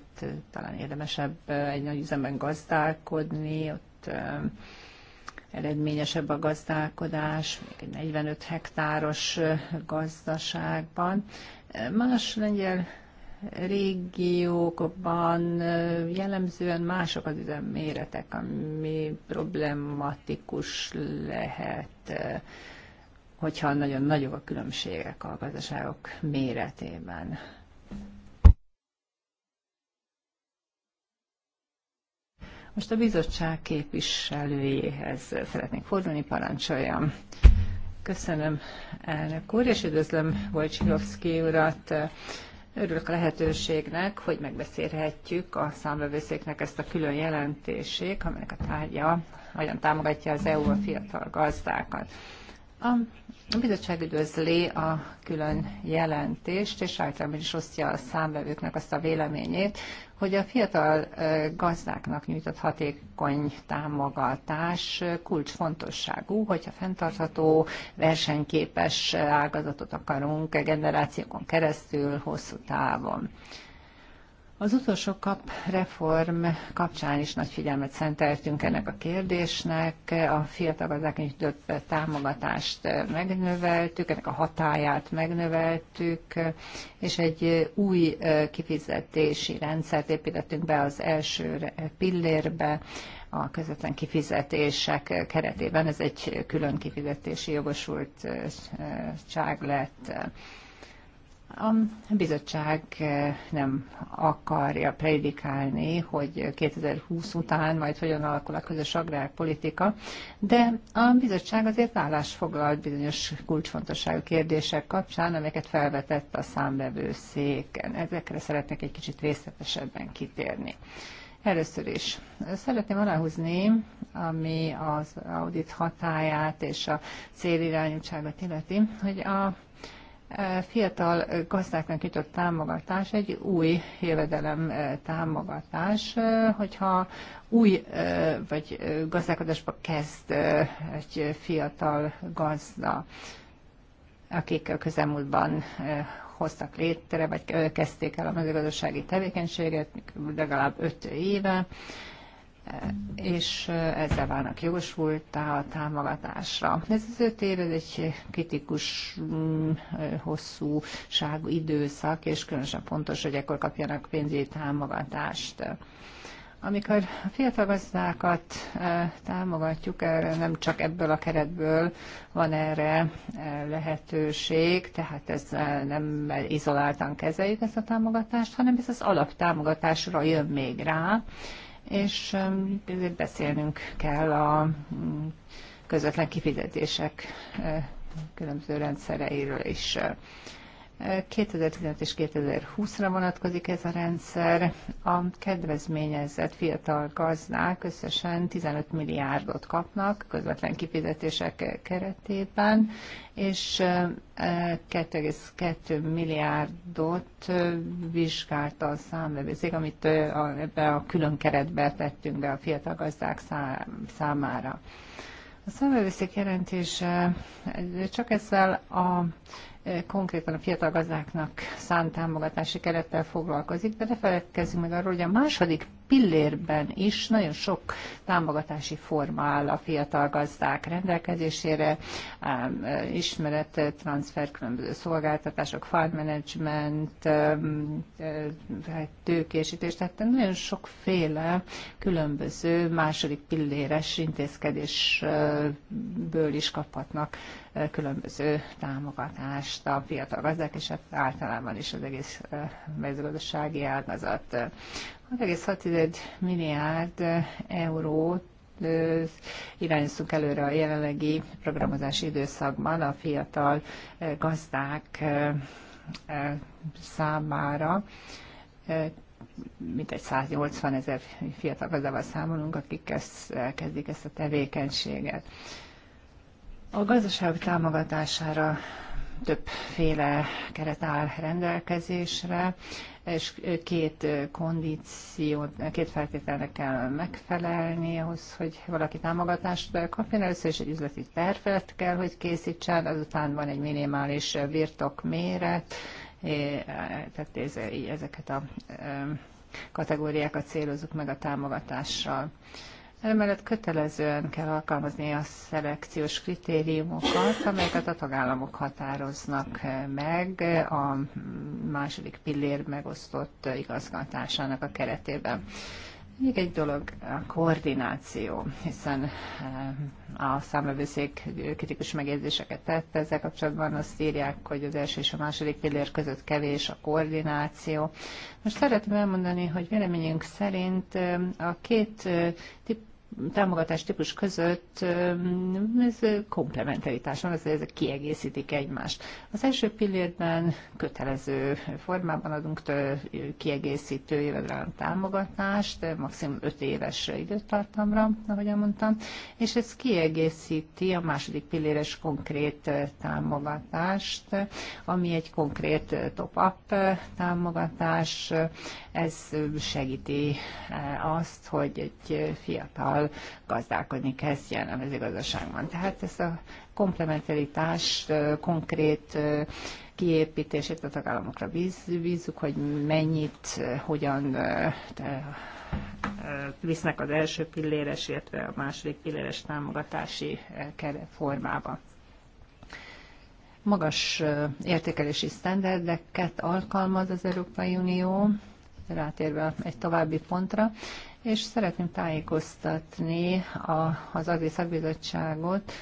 talán érdemesebb egy nagy üzemben gazdálkodni, ott eredményesebb a gazdálkodás, még egy 45 hektáros gazdaságban. Más lengyel régiókban jellemzően mások az üzemméretek, ami problematikus lehet, hogyha nagyon nagyok a különbségek a gazdaságok méretében. Most a bizottság képviselőjéhez szeretnék fordulni, parancsoljam. Köszönöm, elnök úr, és üdvözlöm Wojciechowski urat. Örülök a lehetőségnek, hogy megbeszélhetjük a számbevőszéknek ezt a külön jelentését, amelynek a tárgya hogyan támogatja az EU a fiatal gazdákat. A bizottság üdvözli a külön jelentést, és általában is osztja a számvevőknek azt a véleményét, hogy a fiatal gazdáknak nyújtott hatékony támogatás kulcsfontosságú, hogyha fenntartható, versenyképes ágazatot akarunk generációkon keresztül, hosszú távon. Az utolsó kap reform kapcsán is nagy figyelmet szenteltünk ennek a kérdésnek, a fiatal gazdák támogatást megnöveltük, ennek a hatáját megnöveltük, és egy új kifizetési rendszert építettünk be az első pillérbe, a közvetlen kifizetések keretében. Ez egy külön kifizetési jogosultság lett a bizottság eh, nem akarja predikálni, hogy 2020 után majd hogyan alakul a közös agrárpolitika, de a bizottság azért állást foglalt bizonyos kulcsfontosságú kérdések kapcsán, amelyeket felvetett a széken. Ezekre szeretnék egy kicsit részletesebben kitérni. Először is szeretném aláhúzni, ami az audit hatáját és a célirányútságot illeti, hogy a fiatal gazdáknak nyitott támogatás egy új jövedelem támogatás, hogyha új vagy gazdálkodásba kezd egy fiatal gazda, akik a közelmúltban hoztak létre, vagy kezdték el a mezőgazdasági tevékenységet legalább öt éve, és ezzel válnak jogosult a támogatásra. Ez az öt év, ez egy kritikus, mm, hosszú ságú időszak, és különösen fontos, hogy ekkor kapjanak pénzügyi támogatást. Amikor a fiatal gazdákat támogatjuk, erre nem csak ebből a keretből van erre lehetőség, tehát ez nem izoláltan kezeljük ezt a támogatást, hanem ez az alaptámogatásra jön még rá, és ezért beszélnünk kell a mm, közvetlen kifizetések eh, különböző rendszereiről is. 2015 és 2020-ra vonatkozik ez a rendszer. A kedvezményezett fiatal gazdák összesen 15 milliárdot kapnak közvetlen kifizetések keretében, és 2,2 e, milliárdot e, vizsgálta a számvevőszék, amit e, ebbe a külön keretbe tettünk be a fiatal gazdák számára. A számvevőszék jelentése csak ezzel a konkrétan a fiatal gazdáknak szánt támogatási kerettel foglalkozik, de ne feledkezzünk meg arról, hogy a második pillérben is nagyon sok támogatási forma áll a fiatal gazdák rendelkezésére, ismeret, transfer, különböző szolgáltatások, farm management, hát tőkésítés, tehát nagyon sokféle különböző második pilléres intézkedésből is kaphatnak különböző támogatást a fiatal gazdák, és hát általában is az egész mezőgazdasági ágazat. 6,6 milliárd eurót irányoztunk előre a jelenlegi programozási időszakban a fiatal gazdák számára mintegy 180 ezer fiatal gazdával számolunk, akik ezt, kezdik ezt a tevékenységet. A gazdaság támogatására többféle keret áll rendelkezésre, és két kondíció, két feltételnek kell megfelelni ahhoz, hogy valaki támogatást kapjon. Először is egy üzleti tervet kell, hogy készítsen, azután van egy minimális birtok méret, tehát ezeket a kategóriákat célozzuk meg a támogatással. Emellett kötelezően kell alkalmazni a szelekciós kritériumokat, amelyeket a tagállamok határoznak meg a második pillér megosztott igazgatásának a keretében. Még egy dolog, a koordináció, hiszen eh, a számlevőszék kritikus megjegyzéseket tett ezzel kapcsolatban, azt írják, hogy az első és a második pillér között kevés a koordináció. Most szeretném elmondani, hogy véleményünk szerint eh, a két eh, tip támogatás típus között ez komplementaritás van, azért ezek kiegészítik egymást. Az első pillérben kötelező formában adunk kiegészítő jövedelem támogatást, maximum 5 éves időtartamra, ahogyan mondtam, és ez kiegészíti a második pilléres konkrét támogatást, ami egy konkrét top-up támogatás, ez segíti eh, azt, hogy egy fiatal hatással gazdálkodni kezdjen a mezőgazdaságban. Tehát ezt a komplementaritás konkrét kiépítését a tagállamokra bízzuk, hogy mennyit, hogyan visznek az első pilléres, illetve a második pilléres támogatási formába. Magas értékelési sztenderdeket alkalmaz az Európai Unió, rátérve egy további pontra és szeretném tájékoztatni a, az Agri Szakbizottságot,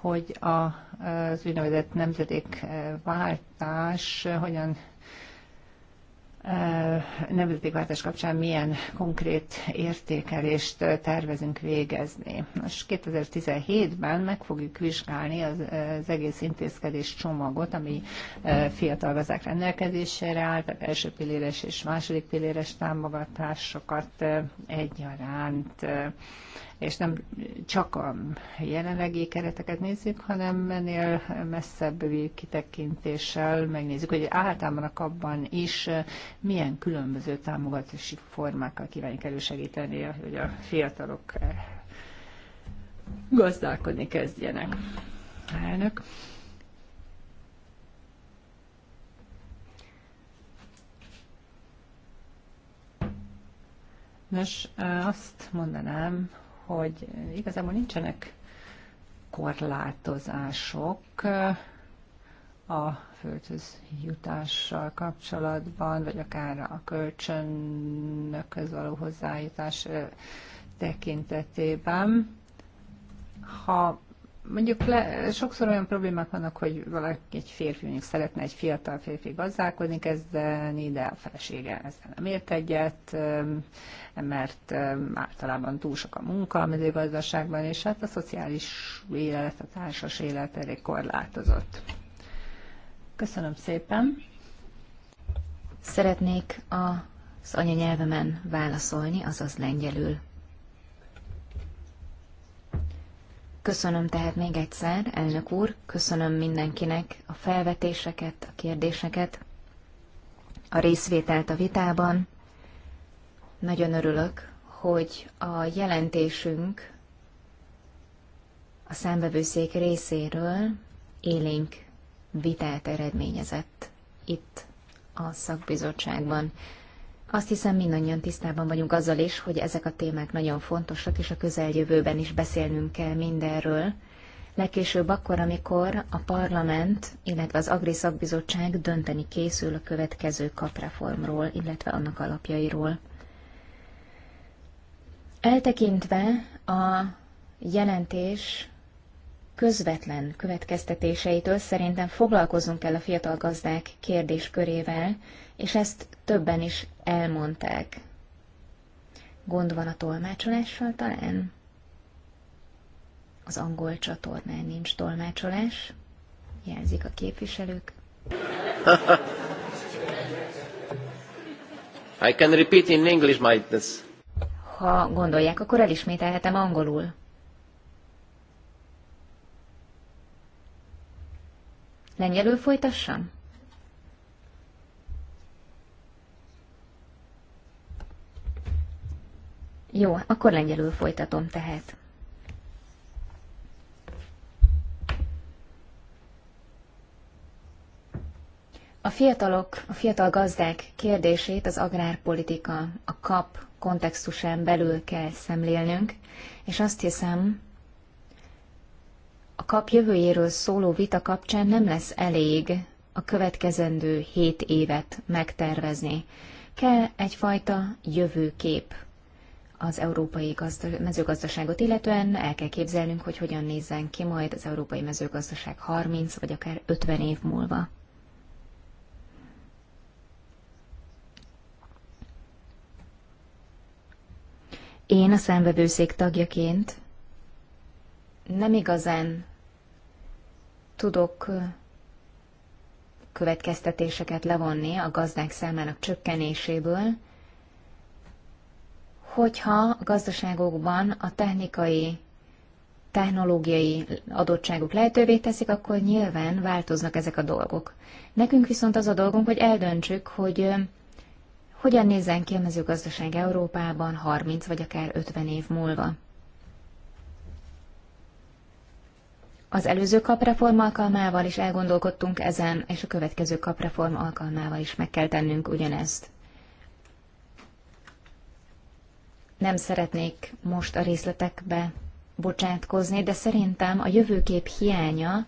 hogy a, az úgynevezett nemzedékváltás eh, hogyan nemzetékváltás kapcsán milyen konkrét értékelést tervezünk végezni. Most 2017-ben meg fogjuk vizsgálni az, az egész intézkedés csomagot, ami fiatal gazdák rendelkezésére áll, tehát első pilléres és második pilléres támogatásokat egyaránt és nem csak a jelenlegi kereteket nézzük, hanem ennél messzebb kitekintéssel megnézzük, hogy általában a kapban is eh, milyen különböző támogatási formákkal kívánjuk elősegíteni, hogy a fiatalok eh, gazdálkodni kezdjenek. Elnök. Nos, eh, azt mondanám, hogy igazából nincsenek korlátozások a földhöz jutással kapcsolatban, vagy akár a kölcsönökhöz való hozzájutás tekintetében. Ha mondjuk le, sokszor olyan problémák vannak, hogy valaki egy férfi mondjuk szeretne egy fiatal férfi gazdálkodni kezdeni, de a felesége ezzel nem ért egyet, mert általában túl sok a munka a mezőgazdaságban, és hát a szociális élet, a társas élet elég korlátozott. Köszönöm szépen! Szeretnék a az anyanyelvemen válaszolni, azaz lengyelül. Köszönöm tehát még egyszer, elnök úr, köszönöm mindenkinek a felvetéseket, a kérdéseket, a részvételt a vitában. Nagyon örülök, hogy a jelentésünk a számbevőszék részéről élénk vitát eredményezett itt a szakbizottságban. Azt hiszem mindannyian tisztában vagyunk azzal is, hogy ezek a témák nagyon fontosak, és a közeljövőben is beszélnünk kell mindenről. Legkésőbb akkor, amikor a parlament, illetve az Agri Szakbizottság dönteni készül a következő kapreformról, illetve annak alapjairól. Eltekintve a jelentés közvetlen következtetéseitől szerintem foglalkozunk kell a fiatal gazdák kérdéskörével, és ezt többen is elmondták. Gond van a tolmácsolással talán? Az angol csatornán nincs tolmácsolás, jelzik a képviselők. I can repeat in English my this. Ha gondolják, akkor elismételhetem angolul. Lengyelül folytassam? Jó, akkor lengyelül folytatom tehát. A fiatalok, a fiatal gazdák kérdését az agrárpolitika, a kap kontextusán belül kell szemlélnünk, és azt hiszem, a kap jövőjéről szóló vita kapcsán nem lesz elég a következendő hét évet megtervezni. Kell egyfajta jövőkép az európai mezőgazdaságot illetően el kell képzelnünk, hogy hogyan nézzen ki majd az európai mezőgazdaság 30 vagy akár 50 év múlva. Én a számvevőszék tagjaként nem igazán tudok következtetéseket levonni a gazdák számának csökkenéséből, hogyha a gazdaságokban a technikai, technológiai adottságok lehetővé teszik, akkor nyilván változnak ezek a dolgok. Nekünk viszont az a dolgunk, hogy eldöntsük, hogy hogyan nézzen ki a mezőgazdaság Európában 30 vagy akár 50 év múlva. Az előző kapreform alkalmával is elgondolkodtunk ezen, és a következő kapreform alkalmával is meg kell tennünk ugyanezt. nem szeretnék most a részletekbe bocsátkozni, de szerintem a jövőkép hiánya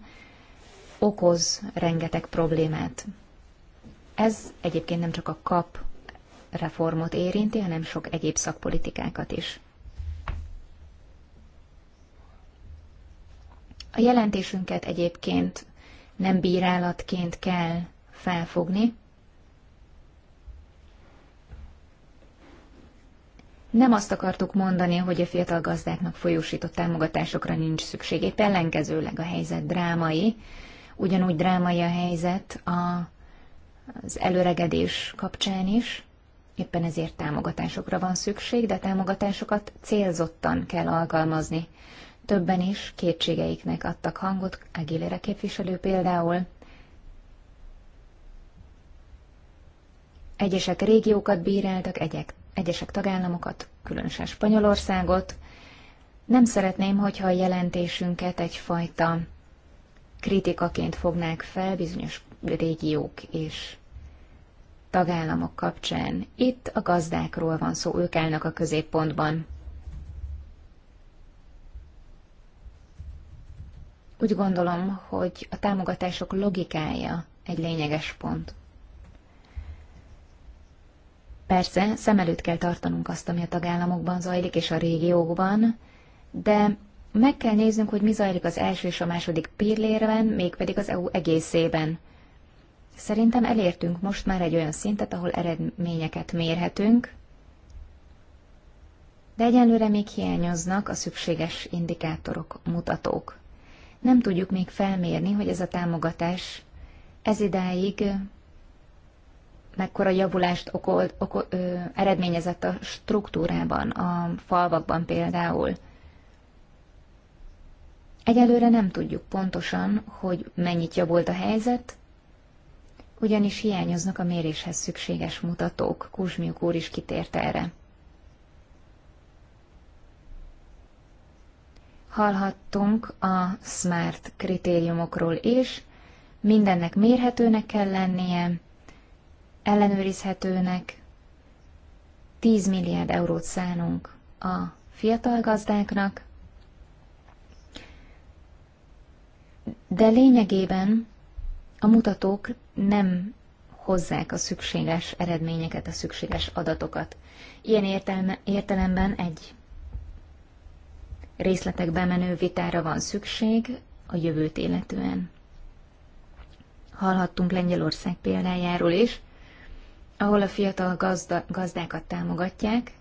okoz rengeteg problémát. Ez egyébként nem csak a kap reformot érinti, hanem sok egyéb szakpolitikákat is. A jelentésünket egyébként nem bírálatként kell felfogni, Nem azt akartuk mondani, hogy a fiatal gazdáknak folyósított támogatásokra nincs szükség, épp ellenkezőleg a helyzet drámai, ugyanúgy drámai a helyzet a, az előregedés kapcsán is, éppen ezért támogatásokra van szükség, de támogatásokat célzottan kell alkalmazni. Többen is kétségeiknek adtak hangot, Agilera képviselő például. Egyesek régiókat bíráltak, egyek egyesek tagállamokat, különösen Spanyolországot. Nem szeretném, hogyha a jelentésünket egyfajta kritikaként fognák fel bizonyos régiók és tagállamok kapcsán. Itt a gazdákról van szó, ők állnak a középpontban. Úgy gondolom, hogy a támogatások logikája egy lényeges pont. Persze, szem előtt kell tartanunk azt, ami a tagállamokban zajlik és a régiókban, de meg kell néznünk, hogy mi zajlik az első és a második pillérben, mégpedig az EU egészében. Szerintem elértünk most már egy olyan szintet, ahol eredményeket mérhetünk, de egyelőre még hiányoznak a szükséges indikátorok, mutatók. Nem tudjuk még felmérni, hogy ez a támogatás ez idáig mekkora javulást okol, okol, ö, eredményezett a struktúrában, a falvakban például. Egyelőre nem tudjuk pontosan, hogy mennyit javult a helyzet, ugyanis hiányoznak a méréshez szükséges mutatók. Kuzsmiuk úr is kitért erre. Hallhattunk a SMART kritériumokról is, mindennek mérhetőnek kell lennie, ellenőrizhetőnek. 10 milliárd eurót szánunk a fiatal gazdáknak, de lényegében a mutatók nem hozzák a szükséges eredményeket, a szükséges adatokat. Ilyen értelme, értelemben egy részletek bemenő vitára van szükség a jövőt illetően. Hallhattunk Lengyelország példájáról is, ahol a fiatal gazda, gazdákat támogatják.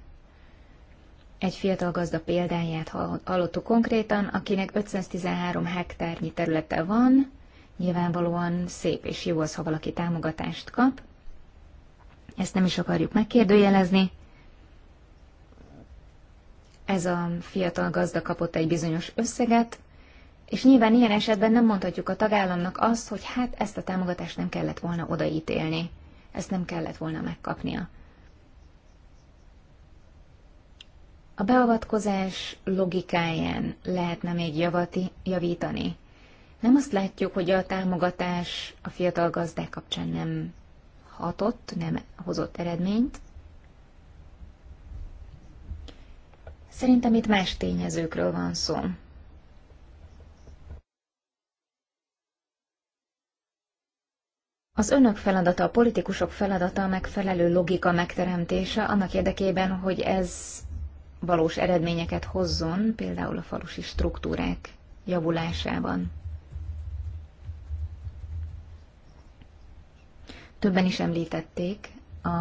Egy fiatal gazda példáját hallottuk konkrétan, akinek 513 hektárnyi területe van, nyilvánvalóan szép és jó az, ha valaki támogatást kap. Ezt nem is akarjuk megkérdőjelezni. Ez a fiatal gazda kapott egy bizonyos összeget, és nyilván ilyen esetben nem mondhatjuk a tagállamnak azt, hogy hát ezt a támogatást nem kellett volna odaítélni ezt nem kellett volna megkapnia. A beavatkozás logikáján lehetne még javati, javítani. Nem azt látjuk, hogy a támogatás a fiatal gazdák kapcsán nem hatott, nem hozott eredményt. Szerintem itt más tényezőkről van szó. Az önök feladata, a politikusok feladata a megfelelő logika megteremtése annak érdekében, hogy ez valós eredményeket hozzon, például a falusi struktúrák javulásában. Többen is említették a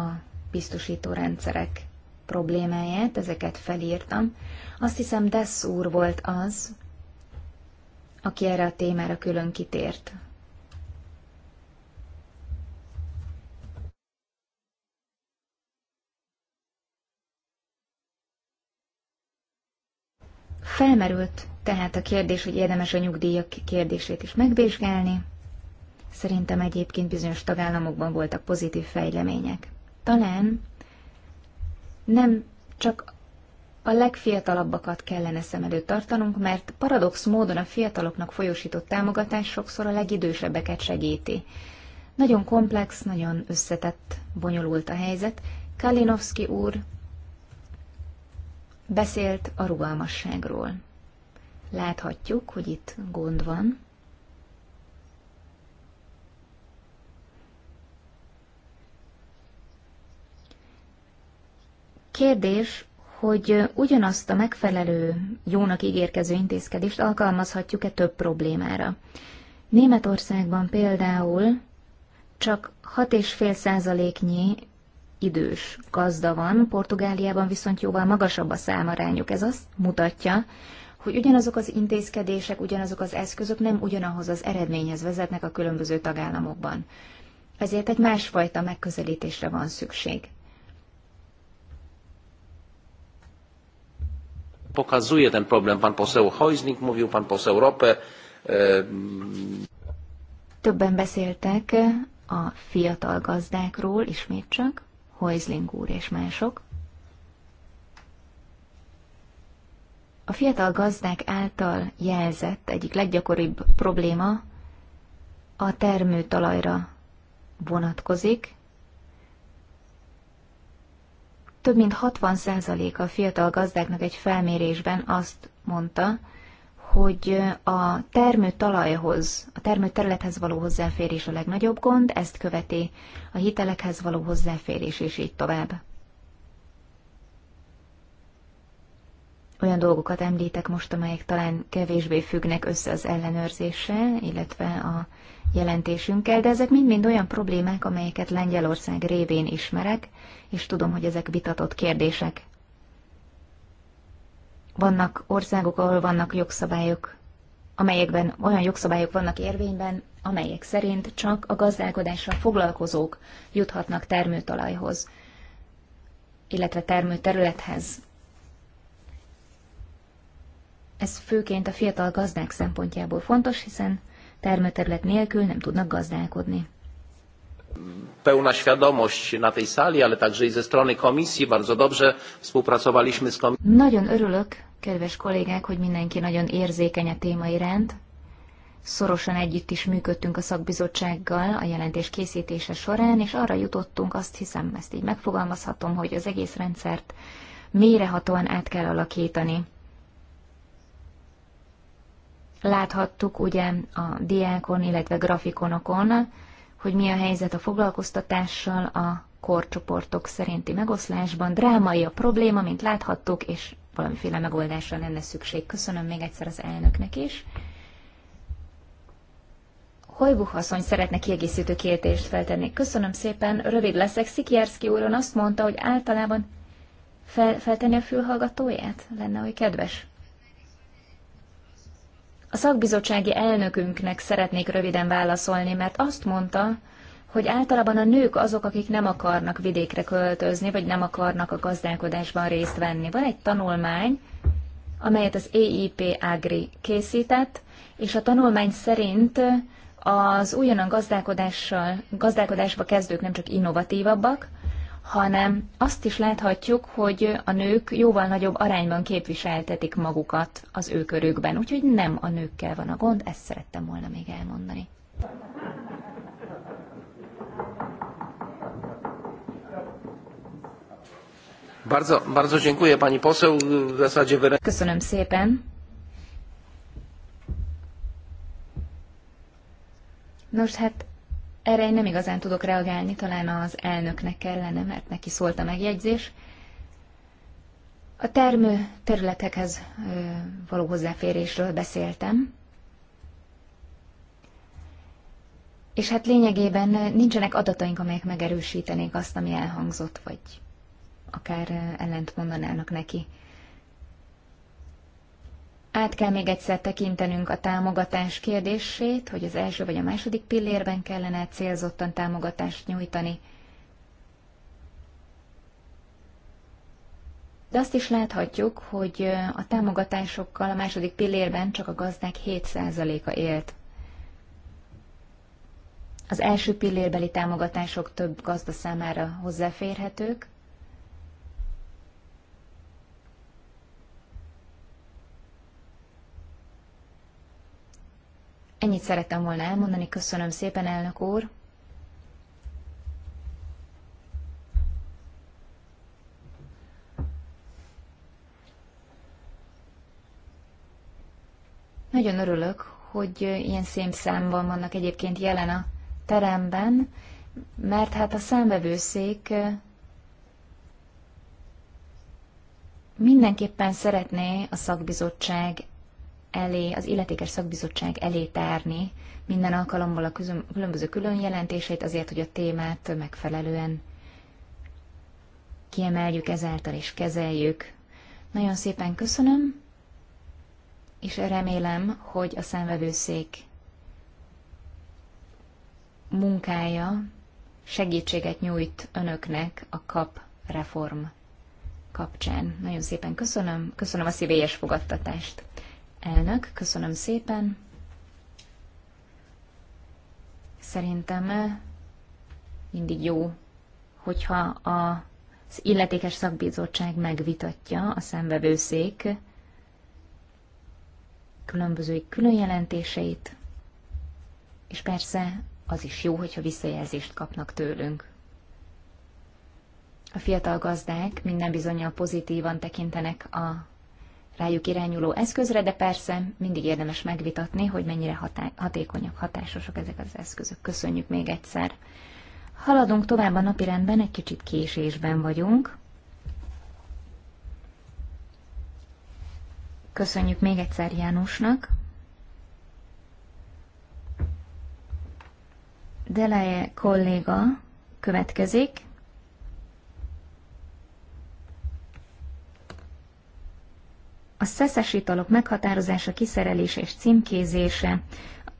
biztosító rendszerek problémáját, ezeket felírtam. Azt hiszem, Dessz úr volt az, aki erre a témára külön kitért Felmerült tehát a kérdés, hogy érdemes a nyugdíjak kérdését is megvizsgálni. Szerintem egyébként bizonyos tagállamokban voltak pozitív fejlemények. Talán nem csak a legfiatalabbakat kellene szem előtt tartanunk, mert paradox módon a fiataloknak folyósított támogatás sokszor a legidősebbeket segíti. Nagyon komplex, nagyon összetett, bonyolult a helyzet. Kalinowski úr Beszélt a rugalmasságról. Láthatjuk, hogy itt gond van. Kérdés, hogy ugyanazt a megfelelő, jónak ígérkező intézkedést alkalmazhatjuk-e több problémára. Németországban például csak 6,5 százaléknyi idős gazda van, Portugáliában viszont jóval magasabb a számarányuk. Ez azt mutatja, hogy ugyanazok az intézkedések, ugyanazok az eszközök nem ugyanahoz az eredményhez vezetnek a különböző tagállamokban. Ezért egy másfajta megközelítésre van szükség. Pokazuje ten problem pan poseł Hojznik, mówił pan poseł Rope. Többen beszéltek a fiatal gazdákról, ismét csak. Hoizling úr és mások, a fiatal gazdák által jelzett egyik leggyakoribb probléma a termőtalajra vonatkozik. Több mint 60%-a a fiatal gazdáknak egy felmérésben azt mondta, hogy a termőtalajhoz, a termőterülethez való hozzáférés a legnagyobb gond, ezt követi a hitelekhez való hozzáférés, és így tovább. Olyan dolgokat említek most, amelyek talán kevésbé függnek össze az ellenőrzéssel, illetve a jelentésünkkel, de ezek mind-mind olyan problémák, amelyeket Lengyelország révén ismerek, és tudom, hogy ezek vitatott kérdések. Vannak országok, ahol vannak jogszabályok, amelyekben olyan jogszabályok vannak érvényben, amelyek szerint csak a gazdálkodással foglalkozók juthatnak termőtalajhoz, illetve termőterülethez. Ez főként a fiatal gazdák szempontjából fontos, hiszen termőterület nélkül nem tudnak gazdálkodni. Pełna świadomość na tej sali, ale także i ze strony komisji. Bardzo dobrze współpracowaliśmy z komisją. Nagyon örülök, kedves kollégák, hogy mindenki nagyon érzékeny a téma iránt. Szorosan együtt is működtünk a szakbizottsággal a jelentés készítése során, és arra jutottunk, azt hiszem, ezt így megfogalmazhatom, hogy az egész rendszert mélyrehatóan át kell alakítani. Láthattuk ugye a diákon, illetve grafikonokon, hogy mi a helyzet a foglalkoztatással, a korcsoportok szerinti megoszlásban. Drámai a probléma, mint láthattuk, és valamiféle megoldásra lenne szükség. Köszönöm még egyszer az elnöknek is. Hojbuch asszony szeretne kiegészítő kérdést feltenni. Köszönöm szépen, rövid leszek. Szikierszki úron azt mondta, hogy általában fel, feltenni a fülhallgatóját? Lenne hogy kedves? A szakbizottsági elnökünknek szeretnék röviden válaszolni, mert azt mondta, hogy általában a nők azok, akik nem akarnak vidékre költözni, vagy nem akarnak a gazdálkodásban részt venni. Van egy tanulmány, amelyet az EIP Agri készített, és a tanulmány szerint az újonnan gazdálkodással, gazdálkodásba kezdők nem csak innovatívabbak, hanem azt is láthatjuk, hogy a nők jóval nagyobb arányban képviseltetik magukat az ő körükben. Úgyhogy nem a nőkkel van a gond, ezt szerettem volna még elmondani. Bardzo, bardzo dziękuję pani poseł. W zasadzie wyra... Köszönöm szépen. Nos, hát erre én nem igazán tudok reagálni, talán az elnöknek kellene, mert neki szólt a megjegyzés. A termő területekhez való hozzáférésről beszéltem. És hát lényegében nincsenek adataink, amelyek megerősítenék azt, ami elhangzott, vagy akár ellent mondanának neki. Át kell még egyszer tekintenünk a támogatás kérdését, hogy az első vagy a második pillérben kellene célzottan támogatást nyújtani. De azt is láthatjuk, hogy a támogatásokkal a második pillérben csak a gazdák 7%-a élt. Az első pillérbeli támogatások több gazda számára hozzáférhetők, Ennyit szerettem volna elmondani. Köszönöm szépen, elnök úr. Nagyon örülök, hogy ilyen szép számban vannak egyébként jelen a teremben, mert hát a számvevőszék eh, mindenképpen szeretné a szakbizottság elé, az illetékes szakbizottság elé tárni minden alkalommal a különböző külön jelentéseit azért, hogy a témát megfelelően kiemeljük ezáltal és kezeljük. Nagyon szépen köszönöm, és remélem, hogy a szenvedőszék munkája segítséget nyújt önöknek a kap reform kapcsán. Nagyon szépen köszönöm, köszönöm a szívélyes fogadtatást. Elnök, köszönöm szépen. Szerintem eh, mindig jó, hogyha a az illetékes szakbizottság megvitatja a szembevőszék különböző különjelentéseit, és persze az is jó, hogyha visszajelzést kapnak tőlünk. A fiatal gazdák minden bizonyal pozitívan tekintenek a rájuk irányuló eszközre, de persze mindig érdemes megvitatni, hogy mennyire hatá- hatékonyak, hatásosak ezek az eszközök. Köszönjük még egyszer. Haladunk tovább a napirendben, egy kicsit késésben vagyunk. Köszönjük még egyszer Jánosnak. Deleje kolléga következik, a szeszes italok meghatározása, kiszerelése és címkézése,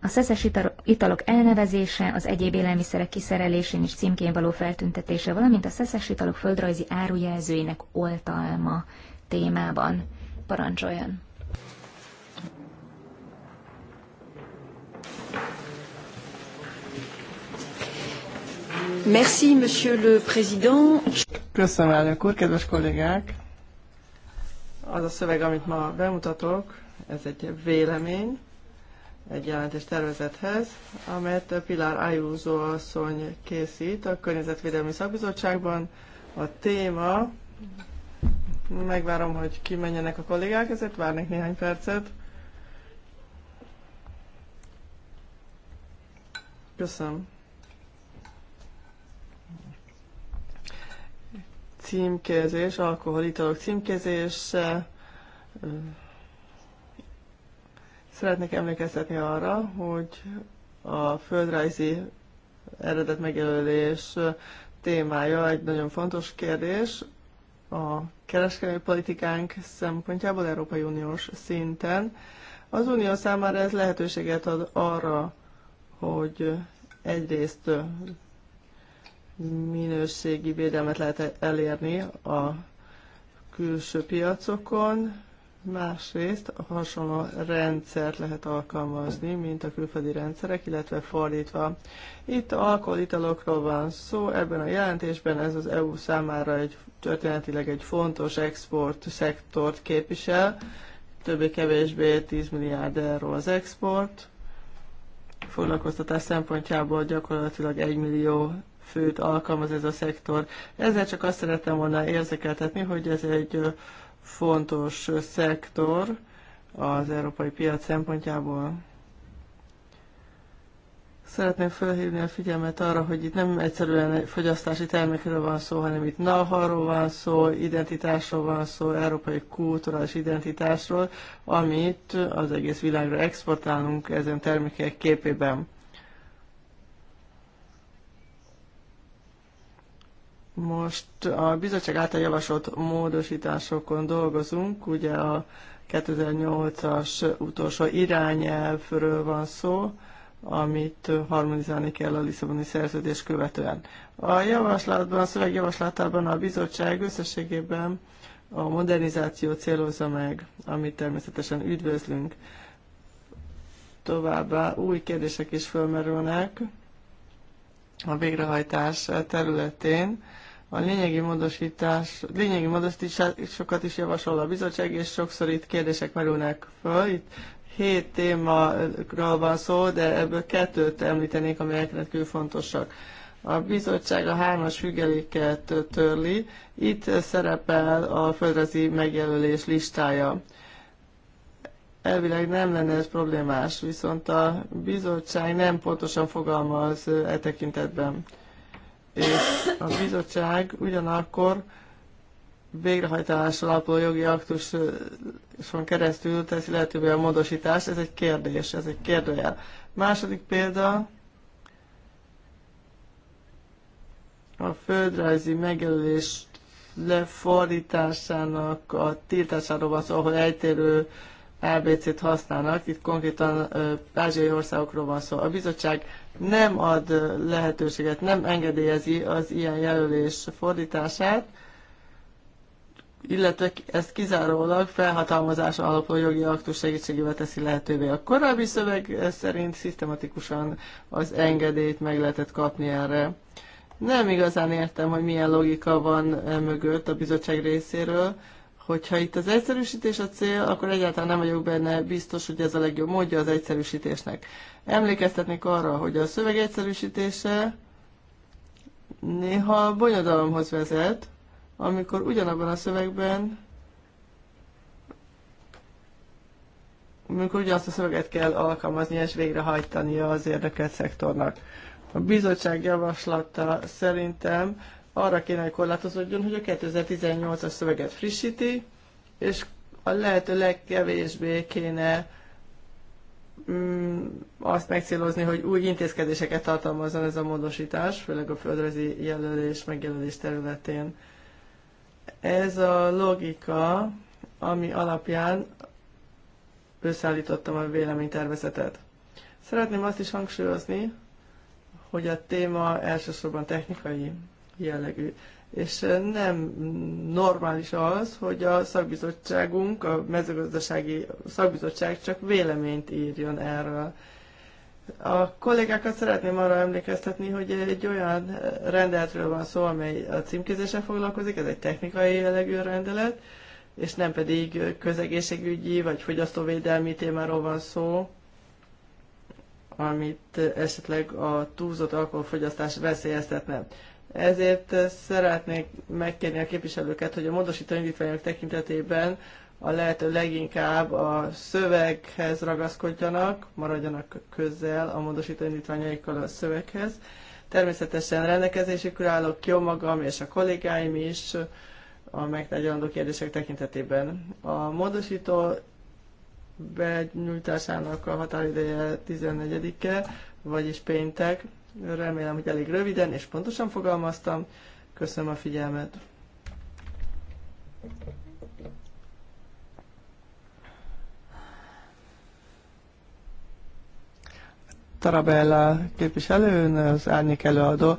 a szeszes italok elnevezése, az egyéb élelmiszerek kiszerelésén és címkén való feltüntetése, valamint a szeszes italok földrajzi árujelzőinek oltalma témában. Parancsoljon! Merci, Monsieur le Président. Köszönöm, elnök úr, kedves kollégák! Az a szöveg, amit ma bemutatok, ez egy vélemény, egy jelentés tervezethez, amelyet Pilar Ayuso asszony készít a Környezetvédelmi Szakbizottságban. A téma, megvárom, hogy kimenjenek a kollégák, ezért várnék néhány percet. Köszönöm. címkézés, alkoholitalok címkézés. Szeretnék emlékeztetni arra, hogy a földrajzi eredet megjelölés témája egy nagyon fontos kérdés a kereskedelmi politikánk szempontjából Európai Uniós szinten. Az Unió számára ez lehetőséget ad arra, hogy egyrészt minőségi védelmet lehet elérni a külső piacokon, másrészt hasonló rendszert lehet alkalmazni, mint a külföldi rendszerek, illetve fordítva. Itt alkoholitalokról van szó, ebben a jelentésben ez az EU számára egy történetileg egy fontos export szektort képvisel, többé-kevésbé 10 milliárd euró az export, foglalkoztatás szempontjából gyakorlatilag 1 millió főt alkalmaz ez a szektor. Ezzel csak azt szerettem volna érzékeltetni, hogy ez egy fontos szektor az európai piac szempontjából. Szeretném felhívni a figyelmet arra, hogy itt nem egyszerűen egy fogyasztási termékről van szó, hanem itt naharról van szó, identitásról van szó, európai kulturális identitásról, amit az egész világra exportálunk ezen termékek képében. Most a bizottság által javasolt módosításokon dolgozunk, ugye a 2008-as utolsó irányelvről van szó, amit harmonizálni kell a Lisszaboni szerződés követően. A javaslatban, a szövegjavaslatában a bizottság összességében a modernizáció célozza meg, amit természetesen üdvözlünk. Továbbá új kérdések is fölmerülnek a végrehajtás területén a lényegi módosítás, lényegi módosításokat is javasol a bizottság, és sokszor itt kérdések merülnek föl. Itt hét témakról van szó, de ebből kettőt említenék, amelyek rendkívül fontosak. A bizottság a hármas függeléket törli. Itt szerepel a földrajzi megjelölés listája. Elvileg nem lenne ez problémás, viszont a bizottság nem pontosan fogalmaz e tekintetben és a bizottság ugyanakkor végrehajtás alapuló jogi aktuson keresztül teszi lehetővé a módosítást. Ez egy kérdés, ez egy kérdőjel. Második példa, a földrajzi megjelölés lefordításának a tiltásáról van szó, ahol eltérő ABC-t használnak. Itt konkrétan ázsiai országokról van szó. A bizottság nem ad lehetőséget, nem engedélyezi az ilyen jelölés fordítását, illetve ezt kizárólag felhatalmazás alapú jogi aktus segítségével teszi lehetővé. A korábbi szöveg szerint szisztematikusan az engedélyt meg lehetett kapni erre. Nem igazán értem, hogy milyen logika van e mögött a bizottság részéről, Hogyha itt az egyszerűsítés a cél, akkor egyáltalán nem vagyok benne biztos, hogy ez a legjobb módja az egyszerűsítésnek. Emlékeztetnék arra, hogy a szöveg egyszerűsítése néha bonyodalomhoz vezet, amikor ugyanabban a szövegben amikor ugyanazt a szöveget kell alkalmazni és végrehajtani az érdekelt szektornak. A bizottság javaslata szerintem arra kéne, hogy korlátozódjon, hogy a 2018-as szöveget frissíti, és a lehető legkevésbé kéne mm, azt megcélozni, hogy új intézkedéseket tartalmazzon ez a módosítás, főleg a földrajzi jelölés, megjelölés területén. Ez a logika, ami alapján összeállítottam a véleménytervezetet. Szeretném azt is hangsúlyozni, hogy a téma elsősorban technikai jellegű. És nem normális az, hogy a szakbizottságunk, a mezőgazdasági szakbizottság csak véleményt írjon erről. A kollégákat szeretném arra emlékeztetni, hogy egy olyan rendeletről van szó, amely a címkézéssel foglalkozik, ez egy technikai jellegű rendelet, és nem pedig közegészségügyi vagy fogyasztóvédelmi témáról van szó, amit esetleg a túlzott alkoholfogyasztás veszélyeztetne. Ezért szeretnék megkérni a képviselőket, hogy a módosító indítványok tekintetében a lehető leginkább a szöveghez ragaszkodjanak, maradjanak közel a módosító indítványaikkal a szöveghez. Természetesen rendelkezésükre állok jó magam és a kollégáim is a megtárgyalandó kérdések tekintetében. A módosító benyújtásának a határideje 14-e, vagyis péntek. Remélem, hogy elég röviden és pontosan fogalmaztam. Köszönöm a figyelmet. Tarabella képviselőn, az árnyék előadó.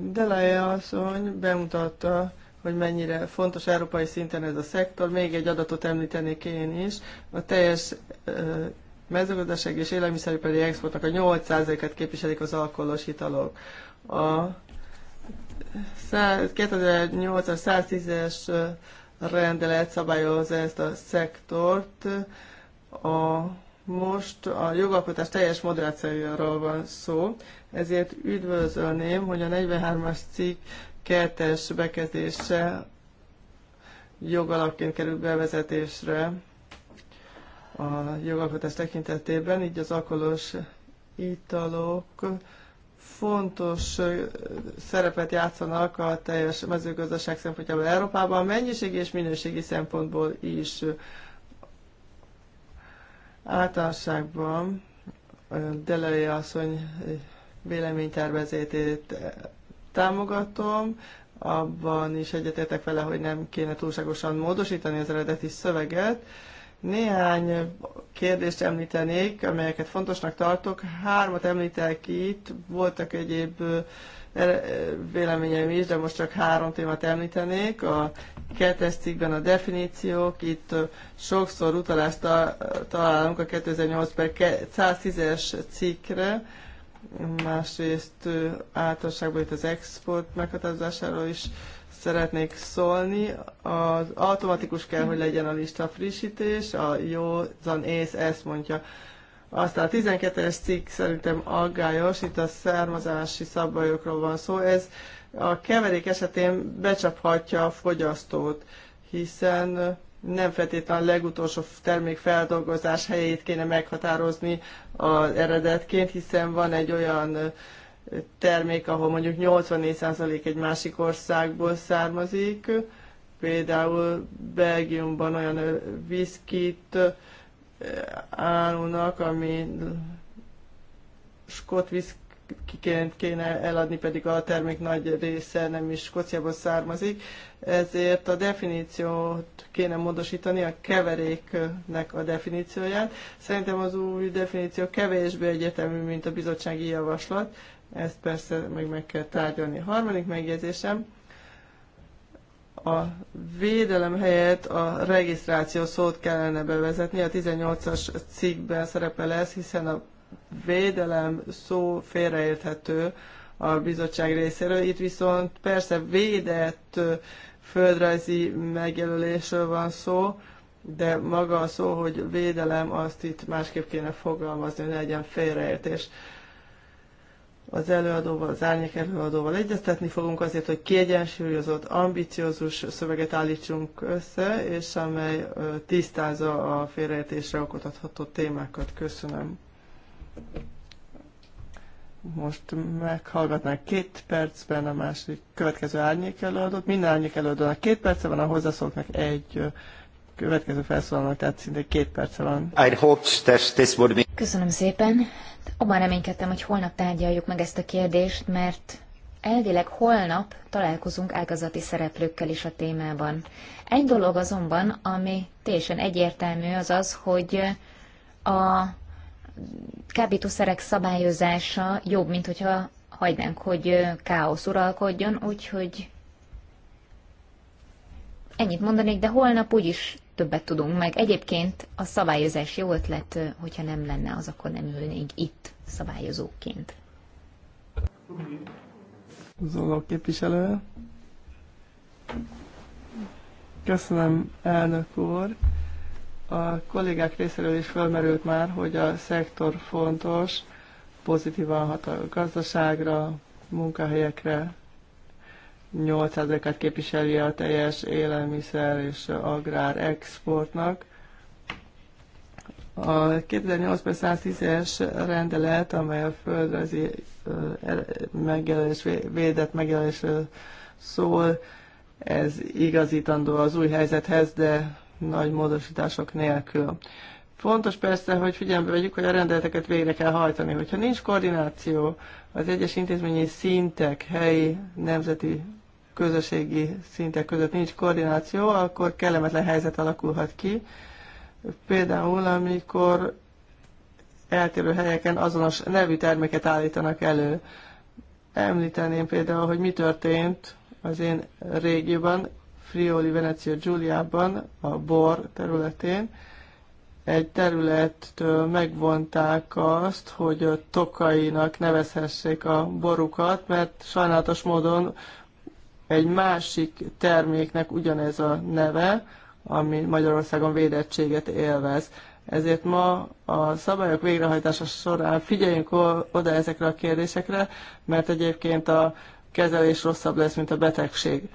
Delaje asszony bemutatta, hogy mennyire fontos európai szinten ez a szektor. Még egy adatot említenék én is. A teljes mezőgazdaság és élelmiszeripari exportnak a 8%-át képviselik az alkoholos italok. A 2008 110-es rendelet szabályozza ezt a szektort. A, most a jogalkotás teljes moderációjáról van szó, ezért üdvözölném, hogy a 43-as cikk 2 bekezdése jogalapként kerül bevezetésre a jogalkotás tekintetében, így az alkoholos italok fontos szerepet játszanak a teljes mezőgazdaság szempontjából Európában, mennyiségi és minőségi szempontból is általánosságban Delei asszony véleménytervezetét támogatom, abban is egyetértek vele, hogy nem kéne túlságosan módosítani az eredeti szöveget, néhány kérdést említenék, amelyeket fontosnak tartok. Hármat említek itt, voltak egyéb er, véleményeim is, de most csak három témát említenék. A kettes cikkben a definíciók, itt sokszor utalást találunk a 2008 per 110-es cikkre, másrészt általánosságban itt az export meghatározásáról is szeretnék szólni. Az automatikus kell, hogy legyen a lista frissítés, a józan ész ezt mondja. Aztán a 12-es cikk szerintem aggályos, itt a származási szabályokról van szó. Ez a keverék esetén becsaphatja a fogyasztót, hiszen nem feltétlenül a legutolsó termék feldolgozás helyét kéne meghatározni az eredetként, hiszen van egy olyan termék, ahol mondjuk 84% egy másik országból származik, például Belgiumban olyan viszkit árulnak, ami skot viszkiként kéne eladni, pedig a termék nagy része nem is Skóciából származik, ezért a definíciót kéne módosítani, a keveréknek a definícióját. Szerintem az új definíció kevésbé egyetemű, mint a bizottsági javaslat, ezt persze még meg kell tárgyalni. A harmadik megjegyzésem, a védelem helyett a regisztráció szót kellene bevezetni, a 18-as cikkben szerepel ez, hiszen a védelem szó félreérthető a bizottság részéről. Itt viszont persze védett földrajzi megjelölésről van szó, de maga a szó, hogy védelem, azt itt másképp kéne fogalmazni, hogy legyen félreértés az előadóval, az árnyék előadóval egyeztetni fogunk azért, hogy kiegyensúlyozott, ambiciózus szöveget állítsunk össze, és amely tisztázza a félreértésre okotatható adható témákat. Köszönöm. Most meghallgatnánk két percben a másik következő árnyék előadót. Minden árnyék előadónak két perce van, a hozzászólóknak egy következő felszólalat, tehát szinte két perce van. Köszönöm szépen. Abban reménykedtem, hogy holnap tárgyaljuk meg ezt a kérdést, mert elvileg holnap találkozunk ágazati szereplőkkel is a témában. Egy dolog azonban, ami teljesen egyértelmű, az az, hogy a kábítószerek szabályozása jobb, mint hogyha hagynánk, hogy káosz uralkodjon, úgyhogy ennyit mondanék, de holnap úgyis többet tudunk meg. Egyébként a szabályozás jó ötlet, hogyha nem lenne, az akkor nem ülnénk itt szabályozóként. Zoló képviselő. Köszönöm, elnök úr. A kollégák részéről is felmerült már, hogy a szektor fontos, pozitívan hat a gazdaságra, munkahelyekre, 8%-át képviseli a teljes élelmiszer és agrár exportnak. A 2008-ben 110-es rendelet, amely a földrajzi megjelenés, védett megjelenésről szól, ez igazítandó az új helyzethez, de nagy módosítások nélkül. Fontos persze, hogy figyelembe vegyük, hogy a rendeleteket végre kell hajtani. Hogyha nincs koordináció az egyes intézményi szintek, helyi, nemzeti közösségi szintek között nincs koordináció, akkor kellemetlen helyzet alakulhat ki. Például, amikor eltérő helyeken azonos nevű terméket állítanak elő. Említeném például, hogy mi történt az én régióban, Frioli, Venezia Giuliában, a bor területén. Egy területtől megvonták azt, hogy tokainak nevezhessék a borukat, mert sajnálatos módon egy másik terméknek ugyanez a neve, ami Magyarországon védettséget élvez. Ezért ma a szabályok végrehajtása során figyeljünk oda ezekre a kérdésekre, mert egyébként a kezelés rosszabb lesz, mint a betegség.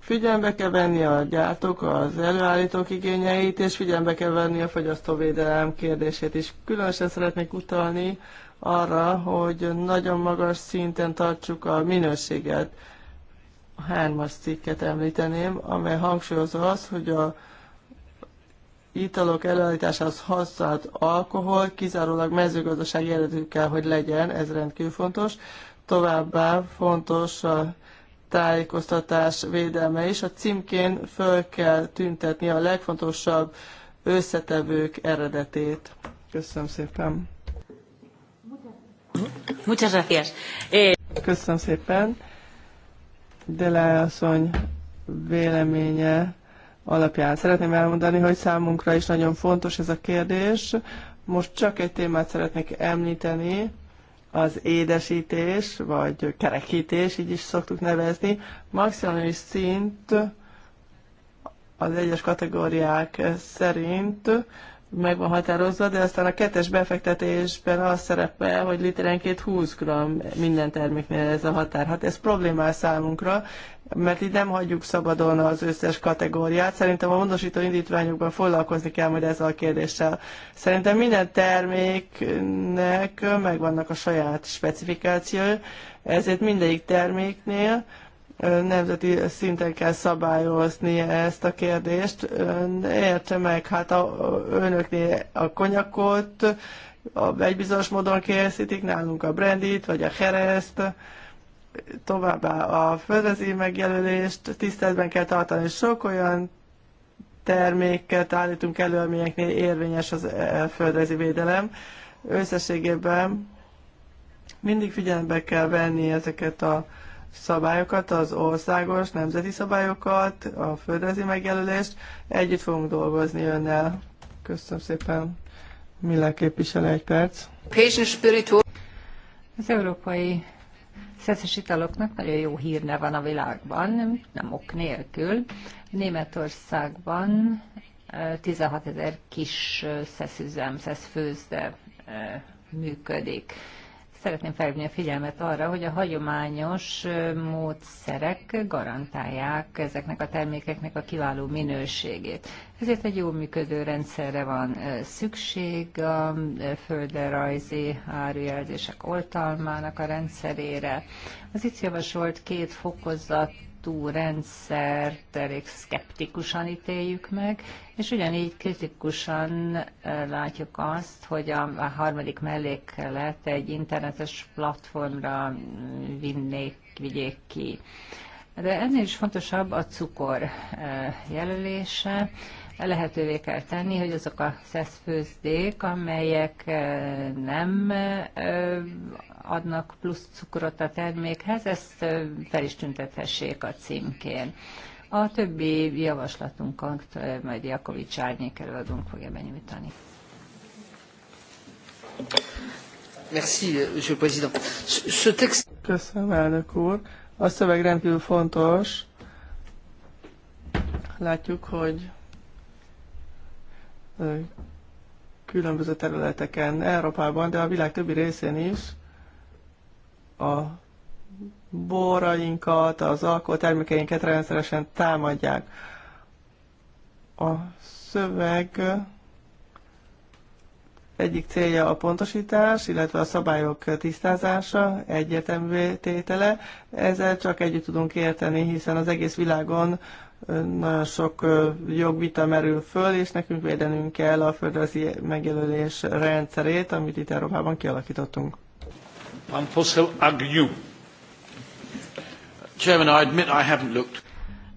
Figyelembe kell venni a gyártók, az előállítók igényeit, és figyelembe kell venni a fogyasztóvédelem kérdését is. Különösen szeretnék utalni arra, hogy nagyon magas szinten tartsuk a minőséget hármas cikket említeném, amely hangsúlyozza az, hogy a italok előállításához használt alkohol kizárólag mezőgazdasági eredetű kell, hogy legyen, ez rendkívül fontos. Továbbá fontos a tájékoztatás védelme is. A címkén föl kell tüntetni a legfontosabb összetevők eredetét. Köszönöm szépen. Muchas gracias. Eh, Köszönöm szépen. Delay asszony véleménye alapján. Szeretném elmondani, hogy számunkra is nagyon fontos ez a kérdés. Most csak egy témát szeretnék említeni, az édesítés, vagy kerekítés, így is szoktuk nevezni. Maximális szint az egyes kategóriák szerint meg van határozva, de aztán a kettes befektetésben az szerepel, hogy literenként 20 g minden terméknél ez a határ. Hát ez problémás számunkra, mert itt nem hagyjuk szabadon az összes kategóriát. Szerintem a mondosító indítványokban foglalkozni kell majd ezzel a kérdéssel. Szerintem minden terméknek megvannak a saját specifikációi, ezért mindegyik terméknél nemzeti szinten kell szabályozni ezt a kérdést. értse meg, hát a, önöknél a konyakot a, egy bizonyos módon készítik, nálunk a brandit, vagy a hereszt, továbbá a földrezi megjelölést tiszteletben kell tartani. Sok olyan terméket állítunk elő, amelyeknél érvényes az e, földrezi védelem. Összességében mindig figyelembe kell venni ezeket a szabályokat, az országos nemzeti szabályokat, a földrajzi megjelölést. Együtt fogunk dolgozni önnel. Köszönöm szépen. Millár képviselő egy perc. Az európai szeszes italoknak nagyon jó hírne van a világban, nem ok nélkül. Németországban 16 ezer kis szeszüzem, szeszfőzde működik szeretném felhívni a figyelmet arra, hogy a hagyományos módszerek garantálják ezeknek a termékeknek a kiváló minőségét. Ezért egy jó működő rendszerre van szükség a földrajzi árujelzések oltalmának a rendszerére. Az itt javasolt két fokozat rendszert elég szkeptikusan ítéljük meg, és ugyanígy kritikusan látjuk azt, hogy a harmadik mellékelet egy internetes platformra vinnék, vigyék ki. De ennél is fontosabb a cukor jelölése lehetővé kell tenni, hogy azok a szeszfőzdék, amelyek nem adnak plusz cukrot a termékhez, ezt fel is tüntethessék a címkén. A többi javaslatunkat majd Jakovics Árnyék előadónk fogja benyújtani. Merci, euh, Monsieur le Président. Ce texte... Köszönöm, elnök úr. A szöveg rendkívül fontos. Látjuk, hogy különböző területeken, Európában, de a világ többi részén is a borainkat, az alkoholtermékeinket rendszeresen támadják. A szöveg egyik célja a pontosítás, illetve a szabályok tisztázása, egyértelmű tétele. Ezzel csak együtt tudunk érteni, hiszen az egész világon nagyon sok jogvita merül föl, és nekünk védenünk kell a földrajzi megjelölés rendszerét, amit itt Európában kialakítottunk. Chairman, I admit I haven't looked.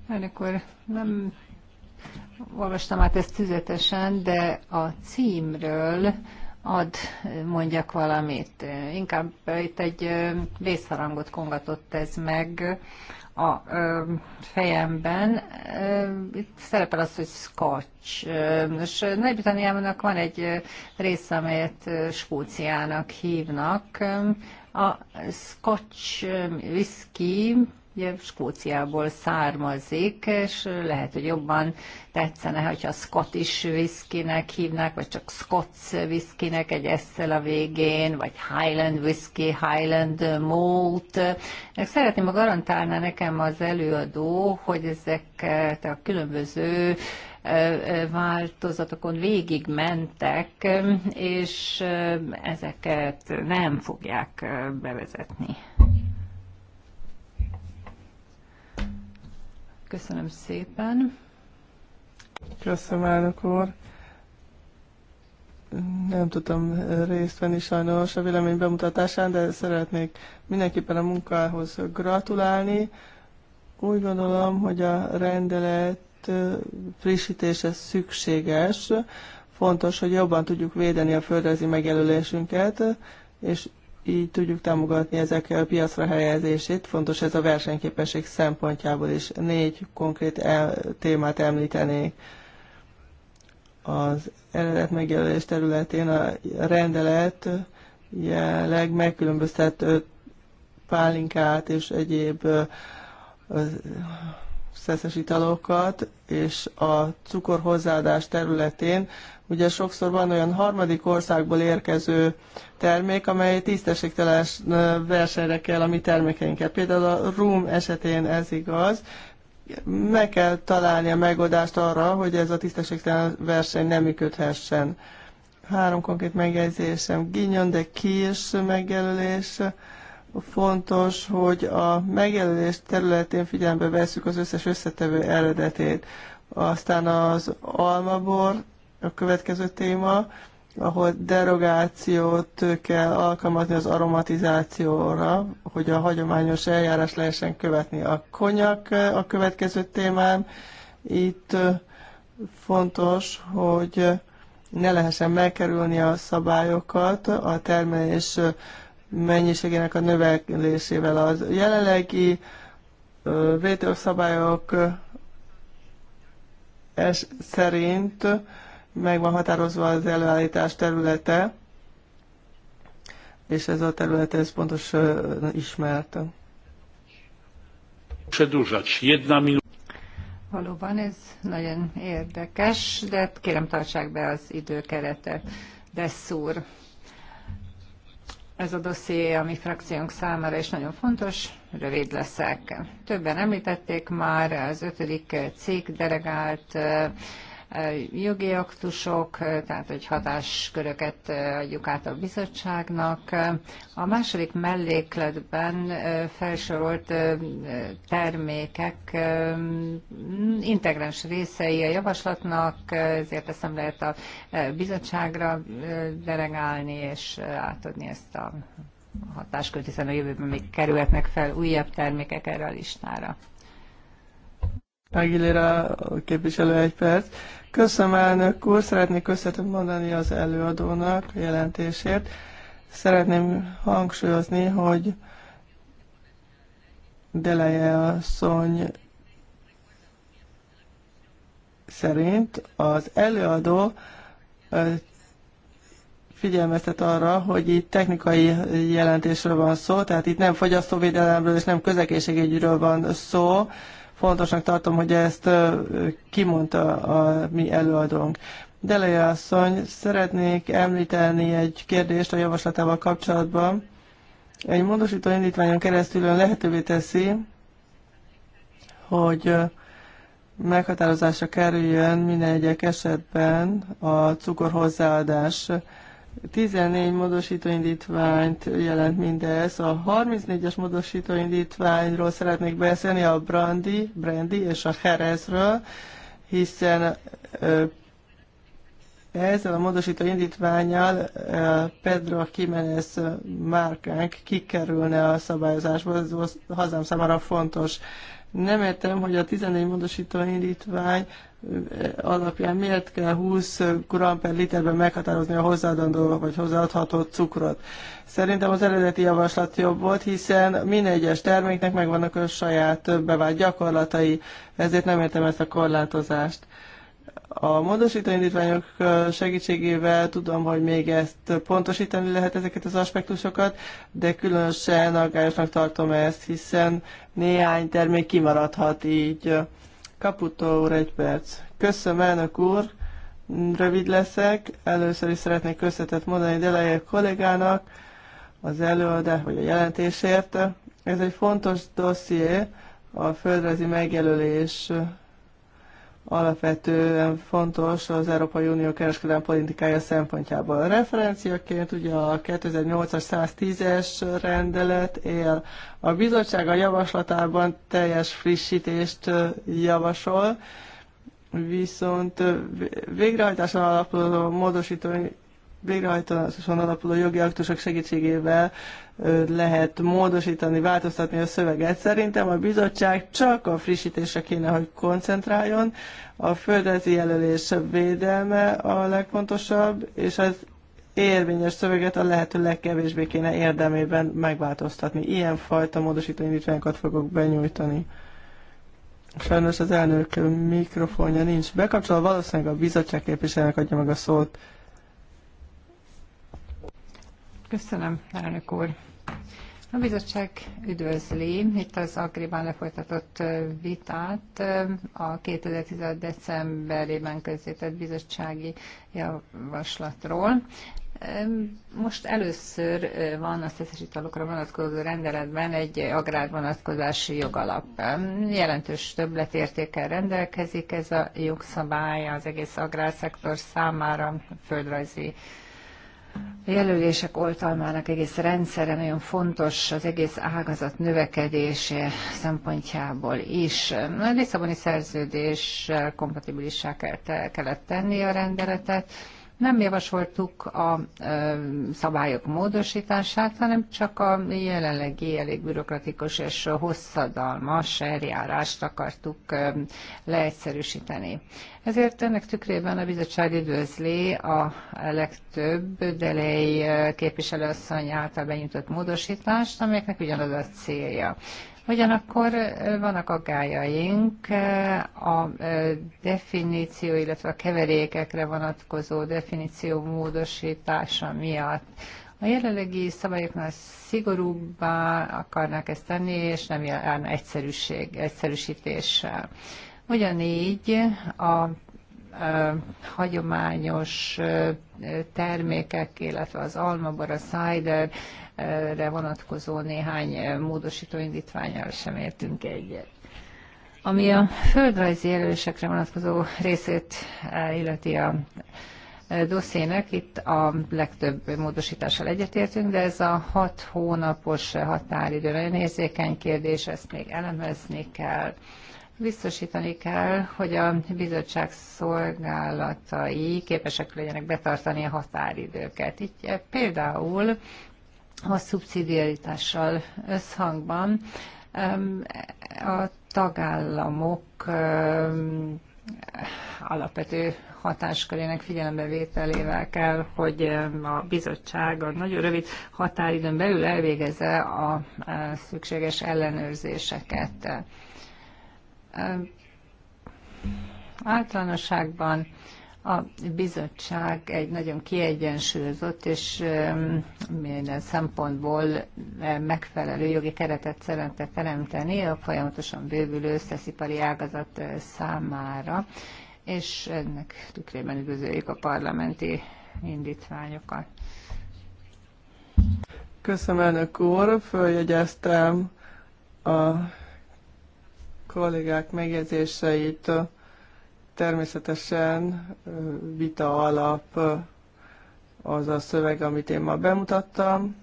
Elnök úr, nem olvastam át ezt tüzetesen, de a címről ad mondjak valamit. Inkább itt egy vészharangot kongatott ez meg a fejemben. Itt szerepel az, hogy scotch. És Nagy-Britanniának van egy része, amelyet Skóciának hívnak. A scotch whisky ugye Skóciából származik, és lehet, hogy jobban tetszene, hogyha Scottish whiskynek hívnák, vagy csak Scots whiskynek egy eszel a végén, vagy Highland whisky, Highland malt. Szeretném, ha garantálna nekem az előadó, hogy ezek a különböző változatokon végig mentek, és ezeket nem fogják bevezetni. Köszönöm szépen. Köszönöm, elnök úr. Nem tudtam eh, részt venni sajnos a vélemény bemutatásán, de szeretnék mindenképpen a munkához gratulálni. Úgy gondolom, hogy a rendelet eh, frissítése szükséges. Fontos, hogy jobban tudjuk védeni a földrajzi megjelölésünket, és így tudjuk támogatni ezek a piacra helyezését. Fontos ez a versenyképesség szempontjából is. Négy konkrét el, témát említenék. Az eredet megjelölés területén a rendelet jelenleg megkülönböztet pálinkát és egyéb szeszes italokat, és a cukor hozzáadás területén Ugye sokszor van olyan harmadik országból érkező termék, amely tisztességtelen versenyre kell a mi termékeinket. Például a Room esetén ez igaz. Meg kell találni a megoldást arra, hogy ez a tisztességtelen verseny nem működhessen. Három konkrét megjegyzésem. Ginyon de Kirs megjelölés fontos, hogy a megjelölés területén figyelembe veszük az összes összetevő eredetét. Aztán az almabor a következő téma, ahol derogációt kell alkalmazni az aromatizációra, hogy a hagyományos eljárás lehessen követni. A konyak a következő témám. Itt fontos, hogy ne lehessen megkerülni a szabályokat a termelés mennyiségének a növelésével. Az jelenlegi vétőszabályok szabályok szerint meg van határozva az előállítás területe, és ez a terület ez pontos ismert. Valóban ez nagyon érdekes, de kérem tartsák be az időkeretet. De szúr. Ez a dosszié a mi frakciónk számára is nagyon fontos, rövid leszek. Többen említették már az ötödik cég delegált jogi aktusok, tehát hogy hatásköröket adjuk át a bizottságnak. A második mellékletben felsorolt termékek integráns részei a javaslatnak, ezért eszem lehet a bizottságra delegálni és átadni ezt a hatáskört, hiszen a jövőben még kerülhetnek fel újabb termékek erre a listára. Aguilera képviselő egy perc. Köszönöm, elnök úr. Szeretnék köszönetet mondani az előadónak a jelentésért. Szeretném hangsúlyozni, hogy Deleje asszony szerint az előadó figyelmeztet arra, hogy itt technikai jelentésről van szó, tehát itt nem fogyasztóvédelemről és nem közlekészségügyről van szó, fontosnak tartom, hogy ezt kimondta a mi előadónk. Deleje asszony, szeretnék említeni egy kérdést a javaslatával kapcsolatban. Egy módosító indítványon keresztül ön lehetővé teszi, hogy meghatározásra kerüljön minden egyek esetben a cukor hozzáadás 14 módosítóindítványt jelent mindez. A 34-es módosítóindítványról szeretnék beszélni a Brandi, Brandi és a Herezről, hiszen ezzel a módosító indítványjal Pedro Jiménez márkánk kikerülne a szabályozásból, ez hazám számára fontos. Nem értem, hogy a 14 módosító indítvány alapján miért kell 20 g per literben meghatározni a hozzáadandó vagy hozzáadható cukrot. Szerintem az eredeti javaslat jobb volt, hiszen minden egyes terméknek megvannak a saját bevált gyakorlatai, ezért nem értem ezt a korlátozást. A módosító indítványok segítségével tudom, hogy még ezt pontosítani lehet ezeket az aspektusokat, de különösen aggályosnak tartom ezt, hiszen néhány termék kimaradhat így Kaputó úr, egy perc. Köszönöm, elnök úr, rövid leszek. Először is szeretnék köszönetet mondani Deleje kollégának az előadás vagy a jelentésért. Ez egy fontos dosszié, a földrezi megjelölés alapvetően fontos az Európai Unió kereskedelmi politikája szempontjából. A referenciaként ugye a 2008-as 110-es rendelet él. A bizottság a javaslatában teljes frissítést javasol, viszont végrehajtáson alapuló módosító végrehajtáson alapuló jogi aktusok segítségével lehet módosítani, változtatni a szöveget. Szerintem a bizottság csak a frissítésre kéne, hogy koncentráljon. A földrajzi jelölés védelme a legfontosabb, és az érvényes szöveget a lehető legkevésbé kéne érdemében megváltoztatni. Ilyenfajta módosító indítványokat fogok benyújtani. Sajnos az elnök mikrofonja nincs bekapcsolva, valószínűleg a bizottság képviselőnek adja meg a szót. Köszönöm, elnök úr. A bizottság üdvözli itt az Agribán lefolytatott vitát a 2016. decemberében közzétett bizottsági javaslatról. Most először van a szeszes italokra vonatkozó rendeletben egy agrár vonatkozási jogalap. Jelentős többletértékkel rendelkezik ez a jogszabály az egész agrárszektor számára, földrajzi a jelölések oltalmának egész rendszere nagyon fontos az egész ágazat növekedése szempontjából is. A Lisszaboni szerződés kompatibilissá kellett tenni a rendeletet, nem javasoltuk a szabályok módosítását, hanem csak a jelenlegi elég bürokratikus és hosszadalmas eljárást akartuk leegyszerűsíteni. Ezért ennek tükrében a bizottság üdvözli a legtöbb Delej képviselőasszony által benyújtott módosítást, amelyeknek ugyanaz a célja. Ugyanakkor vannak aggájaink a definíció, illetve a keverékekre vonatkozó definíció módosítása miatt. A jelenlegi szabályoknál szigorúbbá akarnak ezt tenni, és nem járna egyszerűség, egyszerűsítéssel. Ugyanígy a hagyományos termékek, illetve az almabor, a cider re vonatkozó néhány módosító indítványal sem értünk egyet. Ami a földrajzi jelölésekre vonatkozó részét illeti a doszének, itt a legtöbb módosítással egyetértünk, de ez a hat hónapos határidő nagyon érzékeny kérdés, ezt még elemezni kell. Biztosítani kell, hogy a bizottság szolgálatai képesek legyenek betartani a határidőket. Így például a szubszidiaritással összhangban a tagállamok alapvető hatáskörének figyelembevételével kell, hogy a bizottság a nagyon rövid határidőn belül elvégezze a szükséges ellenőrzéseket. Általánosságban a bizottság egy nagyon kiegyensúlyozott és minden szempontból megfelelő jogi keretet szeretne teremteni a folyamatosan bővülő összeszipari ágazat eh, számára, és ennek tükrében üdvözöljük a parlamenti indítványokat. Köszönöm, elnök úr. Följegyeztem a kollégák megjegyzéseit természetesen vita alap az a szöveg, amit én ma bemutattam,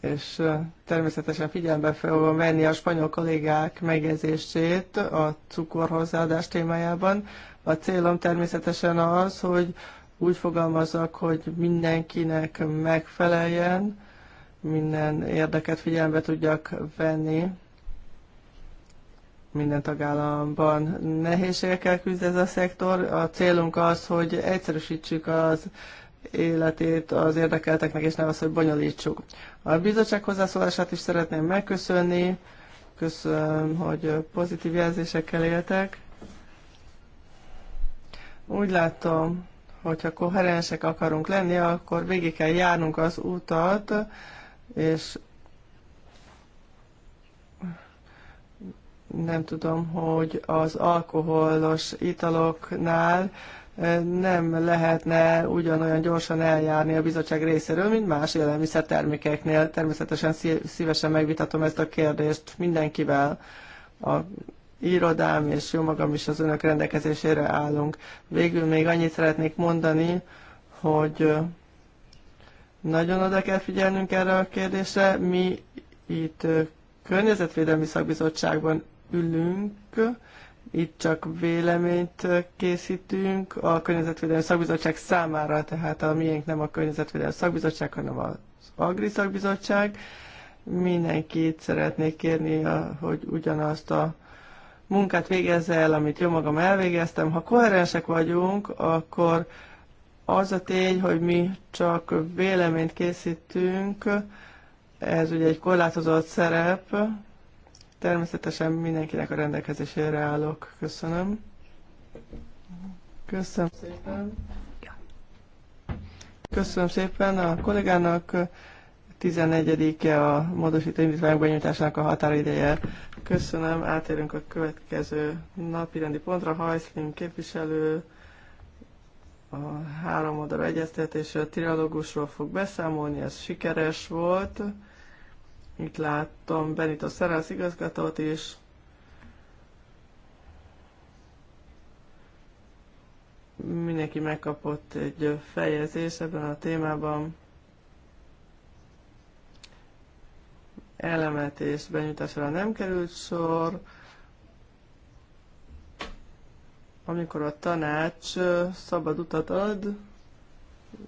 és természetesen figyelembe fogom venni a spanyol kollégák megjegyzését a cukorhozzáadás témájában. A célom természetesen az, hogy úgy fogalmazzak, hogy mindenkinek megfeleljen, minden érdeket figyelembe tudjak venni minden tagállamban nehézségekkel küzd ez a szektor. A célunk az, hogy egyszerűsítsük az életét az érdekelteknek, és nem az, hogy bonyolítsuk. A bizottság hozzászólását is szeretném megköszönni. Köszönöm, hogy pozitív jelzésekkel éltek. Úgy látom, hogyha koherensek akarunk lenni, akkor végig kell járnunk az utat, és nem tudom, hogy az alkoholos italoknál nem lehetne ugyanolyan gyorsan eljárni a bizottság részéről, mint más élelmiszertermékeknél. Természetesen szívesen megvitatom ezt a kérdést mindenkivel. A irodám és jó magam is az önök rendelkezésére állunk. Végül még annyit szeretnék mondani, hogy nagyon oda kell figyelnünk erre a kérdésre. Mi itt környezetvédelmi szakbizottságban ülünk, itt csak véleményt készítünk a Környezetvédelmi Szakbizottság számára, tehát a miénk nem a Környezetvédelmi Szakbizottság, hanem az Agri Szakbizottság. Mindenkit szeretnék kérni, hogy ugyanazt a munkát végezze el, amit jó magam elvégeztem. Ha koherensek vagyunk, akkor az a tény, hogy mi csak véleményt készítünk, ez ugye egy korlátozott szerep, Természetesen mindenkinek a rendelkezésére állok. Köszönöm. Köszönöm szépen. Köszönöm szépen a kollégának. 11-e a módosító indítványok benyújtásának a határideje. Köszönöm, átérünk a következő napirendi pontra. Hajszlin képviselő a három oldalra egyeztetésről, tiralógusról fog beszámolni, ez sikeres volt. Itt láttam a szerelsz igazgatót is. Mindenki megkapott egy fejezés ebben a témában. elemet és benyújtásra nem került sor, amikor a tanács szabad utat ad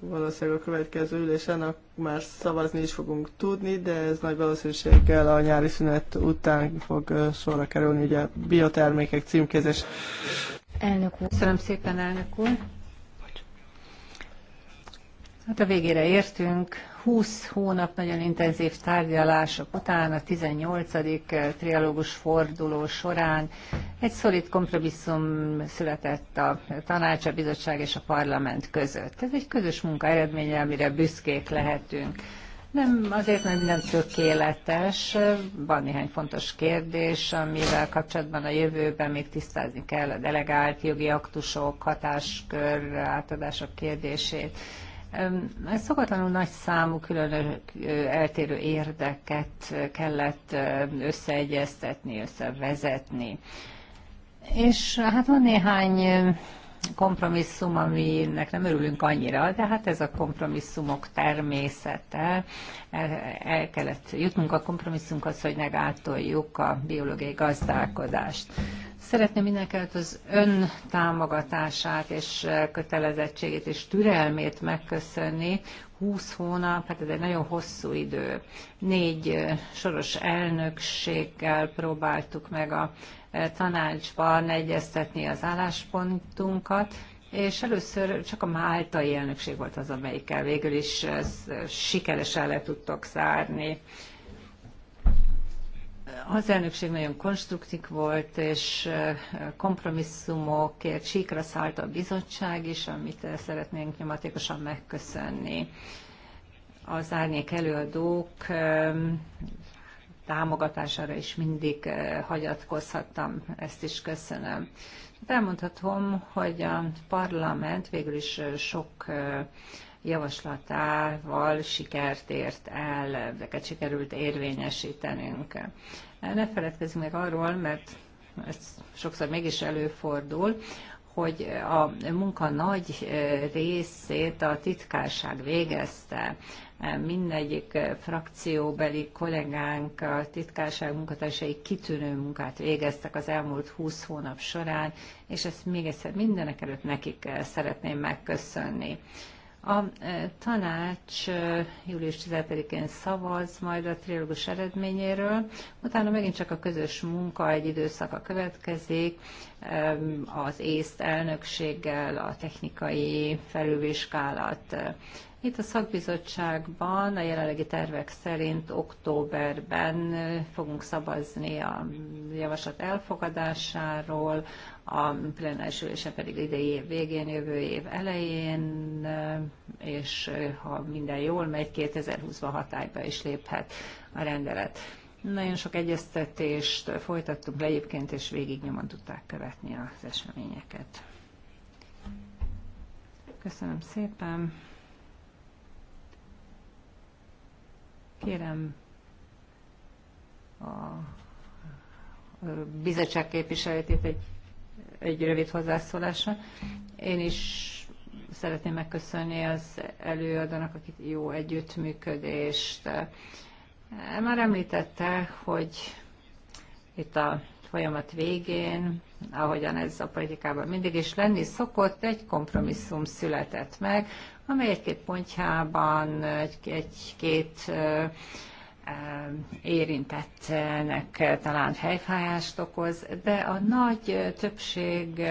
valószínűleg a következő ülésen már szavazni is fogunk tudni, de ez nagy valószínűséggel a nyári szünet után fog sorra kerülni, ugye a biotermékek címkézés. Elnök úr. Köszönöm szépen, elnök úr. Hát a végére értünk, 20 hónap nagyon intenzív tárgyalások után a 18. Eh, trialógus forduló során egy szolid kompromisszum született a tanács, a bizottság és a parlament között. Ez egy közös munka eredménye, amire büszkék lehetünk. Nem azért, mert minden tökéletes, van néhány fontos kérdés, amivel kapcsolatban a jövőben még tisztázni kell a delegált jogi aktusok, hatáskör átadások kérdését. Ez szokatlanul nagy számú külön eltérő érdeket kellett összeegyeztetni, összevezetni. És hát van néhány kompromisszum, aminek nem örülünk annyira, de hát ez a kompromisszumok természete. El, el kellett jutnunk a kompromisszumhoz, hogy ne gátoljuk a biológiai gazdálkodást. Szeretném mindenkelőtt az ön támogatását és kötelezettségét és türelmét megköszönni. 20 hónap, hát ez egy nagyon hosszú idő. Négy soros elnökséggel próbáltuk meg a tanácsban egyeztetni az álláspontunkat, és először csak a máltai elnökség volt az, amelyikkel végül is sikeresen le tudtok zárni az elnökség nagyon konstruktív volt, és kompromisszumokért síkra szállt a bizottság is, amit szeretnénk nyomatékosan megköszönni. Az árnyék előadók támogatására is mindig hagyatkozhattam, ezt is köszönöm. Elmondhatom, hogy a parlament végül is sok javaslatával sikert ért el, ezeket sikerült érvényesítenünk. Ne feledkezzünk meg arról, mert ez sokszor mégis előfordul, hogy a munka nagy eh, részét a titkárság végezte. Mindegyik eh, frakcióbeli kollégánk, a titkárság munkatársai kitűnő munkát végeztek az elmúlt 20 hónap során, és ezt még egyszer mindenek előtt nekik eh, szeretném megköszönni. A e, tanács e, július 10-én szavaz majd a trilógus eredményéről, utána megint csak a közös munka egy időszaka következik, e, az észt elnökséggel a technikai felülvizsgálat itt a szakbizottságban a jelenlegi tervek szerint októberben fogunk szavazni a javaslat elfogadásáról, a plenáris ülésen pedig idei év végén, jövő év elején, és ha minden jól megy, 2020-ban hatályba is léphet a rendelet. Nagyon sok egyeztetést folytattunk le egyébként, és végig nyomon tudták követni az eseményeket. Köszönöm szépen! Kérem a bizottság képviseletét egy, egy rövid hozzászólásra. Én is szeretném megköszönni az előadónak akik jó együttműködést. Eh, már említette, hogy itt a folyamat végén, ahogyan ez a politikában mindig is lenni szokott, egy kompromisszum született meg, amely egy-két pontjában egy-két érintettnek talán fejfájást okoz, de a nagy többség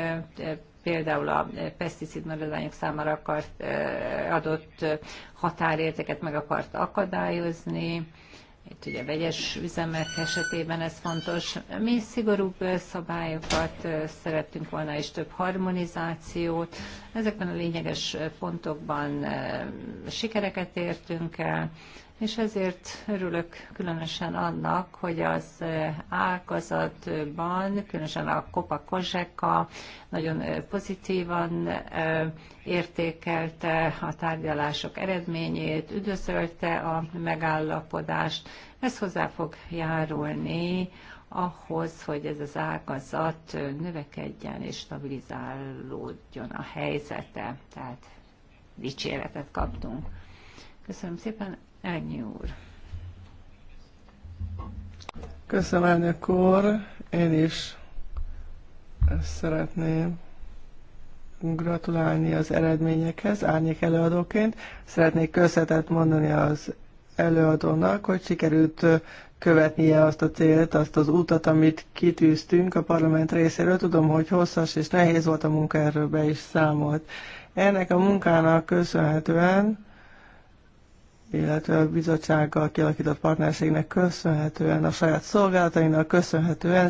például a peszticid maradványok számára akart, adott határértéket meg akart akadályozni, itt ugye vegyes üzemek esetében ez fontos. Mi szigorúbb szabályokat szerettünk volna, és több harmonizációt. Ezekben a lényeges pontokban sikereket értünk el, és ezért örülök különösen annak, hogy az eh, ágazatban, különösen a Kopa Kozseka nagyon eh, pozitívan eh, értékelte a tárgyalások eredményét, üdvözölte a megállapodást. Ez hozzá fog járulni ahhoz, hogy ez az ágazat növekedjen és stabilizálódjon a helyzete. Tehát dicséretet kaptunk. Köszönöm szépen. Ennyi úr. Köszönöm, elnök úr. Én is szeretném gratulálni az eredményekhez árnyék előadóként. Szeretnék köszönetet mondani az előadónak, hogy sikerült követnie azt a célt, azt az utat, amit kitűztünk a parlament részéről. Tudom, hogy hosszas és nehéz volt a munka, erről be is számolt. Ennek a munkának köszönhetően illetve a bizottsággal kialakított partnerségnek köszönhetően, a saját szolgálatainak köszönhetően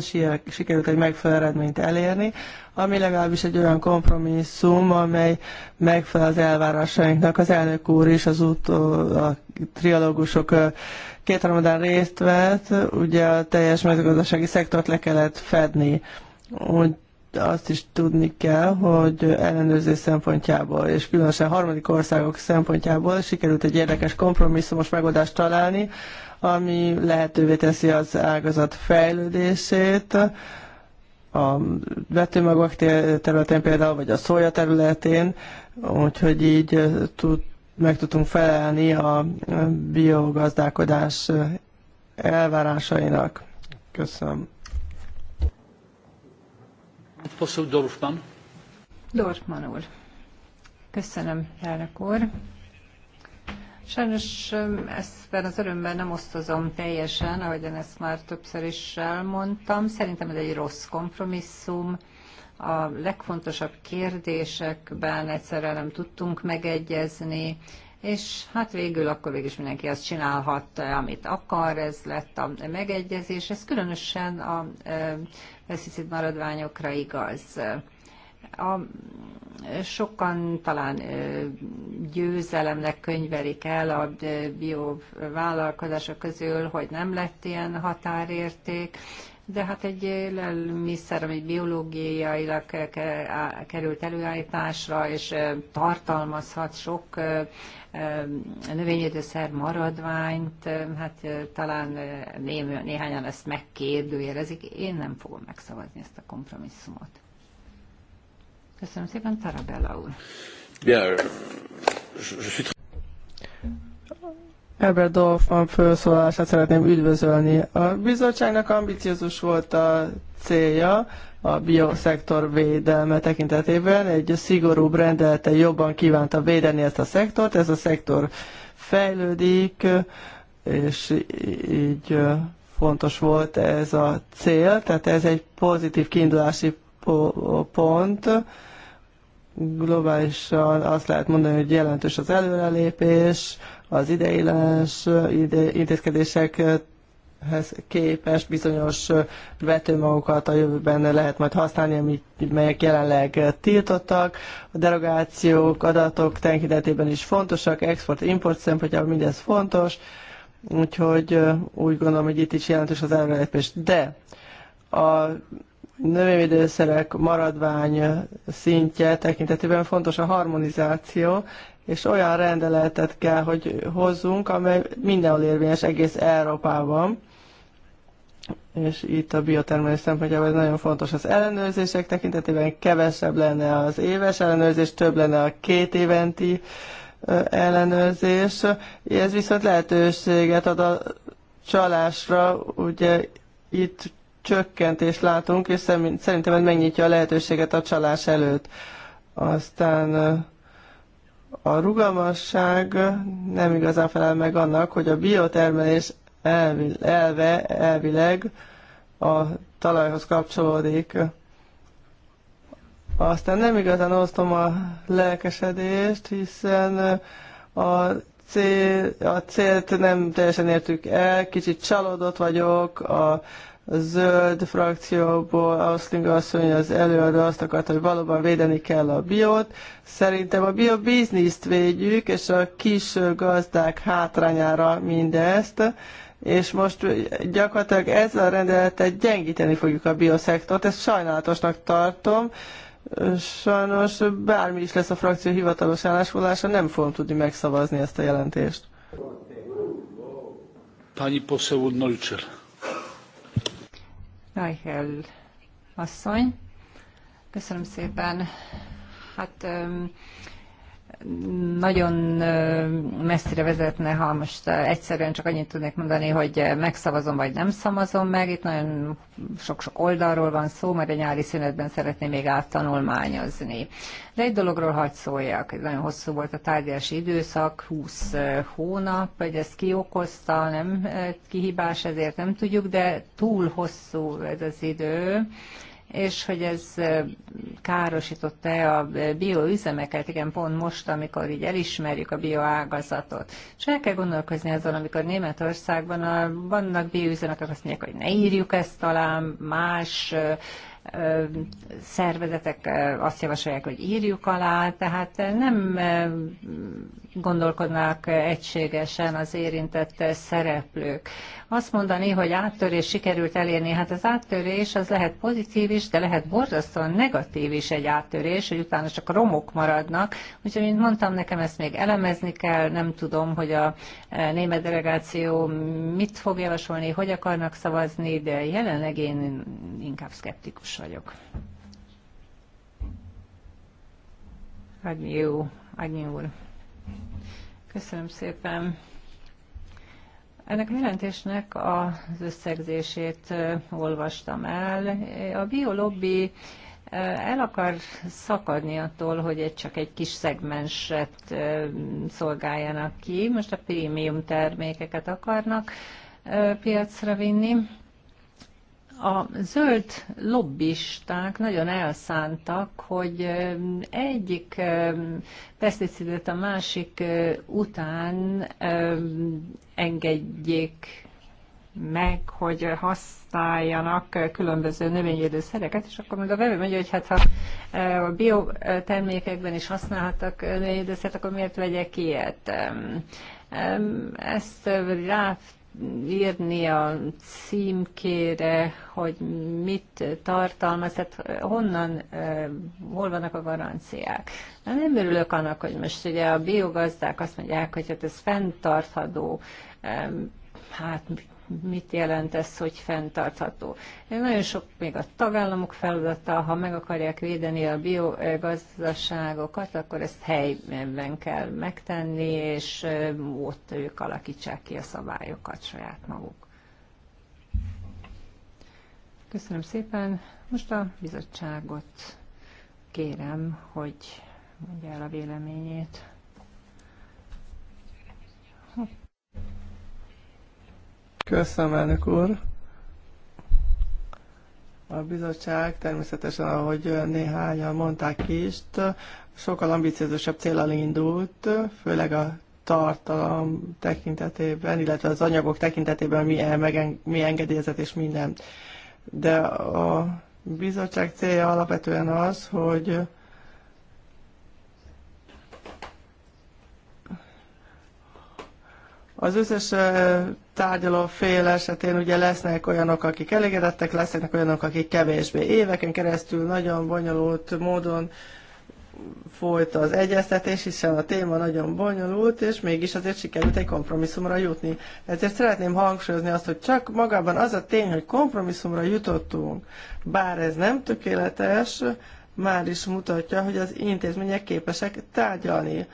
sikerült egy megfelelő eredményt elérni, ami legalábbis egy olyan kompromisszum, amely megfelel az elvárásainknak. Az elnök úr is az út, a trialógusok kétharmadán részt vett, ugye a teljes mezőgazdasági szektort le kellett fedni. Úgy azt is tudni kell, hogy ellenőrzés szempontjából, és különösen harmadik országok szempontjából sikerült egy érdekes kompromisszumos megoldást találni, ami lehetővé teszi az ágazat fejlődését, a vetőmagok területén például, vagy a szója területén, úgyhogy így tud, meg tudtunk felelni a biogazdálkodás elvárásainak. Köszönöm. Poseł Dorfman. Dorfman úr. Köszönöm, elnök úr. Sajnos ezben az örömben nem osztozom teljesen, ahogyan ezt már többször is elmondtam. Szerintem ez egy rossz kompromisszum. A legfontosabb kérdésekben egyszerre nem tudtunk megegyezni, és hát végül akkor végül is mindenki azt csinálhatta, amit akar, ez lett a megegyezés. Ez különösen a szicid maradványokra igaz. A, sokan talán győzelemnek könyvelik el a biovállalkozások közül, hogy nem lett ilyen határérték, de hát egy élelmiszer, ami biológiailag került előállításra, és tartalmazhat sok növényvédőszer maradványt, hát talán néhányan ezt megkérdőjelezik. Én nem fogom megszavazni ezt a kompromisszumot. Köszönöm szépen, Tarabella úr. Ebert Dolfan felszólalását szeretném üdvözölni. A bizottságnak ambiciózus volt a célja a bioszektor védelme tekintetében. Egy szigorúbb rendelete jobban kívánta védeni ezt a szektort. Ez a szektor fejlődik, és így fontos volt ez a cél. Tehát ez egy pozitív kiindulási pont. Globálisan azt lehet mondani, hogy jelentős az előrelépés, az ideiglenes ide, intézkedésekhez képest bizonyos vetőmagokat a jövőben lehet majd használni, amit, melyek jelenleg tiltottak. A derogációk, adatok tenkidetében is fontosak, export-import szempontjából mindez fontos, úgyhogy úgy gondolom, hogy itt is jelentős az előrelépés. De a növényvédőszerek maradvány szintje tekintetében fontos a harmonizáció, és olyan rendeletet kell, hogy hozzunk, amely mindenhol érvényes egész Európában. És itt a biotermelés szempontjából ez nagyon fontos. Az ellenőrzések tekintetében kevesebb lenne az éves ellenőrzés, több lenne a két éventi ellenőrzés. Ez viszont lehetőséget ad a csalásra, ugye itt csökkentést látunk, és szerintem ez megnyitja a lehetőséget a csalás előtt. Aztán a rugalmasság nem igazán felel meg annak, hogy a biotermelés elve elvileg a talajhoz kapcsolódik. Aztán nem igazán osztom a lelkesedést, hiszen a, cél, a célt nem teljesen értük el, kicsit csalódott vagyok, a zöld frakcióból Auszling asszony az előadó azt akart, hogy valóban védeni kell a biót. Szerintem a biobizniszt védjük, és a kis gazdák hátrányára mindezt, és most gyakorlatilag ezzel a rendelettel gyengíteni fogjuk a bioszektort, ezt sajnálatosnak tartom, Sajnos bármi is lesz a frakció hivatalos állásfoglalása, nem fogom tudni megszavazni ezt a jelentést. Pani poseł Nolcsel. Neichel asszony. Köszönöm szépen. Hát nagyon messzire vezetne, ha most egyszerűen csak annyit tudnék mondani, hogy megszavazom vagy nem szavazom meg. Itt nagyon sok-sok oldalról van szó, mert a nyári szünetben szeretném még áttanulmányozni. De egy dologról hadd szóljak. Nagyon hosszú volt a tárgyalási időszak, 20 hónap, hogy ez ki okozta, nem kihibás, ezért nem tudjuk, de túl hosszú ez az idő és hogy ez károsította-e a bioüzemeket, igen, pont most, amikor így elismerjük a bioágazatot. És el kell gondolkozni azon, amikor Németországban a, vannak bioüzemek, azt mondják, hogy ne írjuk ezt talán, más szervezetek azt javasolják, hogy írjuk alá, tehát nem gondolkodnak egységesen az érintett szereplők. Azt mondani, hogy áttörés sikerült elérni, hát az áttörés az lehet pozitív is, de lehet borzasztóan negatív is egy áttörés, hogy utána csak romok maradnak. Úgyhogy, mint mondtam, nekem ezt még elemezni kell, nem tudom, hogy a e, német delegáció mit fog javasolni, hogy akarnak szavazni, de jelenleg én inkább szkeptikus vagyok. Adnyi jó, adnyi úr. Köszönöm szépen. Ennek a jelentésnek az összegzését olvastam el. A biolobbi el akar szakadni attól, hogy egy csak egy kis szegmenset szolgáljanak ki. Most a prémium termékeket akarnak piacra vinni a zöld lobbisták nagyon elszántak, hogy egyik peszticidet a másik után engedjék meg, hogy használjanak különböző szereket, és akkor még a vevő mondja, hogy hát ha a biotermékekben is használhatnak növényvédő akkor miért vegyek ilyet? Ezt ráv írni a címkére, hogy mit tartalmaz, tehát honnan, hol vannak a garanciák. Nem örülök annak, hogy most ugye a biogazdák azt mondják, hogy hát ez fenntartható, hát mit jelent ez, hogy fenntartható. Nagyon sok még a tagállamok feladata, ha meg akarják védeni a biogazdaságokat, akkor ezt helyben kell megtenni, és ott ők alakítsák ki a szabályokat saját maguk. Köszönöm szépen. Most a bizottságot kérem, hogy mondja el a véleményét. Köszönöm, elnök úr. A bizottság természetesen, ahogy néhányan mondták is, sokkal ambiciózusabb célral indult, főleg a tartalom tekintetében, illetve az anyagok tekintetében mi, megen, mi engedélyezett és minden. De a bizottság célja alapvetően az, hogy az összes tárgyaló fél esetén ugye lesznek olyanok, akik elégedettek, lesznek olyanok, akik kevésbé. Éveken keresztül nagyon bonyolult módon folyt az egyeztetés, hiszen a téma nagyon bonyolult, és mégis azért sikerült egy kompromisszumra jutni. Ezért szeretném hangsúlyozni azt, hogy csak magában az a tény, hogy kompromisszumra jutottunk, bár ez nem tökéletes, már is mutatja, hogy az intézmények képesek tárgyalni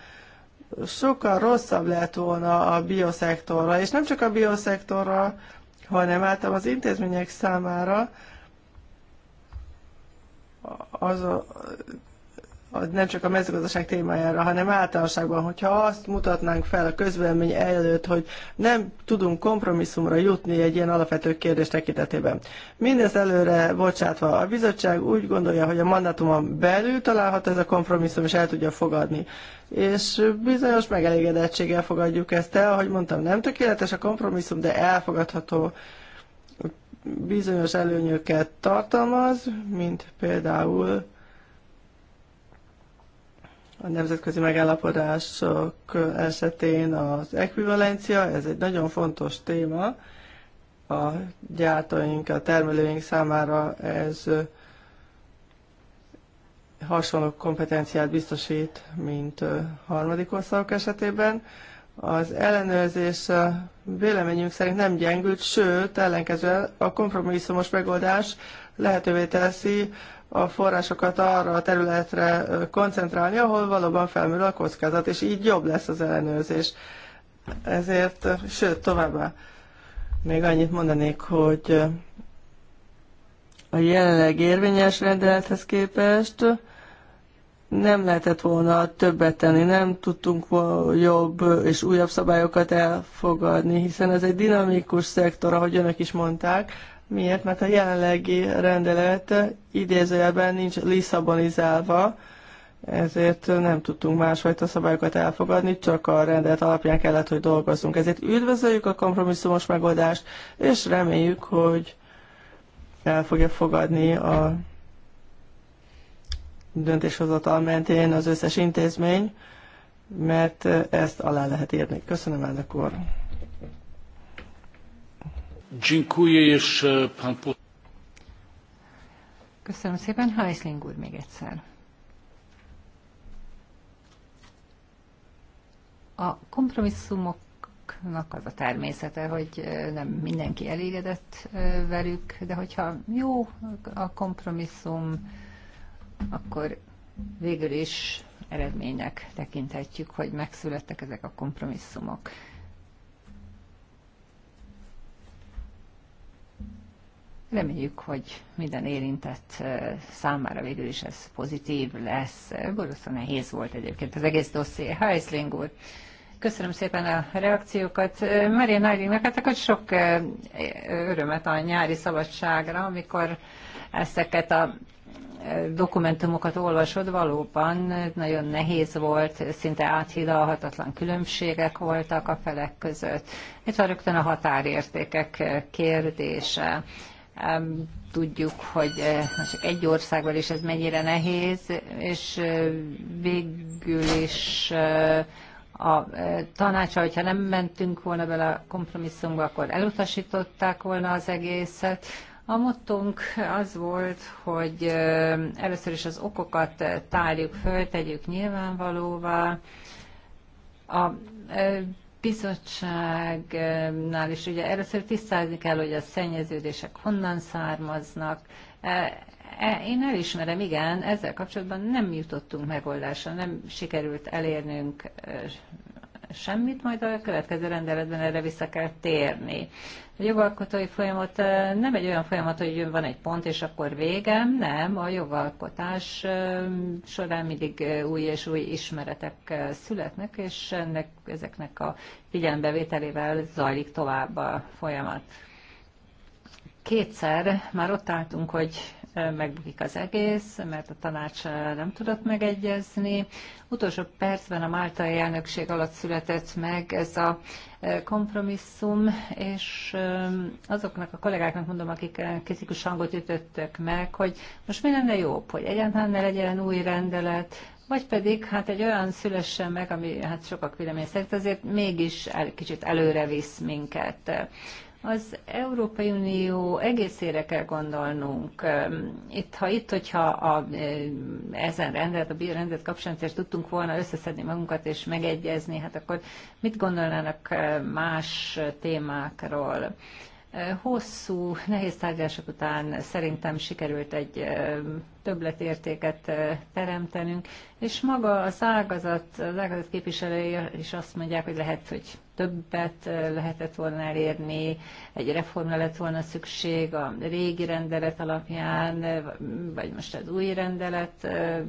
sokkal rosszabb lett volna a bioszektorra, és nem csak a bioszektorra, hanem általában az intézmények számára az a nem csak a mezőgazdaság témájára, hanem általánosságban, hogyha azt mutatnánk fel a közvélemény előtt, hogy nem tudunk kompromisszumra jutni egy ilyen alapvető kérdés tekintetében. Mindez előre bocsátva, a bizottság úgy gondolja, hogy a mandátumon belül található ez a kompromisszum, és el tudja fogadni. És bizonyos megelégedettséggel fogadjuk ezt el, ahogy mondtam, nem tökéletes a kompromisszum, de elfogadható bizonyos előnyöket tartalmaz, mint például a nemzetközi megállapodások esetén az ekvivalencia, ez egy nagyon fontos téma. A gyártóink, a termelőink számára ez hasonló kompetenciát biztosít, mint harmadik országok esetében. Az ellenőrzés véleményünk szerint nem gyengült, sőt, ellenkezően a kompromisszumos megoldás lehetővé teszi a forrásokat arra a területre koncentrálni, ahol valóban felmerül a kockázat, és így jobb lesz az ellenőrzés. Ezért, sőt, továbbá még annyit mondanék, hogy a jelenleg érvényes rendelethez képest nem lehetett volna többet tenni, nem tudtunk jobb és újabb szabályokat elfogadni, hiszen ez egy dinamikus szektor, ahogy önök is mondták, Miért? Mert a jelenlegi rendelet idézőjelben nincs liszabonizálva, ezért nem tudtunk másfajta szabályokat elfogadni, csak a rendelet alapján kellett, hogy dolgozzunk. Ezért üdvözöljük a kompromisszumos megoldást, és reméljük, hogy el fogja fogadni a döntéshozatal mentén az összes intézmény, mert ezt alá lehet írni. Köszönöm, elnök úr! Köszönöm szépen. Hajszling úr még egyszer. A kompromisszumoknak az a természete, hogy nem mindenki elégedett velük, de hogyha jó a kompromisszum, akkor végül is eredménynek tekinthetjük, hogy megszülettek ezek a kompromisszumok. Reméljük, hogy minden érintett számára végül is ez pozitív lesz. Borosan nehéz volt egyébként az egész dosszié. Heisling úr, köszönöm szépen a reakciókat. Maria Nailingnek hát akkor sok örömet a nyári szabadságra, amikor ezeket a dokumentumokat olvasod, valóban nagyon nehéz volt, szinte áthidalhatatlan különbségek voltak a felek között. Itt van rögtön a határértékek kérdése. Tudjuk, hogy eh, csak egy országban is ez mennyire nehéz, és eh, végül is eh, a tanácsa, hogyha nem mentünk volna bele a kompromisszumba, akkor elutasították volna az egészet. A mottunk az volt, hogy először is az okokat tárjuk föl, tegyük nyilvánvalóvá. A bizottságnál is ugye először tisztázni kell, hogy a szennyeződések honnan származnak. E, e, én elismerem, igen, ezzel kapcsolatban nem jutottunk megoldásra, nem sikerült elérnünk semmit, majd a következő rendeletben erre vissza kell térni. A jogalkotói folyamat nem egy olyan folyamat, hogy van egy pont, és akkor végem, nem. A jogalkotás során mindig új és új ismeretek születnek, és ennek, ezeknek a figyelembevételével zajlik tovább a folyamat. Kétszer már ott álltunk, hogy megbukik az egész, mert a tanács nem tudott megegyezni. Utolsó percben a máltai elnökség alatt született meg ez a e, kompromisszum, és e, azoknak a kollégáknak mondom, akik e, kritikus hangot ütöttek meg, hogy most mi lenne jobb, hogy egyáltalán ne legyen új rendelet, vagy pedig hát egy olyan szülessen meg, ami hát sokak vélemény szerint azért mégis el, kicsit előre visz minket. Az Európai Unió egészére kell gondolnunk. Itt, ha itt, hogyha a, ezen rendet, a biorendet kapcsán és tudtunk volna összeszedni magunkat és megegyezni, hát akkor mit gondolnának más témákról? Hosszú, nehéz tárgyalások után szerintem sikerült egy többletértéket teremtenünk, és maga az ágazat, az ágazat képviselői is azt mondják, hogy lehet, hogy többet lehetett volna elérni, egy reformra lett volna szükség a régi rendelet alapján, vagy most az új rendelet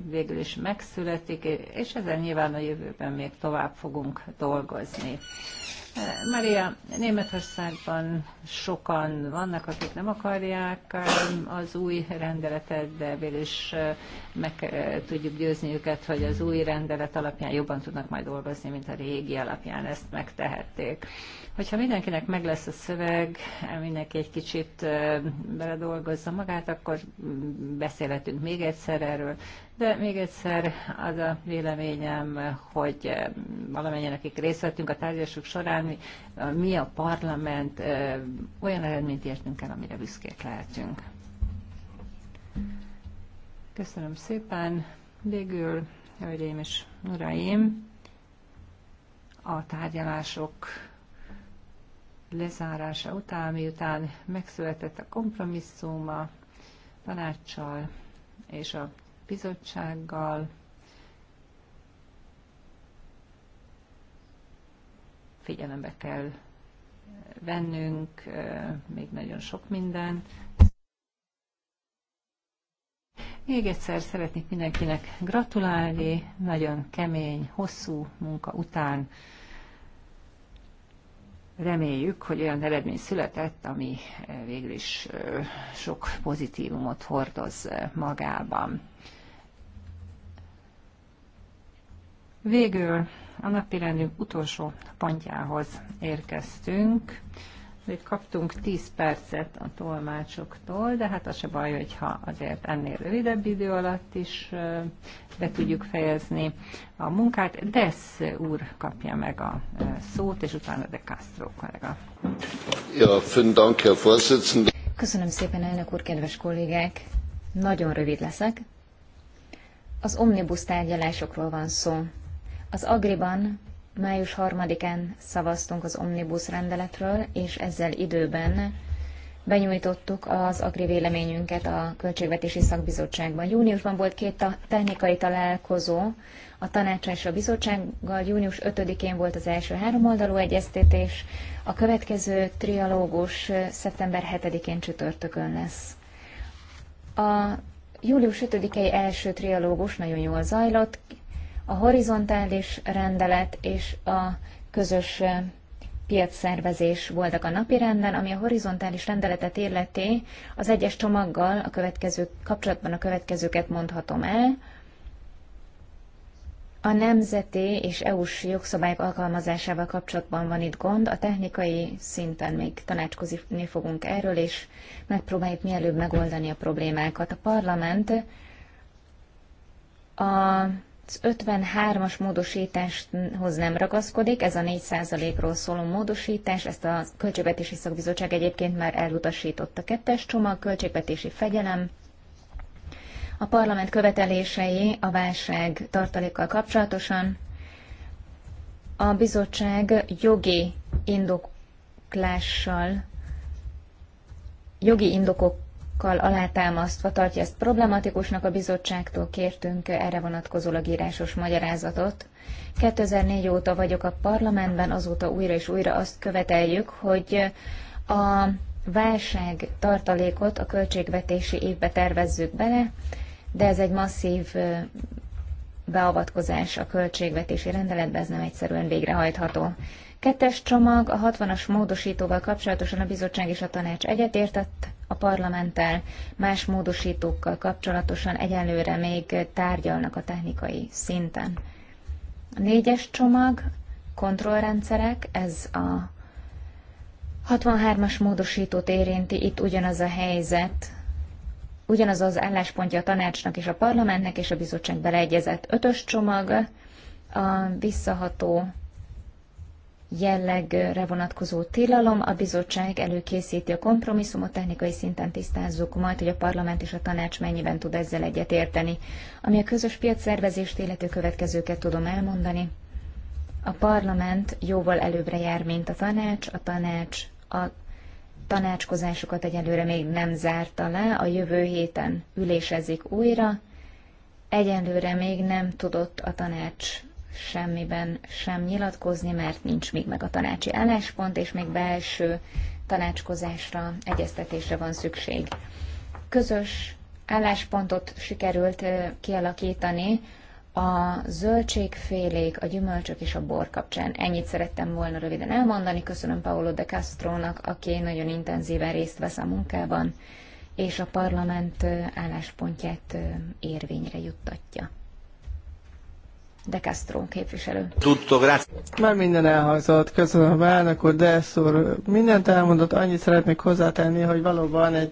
végül is megszületik, és ezzel nyilván a jövőben még tovább fogunk dolgozni. Maria, Németországban sokan vannak, akik nem akarják um, az új rendeletet, de végül is uh, meg uh, tudjuk győzni őket, hogy az új rendelet alapján jobban tudnak majd dolgozni, mint a régi alapján ezt megtehették. Hogyha mindenkinek meg lesz a szöveg, mindenki egy kicsit uh, beledolgozza magát, akkor um, beszélhetünk még egyszer erről, de még egyszer az a véleményem, hogy eh, valamennyien, akik részt vettünk a tárgyalások során, mi a parlament eh, olyan eredményt értünk el, amire büszkék lehetünk. Köszönöm szépen. Végül, hölgyeim és uraim, a tárgyalások lezárása után, miután megszületett a kompromisszuma, a tanácssal és a bizottsággal. Figyelembe kell vennünk még nagyon sok mindent. Még egyszer szeretnék mindenkinek gratulálni, nagyon kemény, hosszú munka után reméljük, hogy olyan eredmény született, ami végül is sok pozitívumot hordoz magában. Végül a napirendünk utolsó pontjához érkeztünk. Még kaptunk 10 percet a tolmácsoktól, de hát az se baj, hogyha azért ennél rövidebb idő alatt is be tudjuk fejezni a munkát. Desz úr kapja meg a szót, és utána de Castro kollega. Ja, vielen Dank, Herr Vorsitzender. Köszönöm szépen, elnök úr, kedves kollégák! Nagyon rövid leszek. Az omnibus tárgyalásokról van szó. Az Agriban május 3-án szavaztunk az Omnibus rendeletről, és ezzel időben benyújtottuk az agri véleményünket a Költségvetési Szakbizottságban. Júniusban volt két technikai találkozó a tanácsa és a bizottsággal, június 5-én volt az első háromoldalú egyeztetés, a következő trialógus szeptember 7-én csütörtökön lesz. A július 5-i első trialógus nagyon jól zajlott, a horizontális rendelet és a közös piacszervezés voltak a napirenden, ami a horizontális rendeletet illeti, az egyes csomaggal a következő, kapcsolatban a következőket mondhatom el. A nemzeti és EU-s jogszabályok alkalmazásával kapcsolatban van itt gond, a technikai szinten még tanácskozni fogunk erről, és megpróbáljuk mielőbb megoldani a problémákat. A parlament a 53-as módosításhoz nem ragaszkodik, ez a 4%-ról szóló módosítás, ezt a Költségvetési Szakbizottság egyébként már elutasította. Kettes csomag, költségvetési fegyelem, a parlament követelései a válság tartalékkal kapcsolatosan, a bizottság jogi indoklással, jogi indokok okokkal alátámasztva tartja ezt problematikusnak, a bizottságtól kértünk erre vonatkozólag írásos magyarázatot. 2004 óta vagyok a parlamentben, azóta újra és újra azt követeljük, hogy a válság tartalékot a költségvetési évbe tervezzük bele, de ez egy masszív beavatkozás a költségvetési rendeletbe, ez nem egyszerűen végrehajtható. Kettes csomag a 60-as módosítóval kapcsolatosan a bizottság és a tanács egyetértett, a parlamenttel, más módosítókkal kapcsolatosan egyelőre még tárgyalnak a technikai szinten. A négyes csomag, kontrollrendszerek, ez a 63-as módosítót érinti, itt ugyanaz a helyzet, ugyanaz az álláspontja a tanácsnak és a parlamentnek és a bizottság beleegyezett ötös csomag, a visszaható jellegre vonatkozó tilalom. A bizottság előkészíti a kompromisszumot, technikai szinten tisztázzuk majd, hogy a parlament és a tanács mennyiben tud ezzel egyetérteni. Ami a közös piacszervezést illető következőket tudom elmondani. A parlament jóval előbbre jár, mint a tanács. A tanács a tanácskozásokat egyelőre még nem zárta le, a jövő héten ülésezik újra. Egyelőre még nem tudott a tanács semmiben sem nyilatkozni, mert nincs még meg a tanácsi álláspont, és még belső tanácskozásra, egyeztetésre van szükség. Közös álláspontot sikerült kialakítani a zöldségfélék, a gyümölcsök és a bor kapcsán. Ennyit szerettem volna röviden elmondani. Köszönöm Paolo de Castro-nak, aki nagyon intenzíven részt vesz a munkában, és a parlament álláspontját érvényre juttatja de Castro képviselő. Tudtok Már minden elhangzott, köszönöm a elnök úr, de úr, mindent elmondott, annyit szeretnék hozzátenni, hogy valóban egy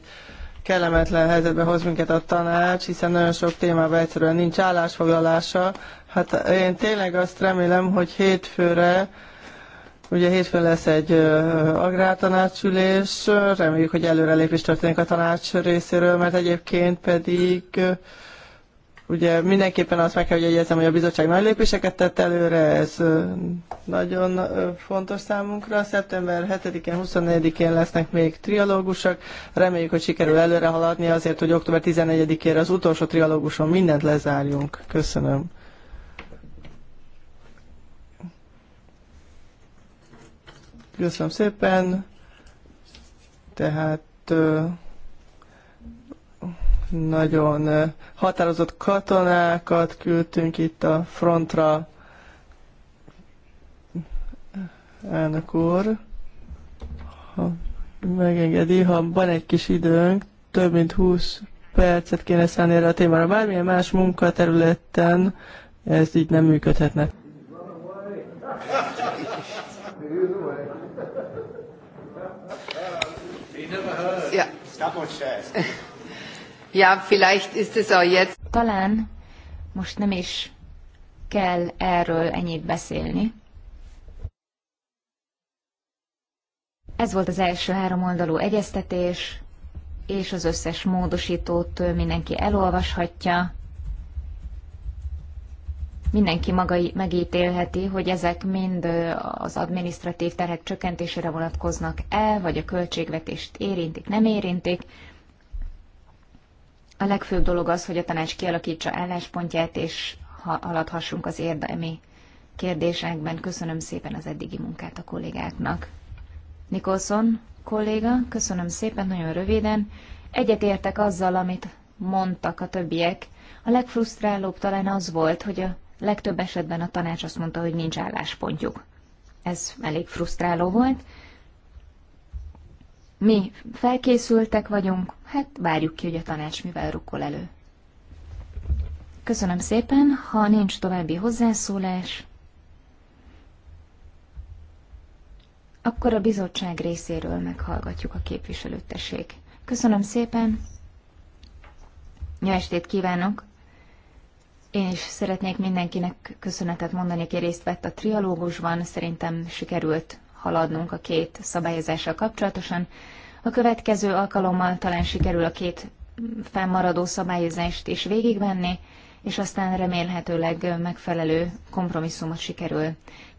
kellemetlen helyzetbe hoz minket a tanács, hiszen nagyon sok témában egyszerűen nincs állásfoglalása. Hát én tényleg azt remélem, hogy hétfőre Ugye hétfőn lesz egy agrártanácsülés, reméljük, hogy előrelépés történik a tanács részéről, mert egyébként pedig Ugye mindenképpen azt meg kell, hogy jegyezem, hogy a bizottság nagy lépéseket tett előre, ez nagyon fontos számunkra. Szeptember 7-én, 24-én lesznek még trialógusok. Reméljük, hogy sikerül előre haladni azért, hogy október 14-ére az utolsó trialóguson mindent lezárjunk. Köszönöm. Köszönöm szépen. Tehát nagyon határozott katonákat küldtünk itt a frontra, elnök úr. Ha megengedi, ha van egy kis időnk, több mint 20 percet kéne szállni erre a témára. Bármilyen más munkaterületen ez így nem működhetne. Yeah. Stop on chairs. Ja, vielleicht ist es auch jetzt. Talán most nem is kell erről ennyit beszélni. Ez volt az első három oldalú egyeztetés, és az összes módosítót mindenki elolvashatja. Mindenki maga megítélheti, hogy ezek mind az adminisztratív terhek csökkentésére vonatkoznak-e, vagy a költségvetést érintik, nem érintik. A legfőbb dolog az, hogy a tanács kialakítsa álláspontját, és ha haladhassunk az érdemi kérdésekben. Köszönöm szépen az eddigi munkát a kollégáknak. Nikolson kolléga, köszönöm szépen, nagyon röviden. Egyetértek azzal, amit mondtak a többiek. A legfrusztrálóbb talán az volt, hogy a legtöbb esetben a tanács azt mondta, hogy nincs álláspontjuk. Ez elég frusztráló volt mi felkészültek vagyunk, hát várjuk ki, hogy a tanács mivel rukkol elő. Köszönöm szépen, ha nincs további hozzászólás, akkor a bizottság részéről meghallgatjuk a képviselőtesség. Köszönöm szépen, jó estét kívánok! Én is szeretnék mindenkinek köszönetet mondani, aki részt vett a trialógusban. Szerintem sikerült haladnunk a két szabályozással kapcsolatosan. A következő alkalommal talán sikerül a két fennmaradó szabályozást is végigvenni, és aztán remélhetőleg megfelelő kompromisszumot sikerül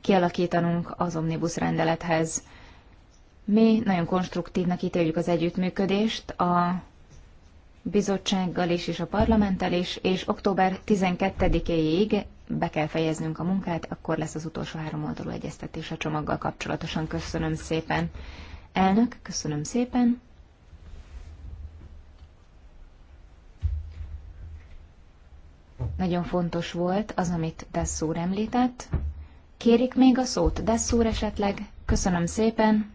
kialakítanunk az omnibus rendelethez. Mi nagyon konstruktívnak ítéljük az együttműködést a bizottsággal is és a parlamenttel is, és október 12-éig be kell fejeznünk a munkát, akkor lesz az utolsó három oldalú egyeztetés a csomaggal kapcsolatosan. Köszönöm szépen. Elnök, köszönöm szépen. Nagyon fontos volt az, amit Dessúr említett. Kérik még a szót, Dessúr esetleg? Köszönöm szépen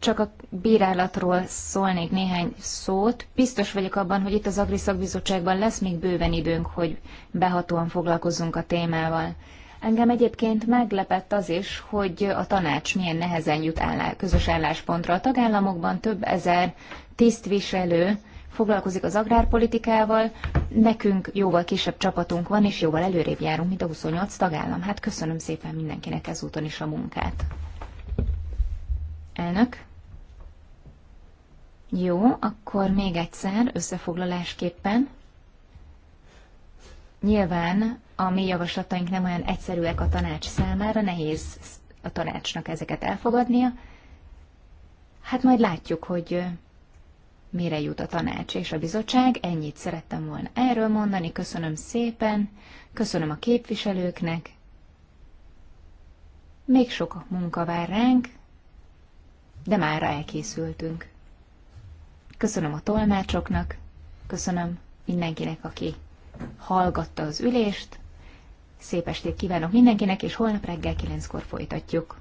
csak a bírálatról szólnék néhány szót. Biztos vagyok abban, hogy itt az Agri Szakbizottságban lesz még bőven időnk, hogy behatóan foglalkozzunk a témával. Engem egyébként meglepett az is, hogy a tanács milyen nehezen jut állá, közös álláspontra. A tagállamokban több ezer tisztviselő foglalkozik az agrárpolitikával, nekünk jóval kisebb csapatunk van, és jóval előrébb járunk, mint a 28 tagállam. Hát köszönöm szépen mindenkinek ezúton is a munkát. Elnök. Jó, akkor még egyszer összefoglalásképpen. Nyilván a mi javaslataink nem olyan egyszerűek a tanács számára, nehéz a tanácsnak ezeket elfogadnia. Hát majd látjuk, hogy mire jut a tanács és a bizottság. Ennyit szerettem volna erről mondani. Köszönöm szépen, köszönöm a képviselőknek. Még sok munka vár ránk, de már elkészültünk. Köszönöm a tolmácsoknak, köszönöm mindenkinek, aki hallgatta az ülést. Szép estét kívánok mindenkinek, és holnap reggel kilenckor folytatjuk.